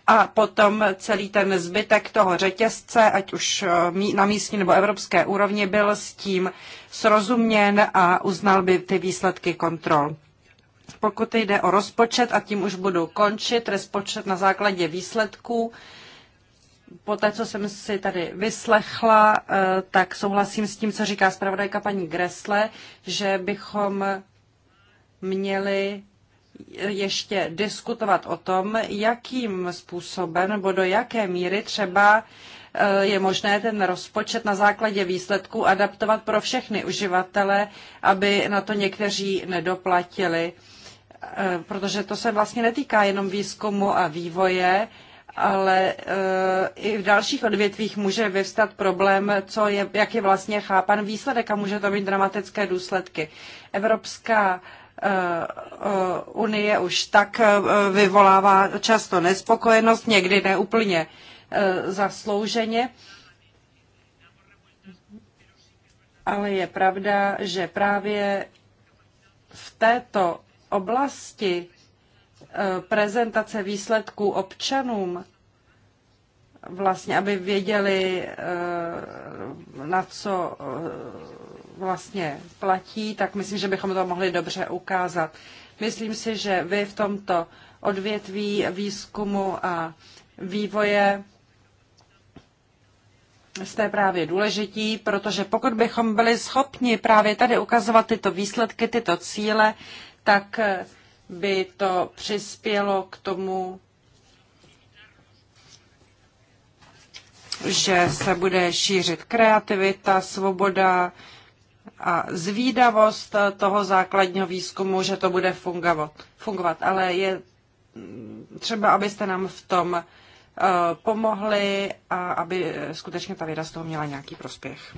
a potom celý ten zbytek toho řetězce, ať už eh, na místní nebo evropské úrovni, byl s tím srozuměn a uznal by ty výsledky kontrol. Pokud jde o rozpočet, a tím už budu končit, rozpočet na základě výsledků, po té, co jsem si tady vyslechla, eh, tak souhlasím s tím, co říká zpravodajka paní Gresle, že bychom měli ještě diskutovat o tom, jakým způsobem nebo do jaké míry třeba eh, je možné ten rozpočet na základě výsledků adaptovat pro všechny uživatele, aby na to někteří nedoplatili. Eh, protože to se vlastně netýká jenom výzkumu a vývoje, ale eh, i v dalších odvětvích může vyvstat problém, co je, jak je vlastně chápan výsledek a může to mít dramatické důsledky. Evropská Eh, eh, Unie už tak eh, vyvolává často nespokojenost, někdy neúplně zaslouženě. Ale je pravda, že právě v této oblasti prezentace výsledků občanům, vlastně aby věděli, na co vlastně platí, tak myslím, že bychom to mohli dobře ukázat. Myslím si, že vy v tomto odvětví výzkumu a vývoje jste právě důležití, protože pokud bychom byli schopni právě tady ukazovat tyto výsledky, tyto cíle, tak by to přispělo k tomu, že se bude šířit kreativita, svoboda, a zvídavost toho základního výzkumu, že to bude fungovat. fungovat. Ale je třeba, abyste nám v tom eh, pomohli a aby skutečně ta věda z toho měla nějaký prospěch.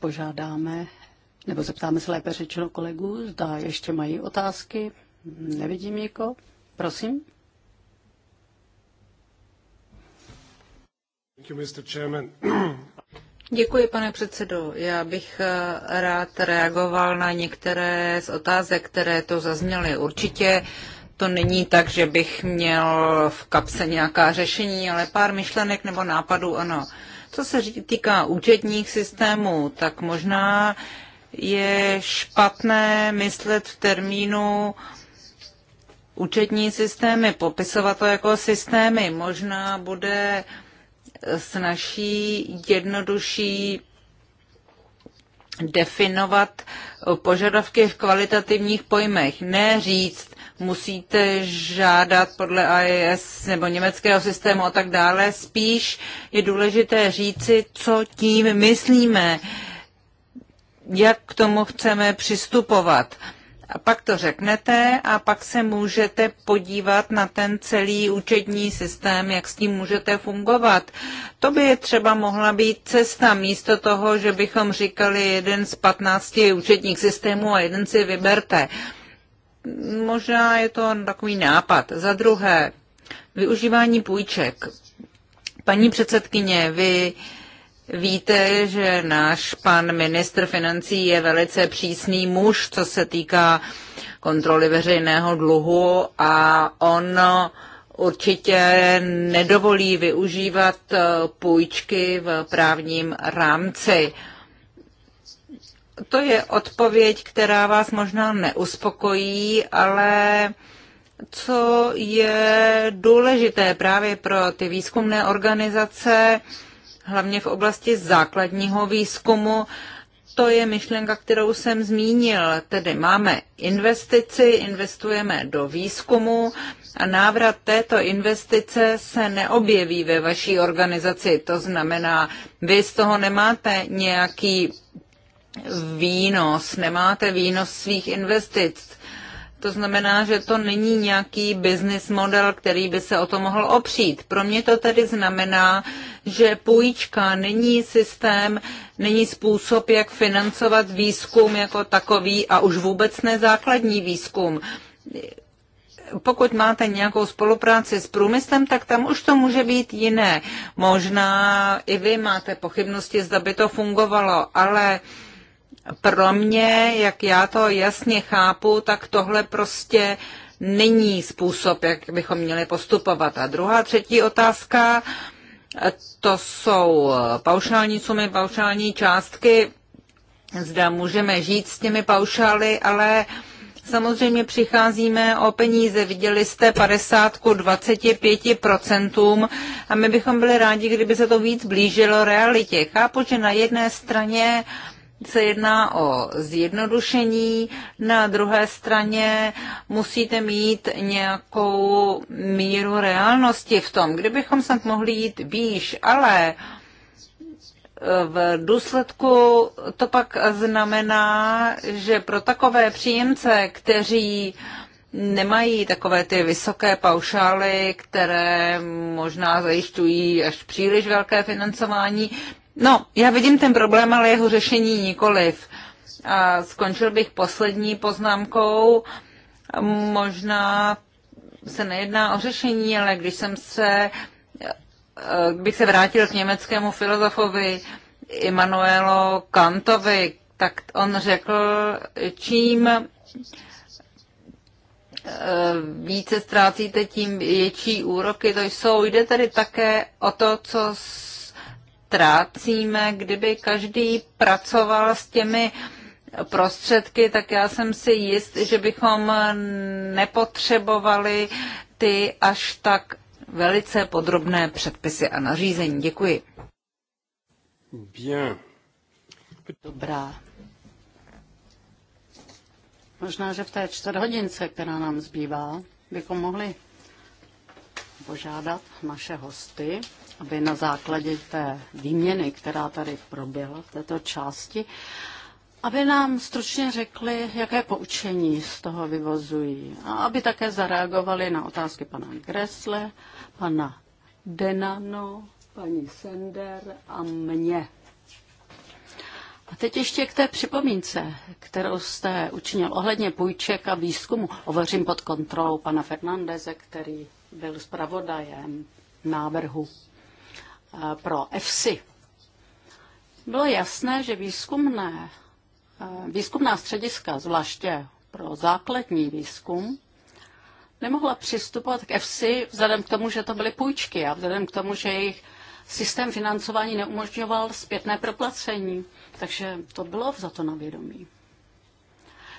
Požádáme, nebo zeptáme se lépe řečeno kolegů, zda ještě mají otázky. Nevidím nikoho. Prosím. Děkuji, pane předsedo. Já bych eh, rád reagoval na některé z otázek, které to zazněly. Určitě to není tak, že bych měl v kapse nějaká řešení, ale pár myšlenek nebo nápadů ano. Co se týká účetních systémů, tak možná je špatné myslet v termínu účetní systémy, popisovat to jako systémy. Možná bude uh, snaží jednodušší definovat požadavky v kvalitativních pojmech. Ne říct, musíte žádat podle AIS e nebo německého systému a tak dále. Spíš je důležité říci, co tím myslíme, jak k tomu chceme přistupovat. A pak to řeknete a pak se můžete podívat na ten celý účetní systém, jak s tím můžete fungovat. To by je třeba mohla být cesta místo toho, že bychom říkali jeden z 15 účetních systémů a jeden si vyberte. Možná je to takový nápad. Za druhé, využívání půjček. Paní předsedkyně, vy uh, Víte, že náš pan ministr financí je velice přísný muž, co se týká kontroly veřejného dluhu a on určitě nedovolí využívat půjčky v právním rámci. To je odpověď, která vás možná neuspokojí, ale co je důležité právě pro ty výzkumné organizace, hlavně v oblasti základního výzkumu. To je myšlenka, kterou jsem zmínil. Tedy máme investici, investujeme do výzkumu a návrat této investice se neobjeví ve vaší organizaci. To znamená, vy z toho nemáte nějaký výnos, nemáte výnos svých investic to znamená, že to není nějaký business model, který by se o to mohl opřít. Pro mě to tedy znamená, že půjčka není systém, není způsob, jak financovat výzkum jako takový a už vůbec ne základní výzkum. Pokud máte nějakou spolupráci s průmyslem, tak tam už to může být jiné. Možná i vy máte pochybnosti, zda by to fungovalo, ale uh, pro mě, jak já to jasně chápu, tak tohle prostě není způsob, jak bychom měli postupovat. A druhá, třetí otázka, to jsou paušální sumy, paušální částky. Zda můžeme žít s těmi paušály, ale samozřejmě přicházíme o peníze. Viděli jste 50 ku 25% a my bychom byli rádi, kdyby se to víc blížilo realitě. Chápu, že na jedné straně se jedná o zjednodušení, na druhé straně musíte mít nějakou míru reálnosti v tom, kdybychom snad mohli jít výš, ale e, v důsledku to pak znamená, že pro takové příjemce, kteří nemají takové ty vysoké paušály, které možná zajišťují až příliš velké financování, No, já vidím ten problém, ale jeho řešení nikoliv. A skončil bych poslední poznámkou. Možná se nejedná o řešení, ale když jsem se, bych eh, se vrátil k německému filozofovi Immanuelo Kantovi, tak on řekl, čím eh, více ztrácíte, tím větší úroky to jsou. Jde tedy také o to, co ztrácíme, kdyby každý pracoval s těmi prostředky, tak já jsem si jist, že bychom nepotřebovali ty až tak velice podrobné předpisy a nařízení. Děkuji. Bien. Dobrá. Možná, že v té čtvrt která nám zbývá, bychom mohli požádat naše hosty, aby na základě té výměny, která tady proběhla v této části, aby nám stručně řekli, jaké poučení z toho vyvozují a aby také zareagovali na otázky pana Gresle, pana Denano, paní Sender a mě. A teď ještě k té připomínce, kterou jste učinil ohledně půjček a výzkumu. Hovořím pod kontrolou pana Fernandeze, který byl zpravodajem návrhu. Eh, pro EFSI, bylo jasné, že výzkumné, eh, výzkumná střediska, zvláště pro základní výzkum, nemohla přistupovat k EFSI vzhledem k tomu, že to byly půjčky a vzhledem k tomu, že jejich systém financování neumožňoval zpětné proplacení. Takže to bylo za to na vědomí.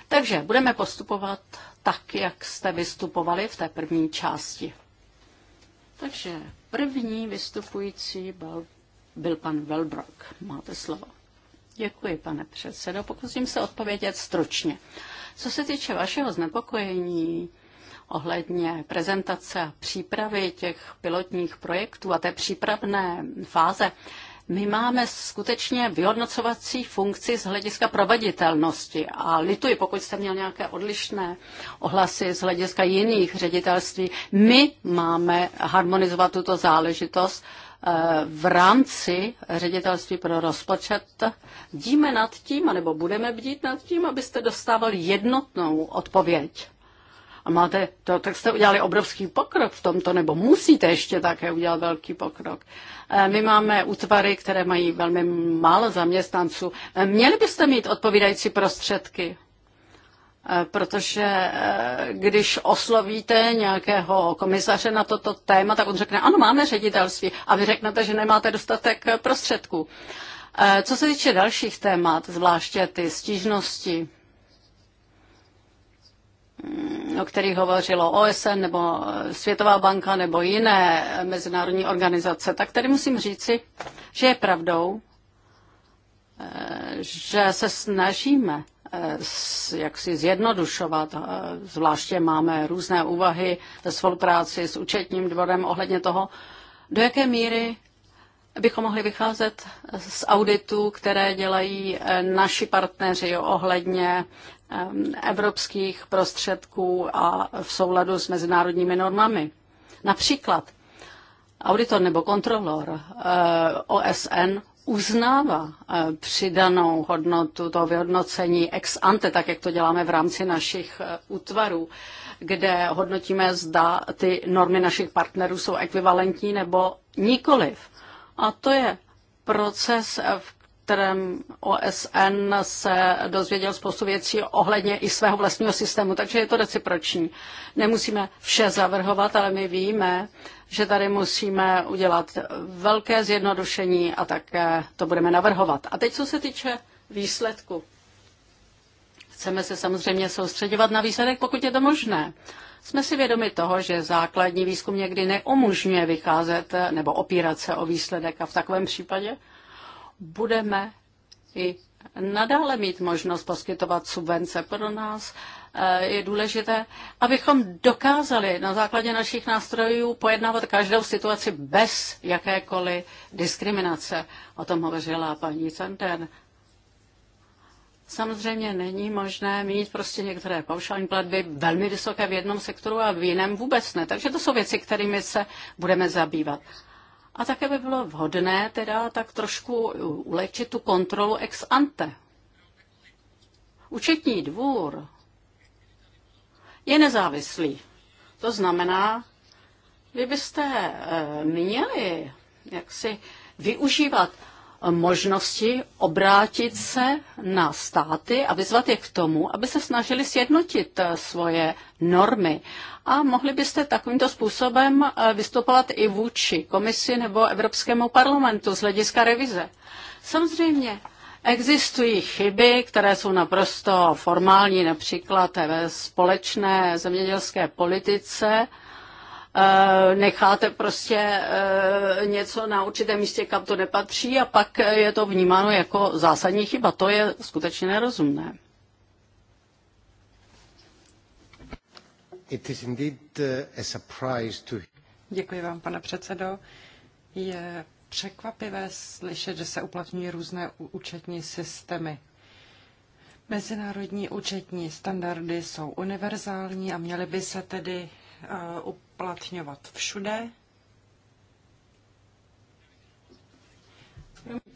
Takže budeme postupovat tak, jak jste vystupovali v té první části. Takže První vystupující byl, byl pan Velbrok. Máte slovo. Děkuji, pane předsedo. Pokusím se odpovědět stručně. Co se týče vašeho znepokojení ohledně prezentace a přípravy těch pilotních projektů a té přípravné fáze, my máme skutečně vyhodnocovací funkci z hlediska proveditelnosti a lituji, pokud jste měl nějaké odlišné ohlasy z hlediska jiných ředitelství. My máme harmonizovat tuto záležitost eh, v rámci ředitelství pro rozpočet díme nad tím, anebo budeme bdít nad tím, abyste dostávali jednotnou odpověď a máte to, tak jste udělali obrovský pokrok v tomto, nebo musíte ještě také udělat velký pokrok. Eh, my máme útvary, které mají velmi málo zaměstnanců. Eh, měli byste mít odpovídající prostředky, eh, protože když oslovíte nějakého komisaře na toto téma, tak on řekne, ano, máme ředitelství a vy řeknete, že nemáte dostatek prostředků. Co se týče dalších témat, zvláště ty stížnosti, o kterých hovořilo OSN nebo eh, Světová banka nebo jiné mezinárodní organizace, tak tady musím říci, že je pravdou, eh, že se snažíme eh, jak si zjednodušovat. Zvláště máme různé úvahy ve spolupráci s účetním dvorem ohledně toho, do jaké míry bychom mohli vycházet z auditu, které dělají eh, naši partneři ohledně ehm, evropských prostředků a v souladu s mezinárodními normami. Například auditor nebo kontrolor eh, OSN uznává eh, přidanou hodnotu toho vyhodnocení ex ante, tak jak to děláme v rámci našich útvarů, kde hodnotíme, zda ty normy našich partnerů jsou ekvivalentní nebo nikoliv. A to je proces, v kterém OSN se dozvěděl spoustu věcí ohledně i svého vlastního systému, takže je to reciproční. Nemusíme vše zavrhovat, ale my víme, že tady musíme udělat velké zjednodušení a také to budeme navrhovat. A teď, co se týče výsledku. Chceme se samozřejmě soustředovat na výsledek, pokud je to možné. Jsme si vědomi toho, že základní výzkum někdy neumožňuje vycházet nebo opírat se o výsledek a v takovém případě budeme i nadále mít možnost poskytovat subvence pro nás. Eh, je důležité, abychom dokázali na základě našich nástrojů pojednávat každou situaci bez jakékoliv diskriminace. O tom hovořila paní Centen. Samozřejmě není možné mít prostě některé paušální platby velmi vysoké v jednom sektoru a v jiném vůbec ne. Takže to jsou věci, kterými se budeme zabývat. A také by bylo vhodné teda tak trošku ulečit tu kontrolu ex ante. Učetní dvůr je nezávislý. To znamená, vy byste eh, měli jaksi využívat možnosti obrátit se na státy a vyzvat je k tomu, aby se snažili sjednotit eh, svoje normy. A mohli byste takovýmto způsobem eh, vystupovat i vůči komisi nebo Evropskému parlamentu z hlediska revize. Samozřejmě existují chyby, které jsou naprosto formální, například ve společné zemědělské politice, Eh, necháte prostě eh, něco na určitém místě, kam to nepatří a pak je to vnímáno jako zásadní chyba. To je skutečně nerozumné. It is indeed eh, a surprise to... Děkuji vám, pane předsedo. Je překvapivé slyšet, že se uplatňují různé účetní systémy. Mezinárodní účetní standardy jsou univerzální a měly by se tedy Eh, uplatňovat všude.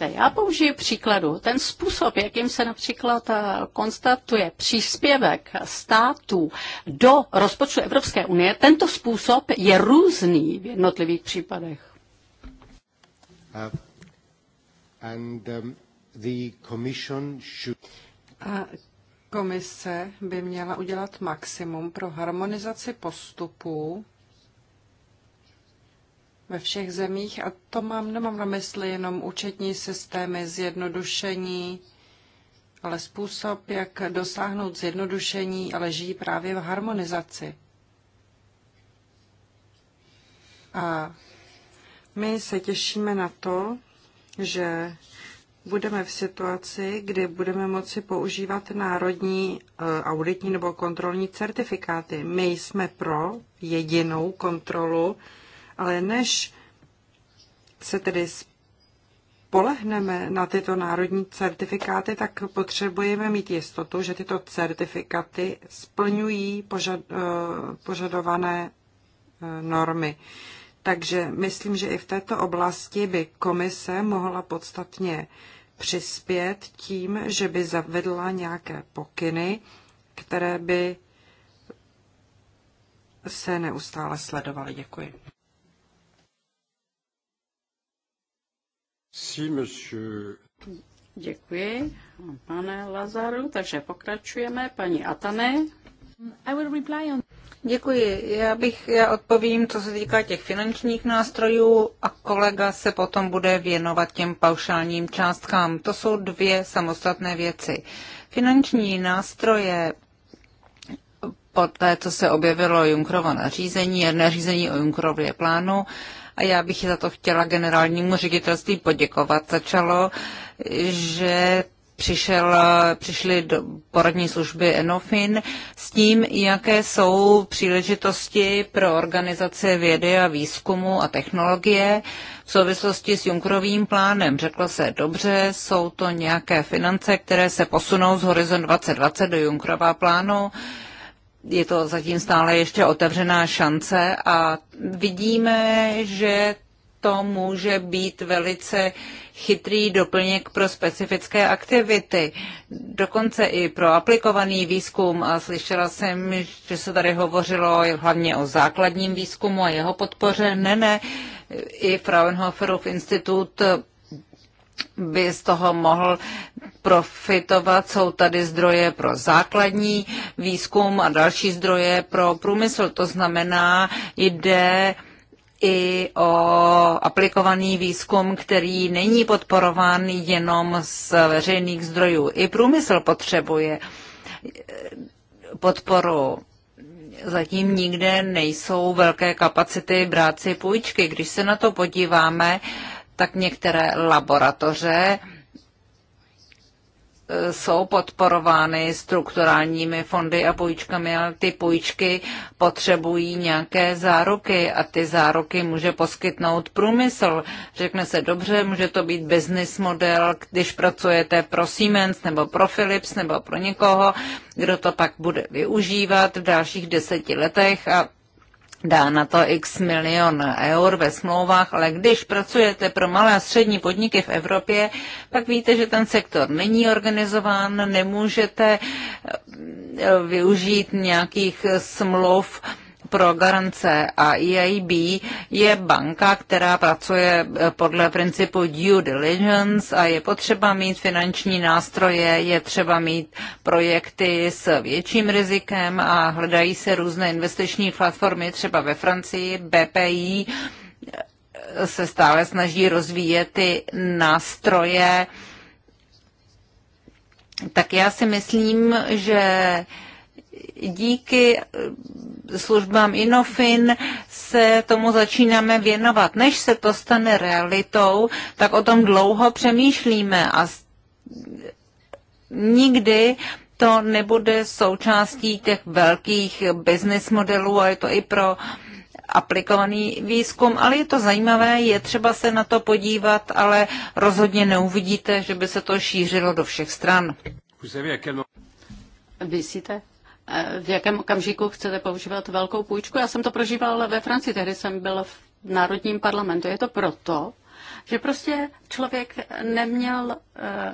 já použiji příkladu. Ten způsob, jakým se například eh, konstatuje příspěvek států do rozpočtu Evropské unie, tento způsob je různý v jednotlivých případech. Uh, and, um, the commission should... A Komise by měla udělat maximum pro harmonizaci postupů ve všech zemích a to mám, nemám na mysli jenom účetní systémy, zjednodušení, ale způsob, jak dosáhnout zjednodušení, leží právě v harmonizaci. A my se těšíme na to, že budeme v situaci, kdy budeme moci používat národní eh, auditní nebo kontrolní certifikáty. My jsme pro jedinou kontrolu, ale než se tedy spolehneme na tyto národní certifikáty, tak potřebujeme mít jistotu, že tyto certifikáty splňují eh, požadované eh, normy. Takže myslím, že i v této oblasti by komise mohla podstatně přispět tím, že by zavedla nějaké pokyny, které by se neustále sledovaly. Děkuji. Děkuji, pane Lazaru. Takže pokračujeme. Paní Atane, Děkuji. Já bych, já odpovím, co se týká těch finančních nástrojů a kolega se potom bude věnovat těm paušálním částkám. To jsou dvě samostatné věci. Finanční nástroje po té, co se objevilo Junkrova nařízení jedné řízení o Junkrově plánu, a já bych za to chtěla generálnímu ředitelství poděkovat. Začalo, že přišel, přišly do poradní služby Enofin s tím, jaké jsou příležitosti pro organizace vědy a výzkumu a technologie v souvislosti s Junkerovým plánem. Řeklo se, dobře, jsou to nějaké finance, které se posunou z Horizon 2020 do Junkerova plánu. Je to zatím stále ještě otevřená šance a vidíme, že to může být velice chytrý doplněk pro specifické aktivity, dokonce i pro aplikovaný výzkum. A slyšela jsem, že se tady hovořilo hlavně o základním výzkumu a jeho podpoře. Ne, ne, i Fraunhoferův institut by z toho mohl profitovat. Jsou tady zdroje pro základní výzkum a další zdroje pro průmysl. To znamená, jde i o aplikovaný výzkum, který není podporován jenom z veřejných zdrojů. I průmysl potřebuje podporu. Zatím nikde nejsou velké kapacity brát si půjčky. Když se na to podíváme, tak některé laboratoře jsou podporovány strukturálními fondy a půjčkami, ale ty půjčky potřebují nějaké záruky a ty záruky může poskytnout průmysl. Řekne se dobře, může to být business model, když pracujete pro Siemens nebo pro Philips nebo pro někoho, kdo to pak bude využívat v dalších deseti letech a dá na to x milion eur ve smlouvách, ale když pracujete pro malé a střední podniky v Evropě, pak víte, že ten sektor není organizován, nemůžete eh, využít nějakých smluv, pro garance a EIB je banka, která pracuje eh, podle principu due diligence a je potřeba mít finanční nástroje, je třeba mít projekty s větším rizikem a hledají se různé investiční platformy, třeba ve Francii, BPI eh, se stále snaží rozvíjet ty nástroje, tak já si myslím, že díky eh, službám Inofin se tomu začínáme věnovat. Než se to stane realitou, tak o tom dlouho přemýšlíme a nikdy to nebude součástí těch velkých business modelů a je to i pro aplikovaný výzkum, ale je to zajímavé, je třeba se na to podívat, ale rozhodně neuvidíte, že by se to šířilo do všech stran. Myslíte, v jakém okamžiku chcete používat velkou půjčku. Já jsem to prožíval ve Francii, tehdy jsem byl v Národním parlamentu. Je to proto, že prostě člověk neměl eh,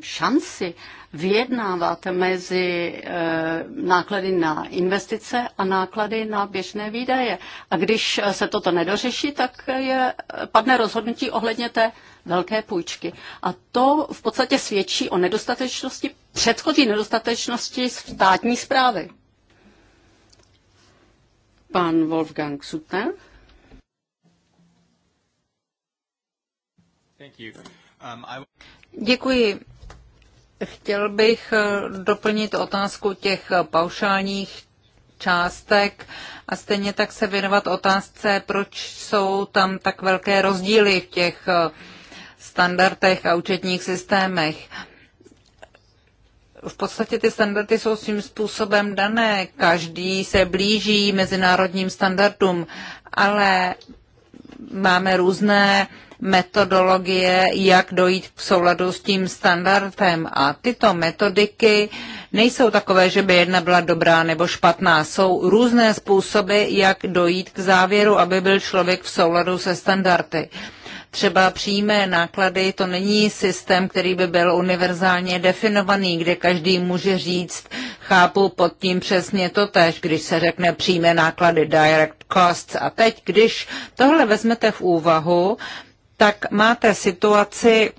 šanci vyjednávat mezi eh, náklady na investice a náklady na běžné výdaje. A když se toto nedořeší, tak je, padne rozhodnutí ohledně té velké půjčky. A to v podstatě svědčí o nedostatečnosti, předchozí nedostatečnosti státní zprávy. Pan Wolfgang Sutter. Um, Děkuji. Chtěl bych eh, doplnit otázku těch eh, paušálních částek a stejně tak se věnovat otázce, proč jsou tam tak velké rozdíly v těch eh, standardech a účetních systémech. V podstatě ty standardy jsou svým způsobem dané, každý se blíží mezinárodním standardům, ale máme různé metodologie, jak dojít k souladu s tím standardem. A tyto metodiky nejsou takové, že by jedna byla dobrá nebo špatná. Jsou různé způsoby, jak dojít k závěru, aby byl člověk v souladu se standardy. Třeba přímé náklady, to není systém, který by byl univerzálně definovaný, kde každý může říct, chápu pod tím přesně to tež, když se řekne přímé náklady, direct costs. A teď, když tohle vezmete v úvahu, tak máte situaci,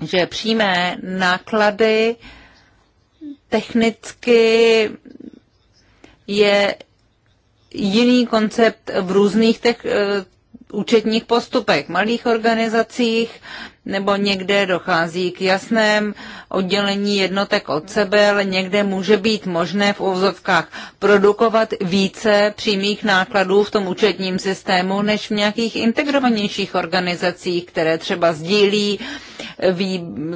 že přímé náklady technicky je jiný koncept v různých uh, účetních postupech, malých organizacích, nebo někde dochází k jasném oddělení jednotek od sebe, ale někde může být možné v úvozovkách produkovat více přímých nákladů v tom účetním systému než v nějakých integrovanějších organizacích, které třeba sdílí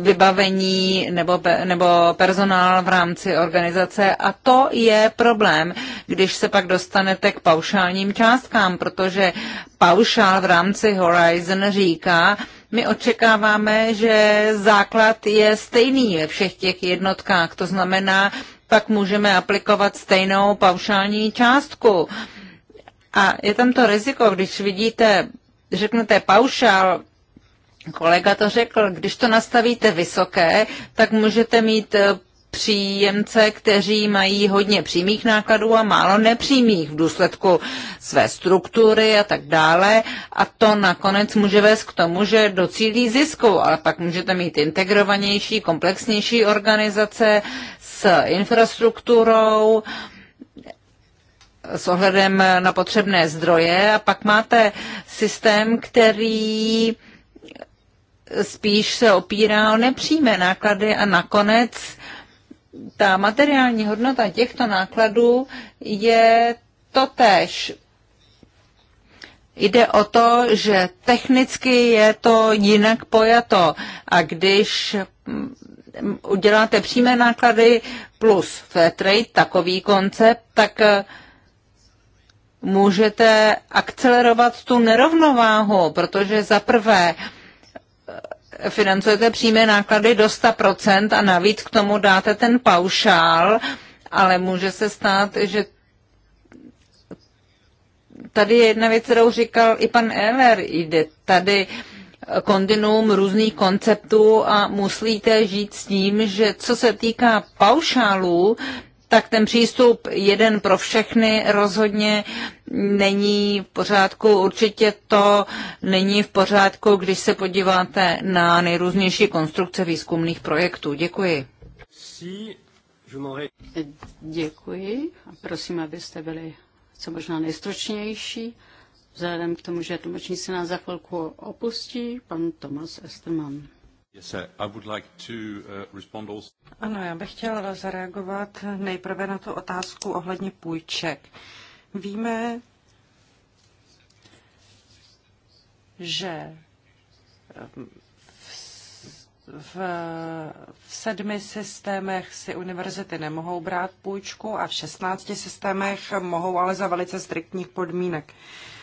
vybavení nebo, nebo personál v rámci organizace. A to je problém, když se pak dostanete k paušálním částkám, protože paušál v rámci Horizon říká, my očekáváme, že základ je stejný ve všech těch jednotkách, to znamená, pak můžeme aplikovat stejnou paušální částku. A je tam to riziko, když vidíte, řeknete paušál, kolega to řekl, když to nastavíte vysoké, tak můžete mít eh, příjemce, kteří mají hodně přímých nákladů a málo nepřímých v důsledku své struktury a tak dále. A to nakonec může vést k tomu, že docílí zisku, ale pak můžete mít integrovanější, komplexnější organizace s infrastrukturou, s ohledem na potřebné zdroje a pak máte systém, který spíš se opírá o nepřímé náklady a nakonec ta materiální hodnota těchto nákladů je totéž. Jde o to, že technicky je to jinak pojato a když mm, uděláte přímé náklady plus fair trade, takový koncept, tak eh, můžete akcelerovat tu nerovnováhu, protože za prvé financujete přímé náklady do 100% a navíc k tomu dáte ten paušál, ale může se stát, že tady je jedna věc, kterou říkal i pan Eller, jde tady kontinuum různých konceptů a musíte žít s tím, že co se týká paušálů, tak ten přístup jeden pro všechny rozhodně není v pořádku. Určitě to není v pořádku, když se podíváte na nejrůznější konstrukce výzkumných projektů. Děkuji. Děkuji a prosím, abyste byli co možná nejstručnější. Vzhledem k tomu, že tlumočníci nás za chvilku opustí, pan Tomas Esterman. Uh, ano, já bych chtěl zareagovat nejprve na tu otázku ohledně půjček. Víme, že um, v, v sedmi systémech si univerzity nemohou brát půjčku a v šestnácti systémech mohou, ale za velice striktních podmínek. Uh,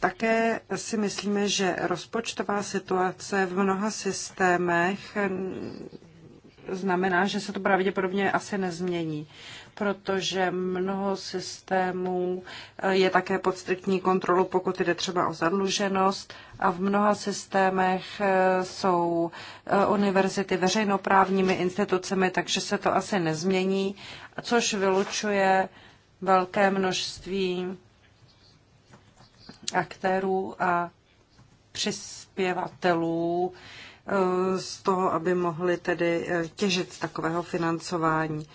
také si myslíme, že rozpočtová situace v mnoha systémech znamená, že se to pravděpodobně asi nezmění, protože mnoho systémů je také pod striktní kontrolu, pokud jde třeba o zadluženost a v mnoha systémech jsou univerzity veřejnoprávními institucemi, takže se to asi nezmění, což vylučuje velké množství aktérů a přispěvatelů eh, z toho, aby mohli tedy eh, těžit takového financování.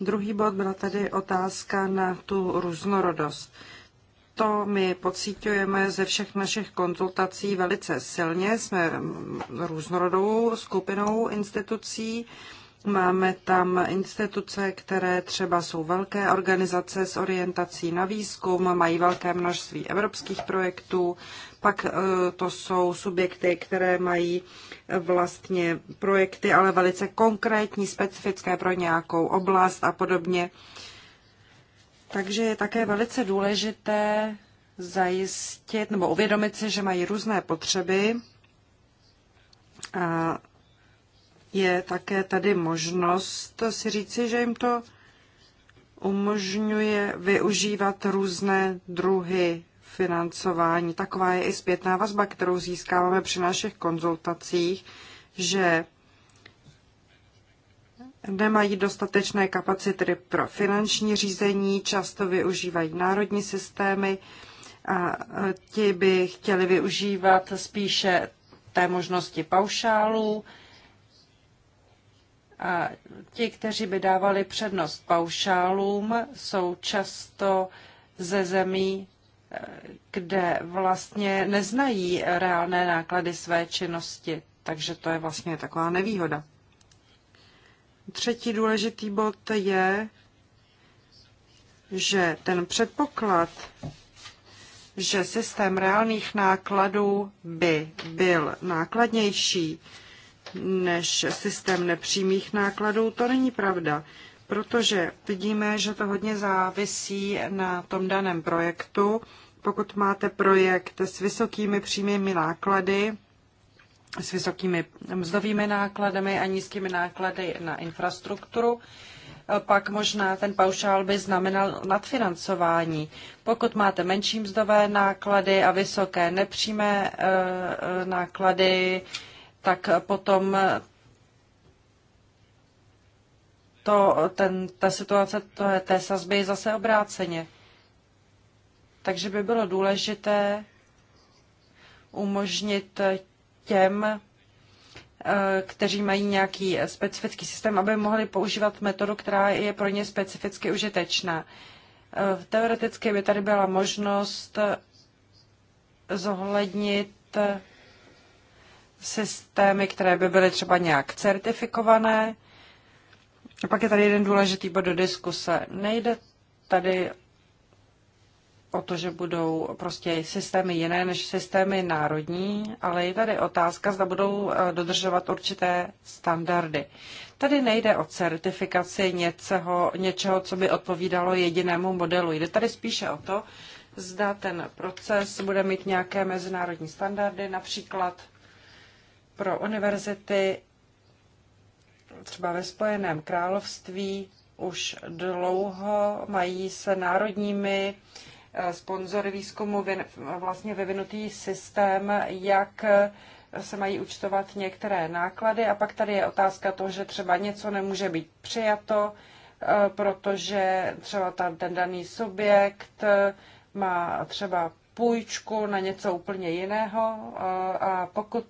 Druhý bod byla tedy otázka na tu různorodost. To my pocítujeme ze všech našich konzultací velice silně. Jsme různorodou skupinou institucí Máme tam instituce, které třeba jsou velké organizace s orientací na výzkum, mají velké množství evropských projektů, pak eh, to jsou subjekty, které mají eh, vlastně projekty, ale velice konkrétní, specifické pro nějakou oblast a podobně. Takže je také velice důležité zajistit nebo uvědomit si, že mají různé potřeby a je také tady možnost si říci, že jim to umožňuje využívat různé druhy financování. Taková je i zpětná vazba, kterou získáváme při našich konzultacích, že nemají dostatečné kapacity pro finanční řízení, často využívají národní systémy a ti by chtěli využívat spíše té možnosti paušálů, a ti, kteří by dávali přednost paušálům, jsou často ze zemí, eh, kde vlastně neznají reálné náklady své činnosti. Takže to je vlastně taková nevýhoda. Třetí důležitý bod je, že ten předpoklad, že systém reálných nákladů by byl nákladnější, než systém nepřímých nákladů, to není pravda, protože vidíme, že to hodně závisí na tom daném projektu. Pokud máte projekt s vysokými přímými náklady, s vysokými mzdovými nákladami a nízkými náklady na infrastrukturu, pak možná ten paušál by znamenal nadfinancování. Pokud máte menší mzdové náklady a vysoké nepřímé eh, eh, náklady, tak potom to, ten, ta situace to je, té sazby je zase obráceně. Takže by bylo důležité umožnit těm, eh, kteří mají nějaký specifický systém, aby mohli používat metodu, která je pro ně specificky užitečná. Eh, teoreticky by tady byla možnost zohlednit eh, systémy, které by byly třeba nějak certifikované. A pak je tady jeden důležitý bod do diskuse. Nejde tady o to, že budou prostě systémy jiné než systémy národní, ale je tady otázka, zda budou eh, dodržovat určité standardy. Tady nejde o certifikaci něčeho, něčeho, co by odpovídalo jedinému modelu. Jde tady spíše o to, zda ten proces bude mít nějaké mezinárodní standardy, například pro univerzity třeba ve Spojeném království už dlouho mají se národními eh, sponzory výzkumu vlastně vyvinutý systém, jak eh, se mají účtovat některé náklady. A pak tady je otázka toho, že třeba něco nemůže být přijato, eh, protože třeba ten daný subjekt má třeba půjčku na něco úplně jiného a pokud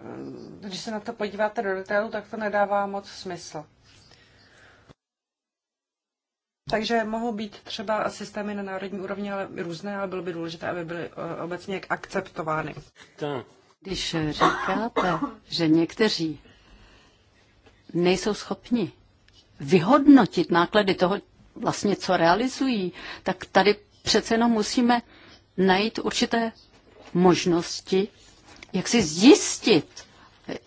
Eh, když se na to podíváte do detailu, tak to nedává moc smysl. Takže mohou být třeba systémy na národní úrovni ale různé, ale bylo by důležité, aby byly eh, obecně jak akceptovány. Když říkáte, že někteří nejsou schopni vyhodnotit náklady toho, vlastně co realizují, tak tady přece jenom musíme najít určité možnosti, jak si zjistit,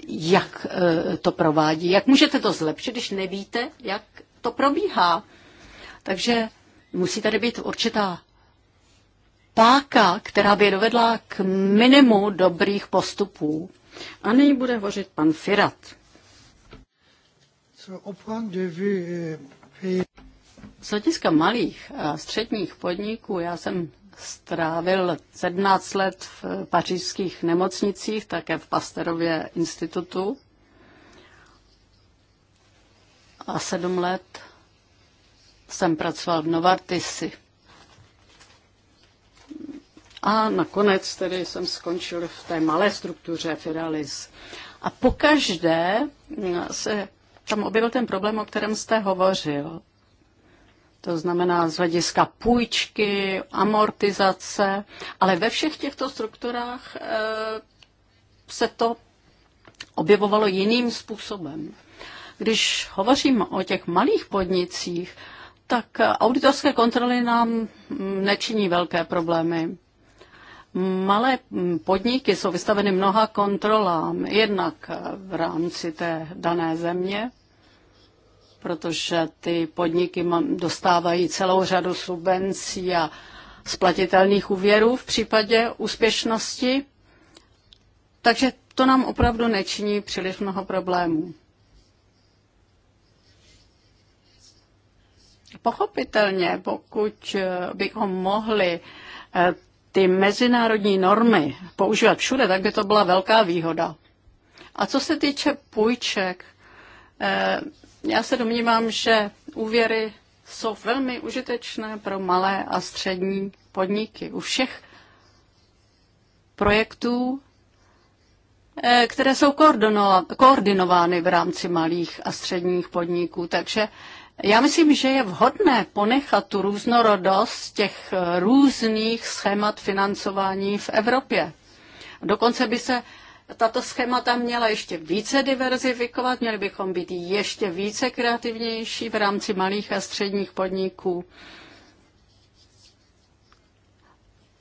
jak eh, to provádí, jak můžete to zlepšit, když nevíte, jak to probíhá. Takže musí tady být určitá páka, která by dovedla k minimu dobrých postupů. A nyní bude hořit pan Firat. Eh, Z hlediska malých a středních podniků já jsem strávil 17 let v pařížských nemocnicích, také v Pasterově institutu a sedm let jsem pracoval v Novartisi. A nakonec tedy jsem skončil v té malé struktuře Firalis. A pokaždé se tam objevil ten problém, o kterém jste hovořil to znamená z hlediska půjčky, amortizace, ale ve všech těchto strukturách eh, se to objevovalo jiným způsobem. Když hovořím o těch malých podnicích, tak eh, auditorské kontroly nám mm, nečiní velké problémy. Malé mm, podniky jsou vystaveny mnoha kontrolám, jednak eh, v rámci té dané země, protože ty podniky dostávají celou řadu subvencí a splatitelných úvěrů v případě úspěšnosti. Takže to nám opravdu nečiní příliš mnoho problémů. Pochopitelně, pokud eh, bychom mohli eh, ty mezinárodní normy používat všude, tak by to byla velká výhoda. A co se týče půjček, eh, já se domnívám, že úvěry jsou velmi užitečné pro malé a střední podniky. U všech projektů, eh, které jsou koordinovány v rámci malých a středních podniků. Takže já myslím, že je vhodné ponechat tu různorodost těch různých schémat financování v Evropě. Dokonce by se tato schémata měla ještě více diverzifikovat, měli bychom být ještě více kreativnější v rámci malých a středních podniků.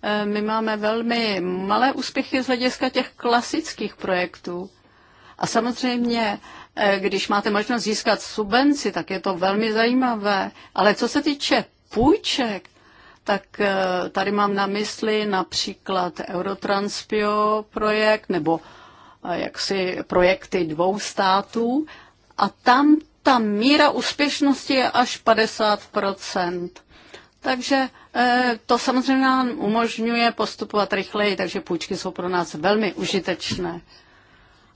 E, my máme velmi malé úspěchy z hlediska těch klasických projektů. A samozřejmě, e, když máte možnost získat subvenci, tak je to velmi zajímavé. Ale co se týče půjček, tak e, tady mám na mysli například Eurotranspio projekt nebo Eh, jaksi projekty dvou států a tam ta míra úspěšnosti je až 50 takže eh, to samozřejmě nám umožňuje postupovat rychleji, takže půjčky jsou pro nás velmi užitečné.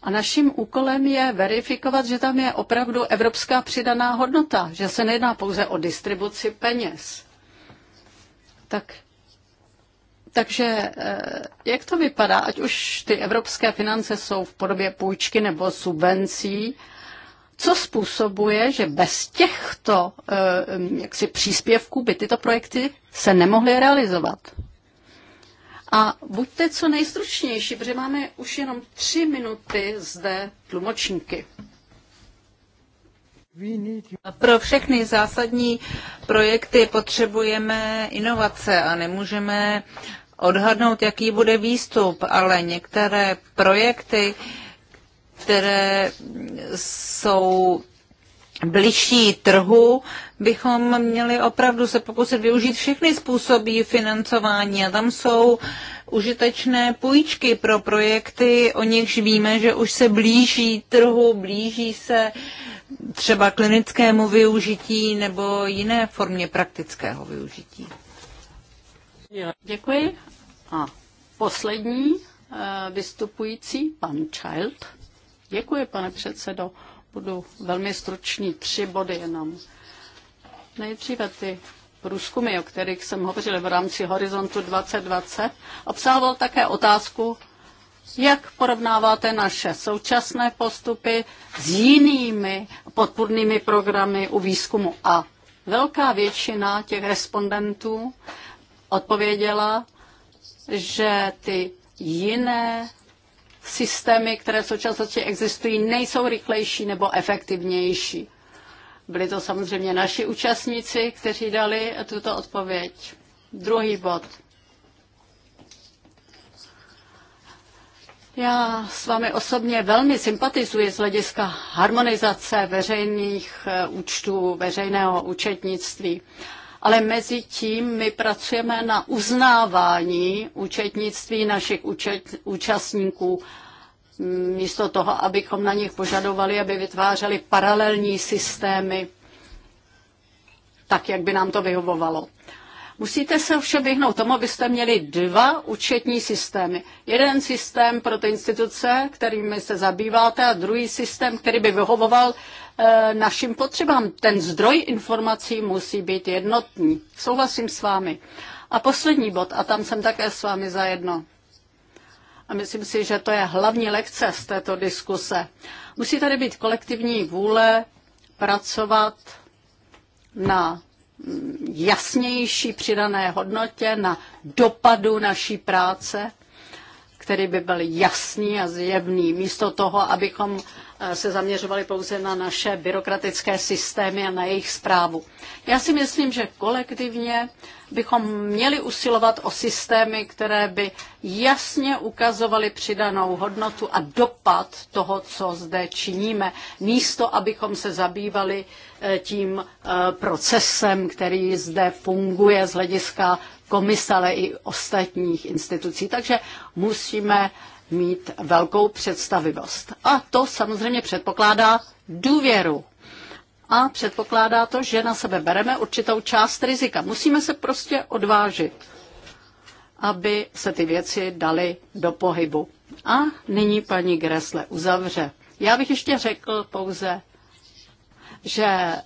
A naším úkolem je verifikovat, že tam je opravdu evropská přidaná hodnota, že se nejedná pouze o distribuci peněz. Tak takže eh, jak to vypadá, ať už ty evropské finance jsou v podobě půjčky nebo subvencí, co způsobuje, že bez těchto eh, jaksi příspěvků by tyto projekty se nemohly realizovat? A buďte co nejstručnější, protože máme už jenom tři minuty zde tlumočníky. Pro všechny zásadní projekty potřebujeme inovace a nemůžeme odhadnout, jaký bude výstup, ale některé projekty, které jsou bližší trhu, bychom měli opravdu se pokusit využít všechny způsoby financování. A tam jsou užitečné půjčky pro projekty, o nichž víme, že už se blíží trhu, blíží se třeba klinickému využití nebo jiné formě praktického využití. Děkuji a poslední eh, vystupující, pan Child. Děkuji, pane předsedo. Budu velmi stručný, tři body jenom. Nejdříve ty průzkumy, o kterých jsem hovořil v rámci Horizontu 2020, obsahoval také otázku, jak porovnáváte naše současné postupy s jinými podpůrnými programy u výzkumu? A velká většina těch respondentů odpověděla, že ty jiné systémy, které v současnosti existují, nejsou rychlejší nebo efektivnější. Byli to samozřejmě naši účastníci, kteří dali tuto odpověď. Druhý bod. Já s vámi osobně velmi sympatizuji z hlediska harmonizace veřejných eh, účtů, veřejného účetnictví ale mezi tím my pracujeme na uznávání účetnictví našich účet, účastníků, místo toho, abychom na nich požadovali, aby vytvářeli paralelní systémy, tak, jak by nám to vyhovovalo. Musíte se ovšem vyhnout tomu, abyste měli dva účetní systémy. Jeden systém pro ty instituce, kterými se zabýváte, a druhý systém, který by vyhovoval E, našim potřebám. Ten zdroj informací musí být jednotný. Souhlasím s vámi. A poslední bod, a tam jsem také s vámi zajedno. A myslím si, že to je hlavní lekce z této diskuse. Musí tady být kolektivní vůle pracovat na mm, jasnější přidané hodnotě, na dopadu naší práce, který by byl jasný a zjevný, místo toho, abychom Eh, se zaměřovali pouze na naše byrokratické systémy a na jejich zprávu. Já si myslím, že kolektivně bychom měli usilovat o systémy, které by jasně ukazovaly přidanou hodnotu a dopad toho, co zde činíme, místo abychom se zabývali eh, tím eh, procesem, který zde funguje z hlediska komise, ale i ostatních institucí. Takže musíme mít velkou představivost. A to samozřejmě předpokládá důvěru. A předpokládá to, že na sebe bereme určitou část rizika. Musíme se prostě odvážit, aby se ty věci daly do pohybu. A nyní paní Gresle uzavře. Já bych ještě řekl pouze, že e,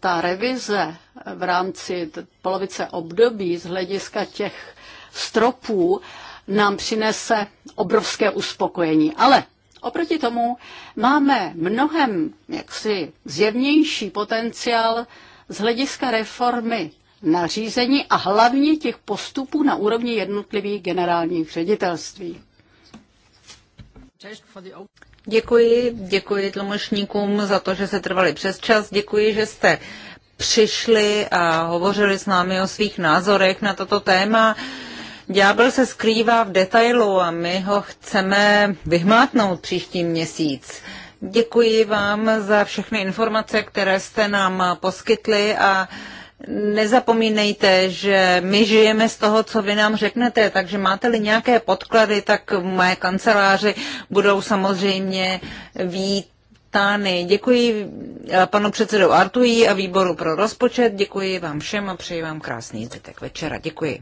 ta revize v rámci polovice období z hlediska těch stropů nám přinese obrovské uspokojení. Ale oproti tomu máme mnohem jaksi zjevnější potenciál z hlediska reformy nařízení a hlavně těch postupů na úrovni jednotlivých generálních ředitelství. Děkuji, děkuji tlumočníkům za to, že se trvali přes čas. Děkuji, že jste přišli a hovořili s námi o svých názorech na toto téma. Ďábel se skrývá v detailu a my ho chceme vyhmátnout příští měsíc. Děkuji vám za všechny informace, které jste nám poskytli a Nezapomínejte, že my žijeme z toho, co vy nám řeknete, takže máte-li nějaké podklady, tak moje kanceláři budou samozřejmě vítány. Děkuji eh, panu předsedu Artují a výboru pro rozpočet, děkuji vám všem a přeji vám krásný zbytek večera. Děkuji.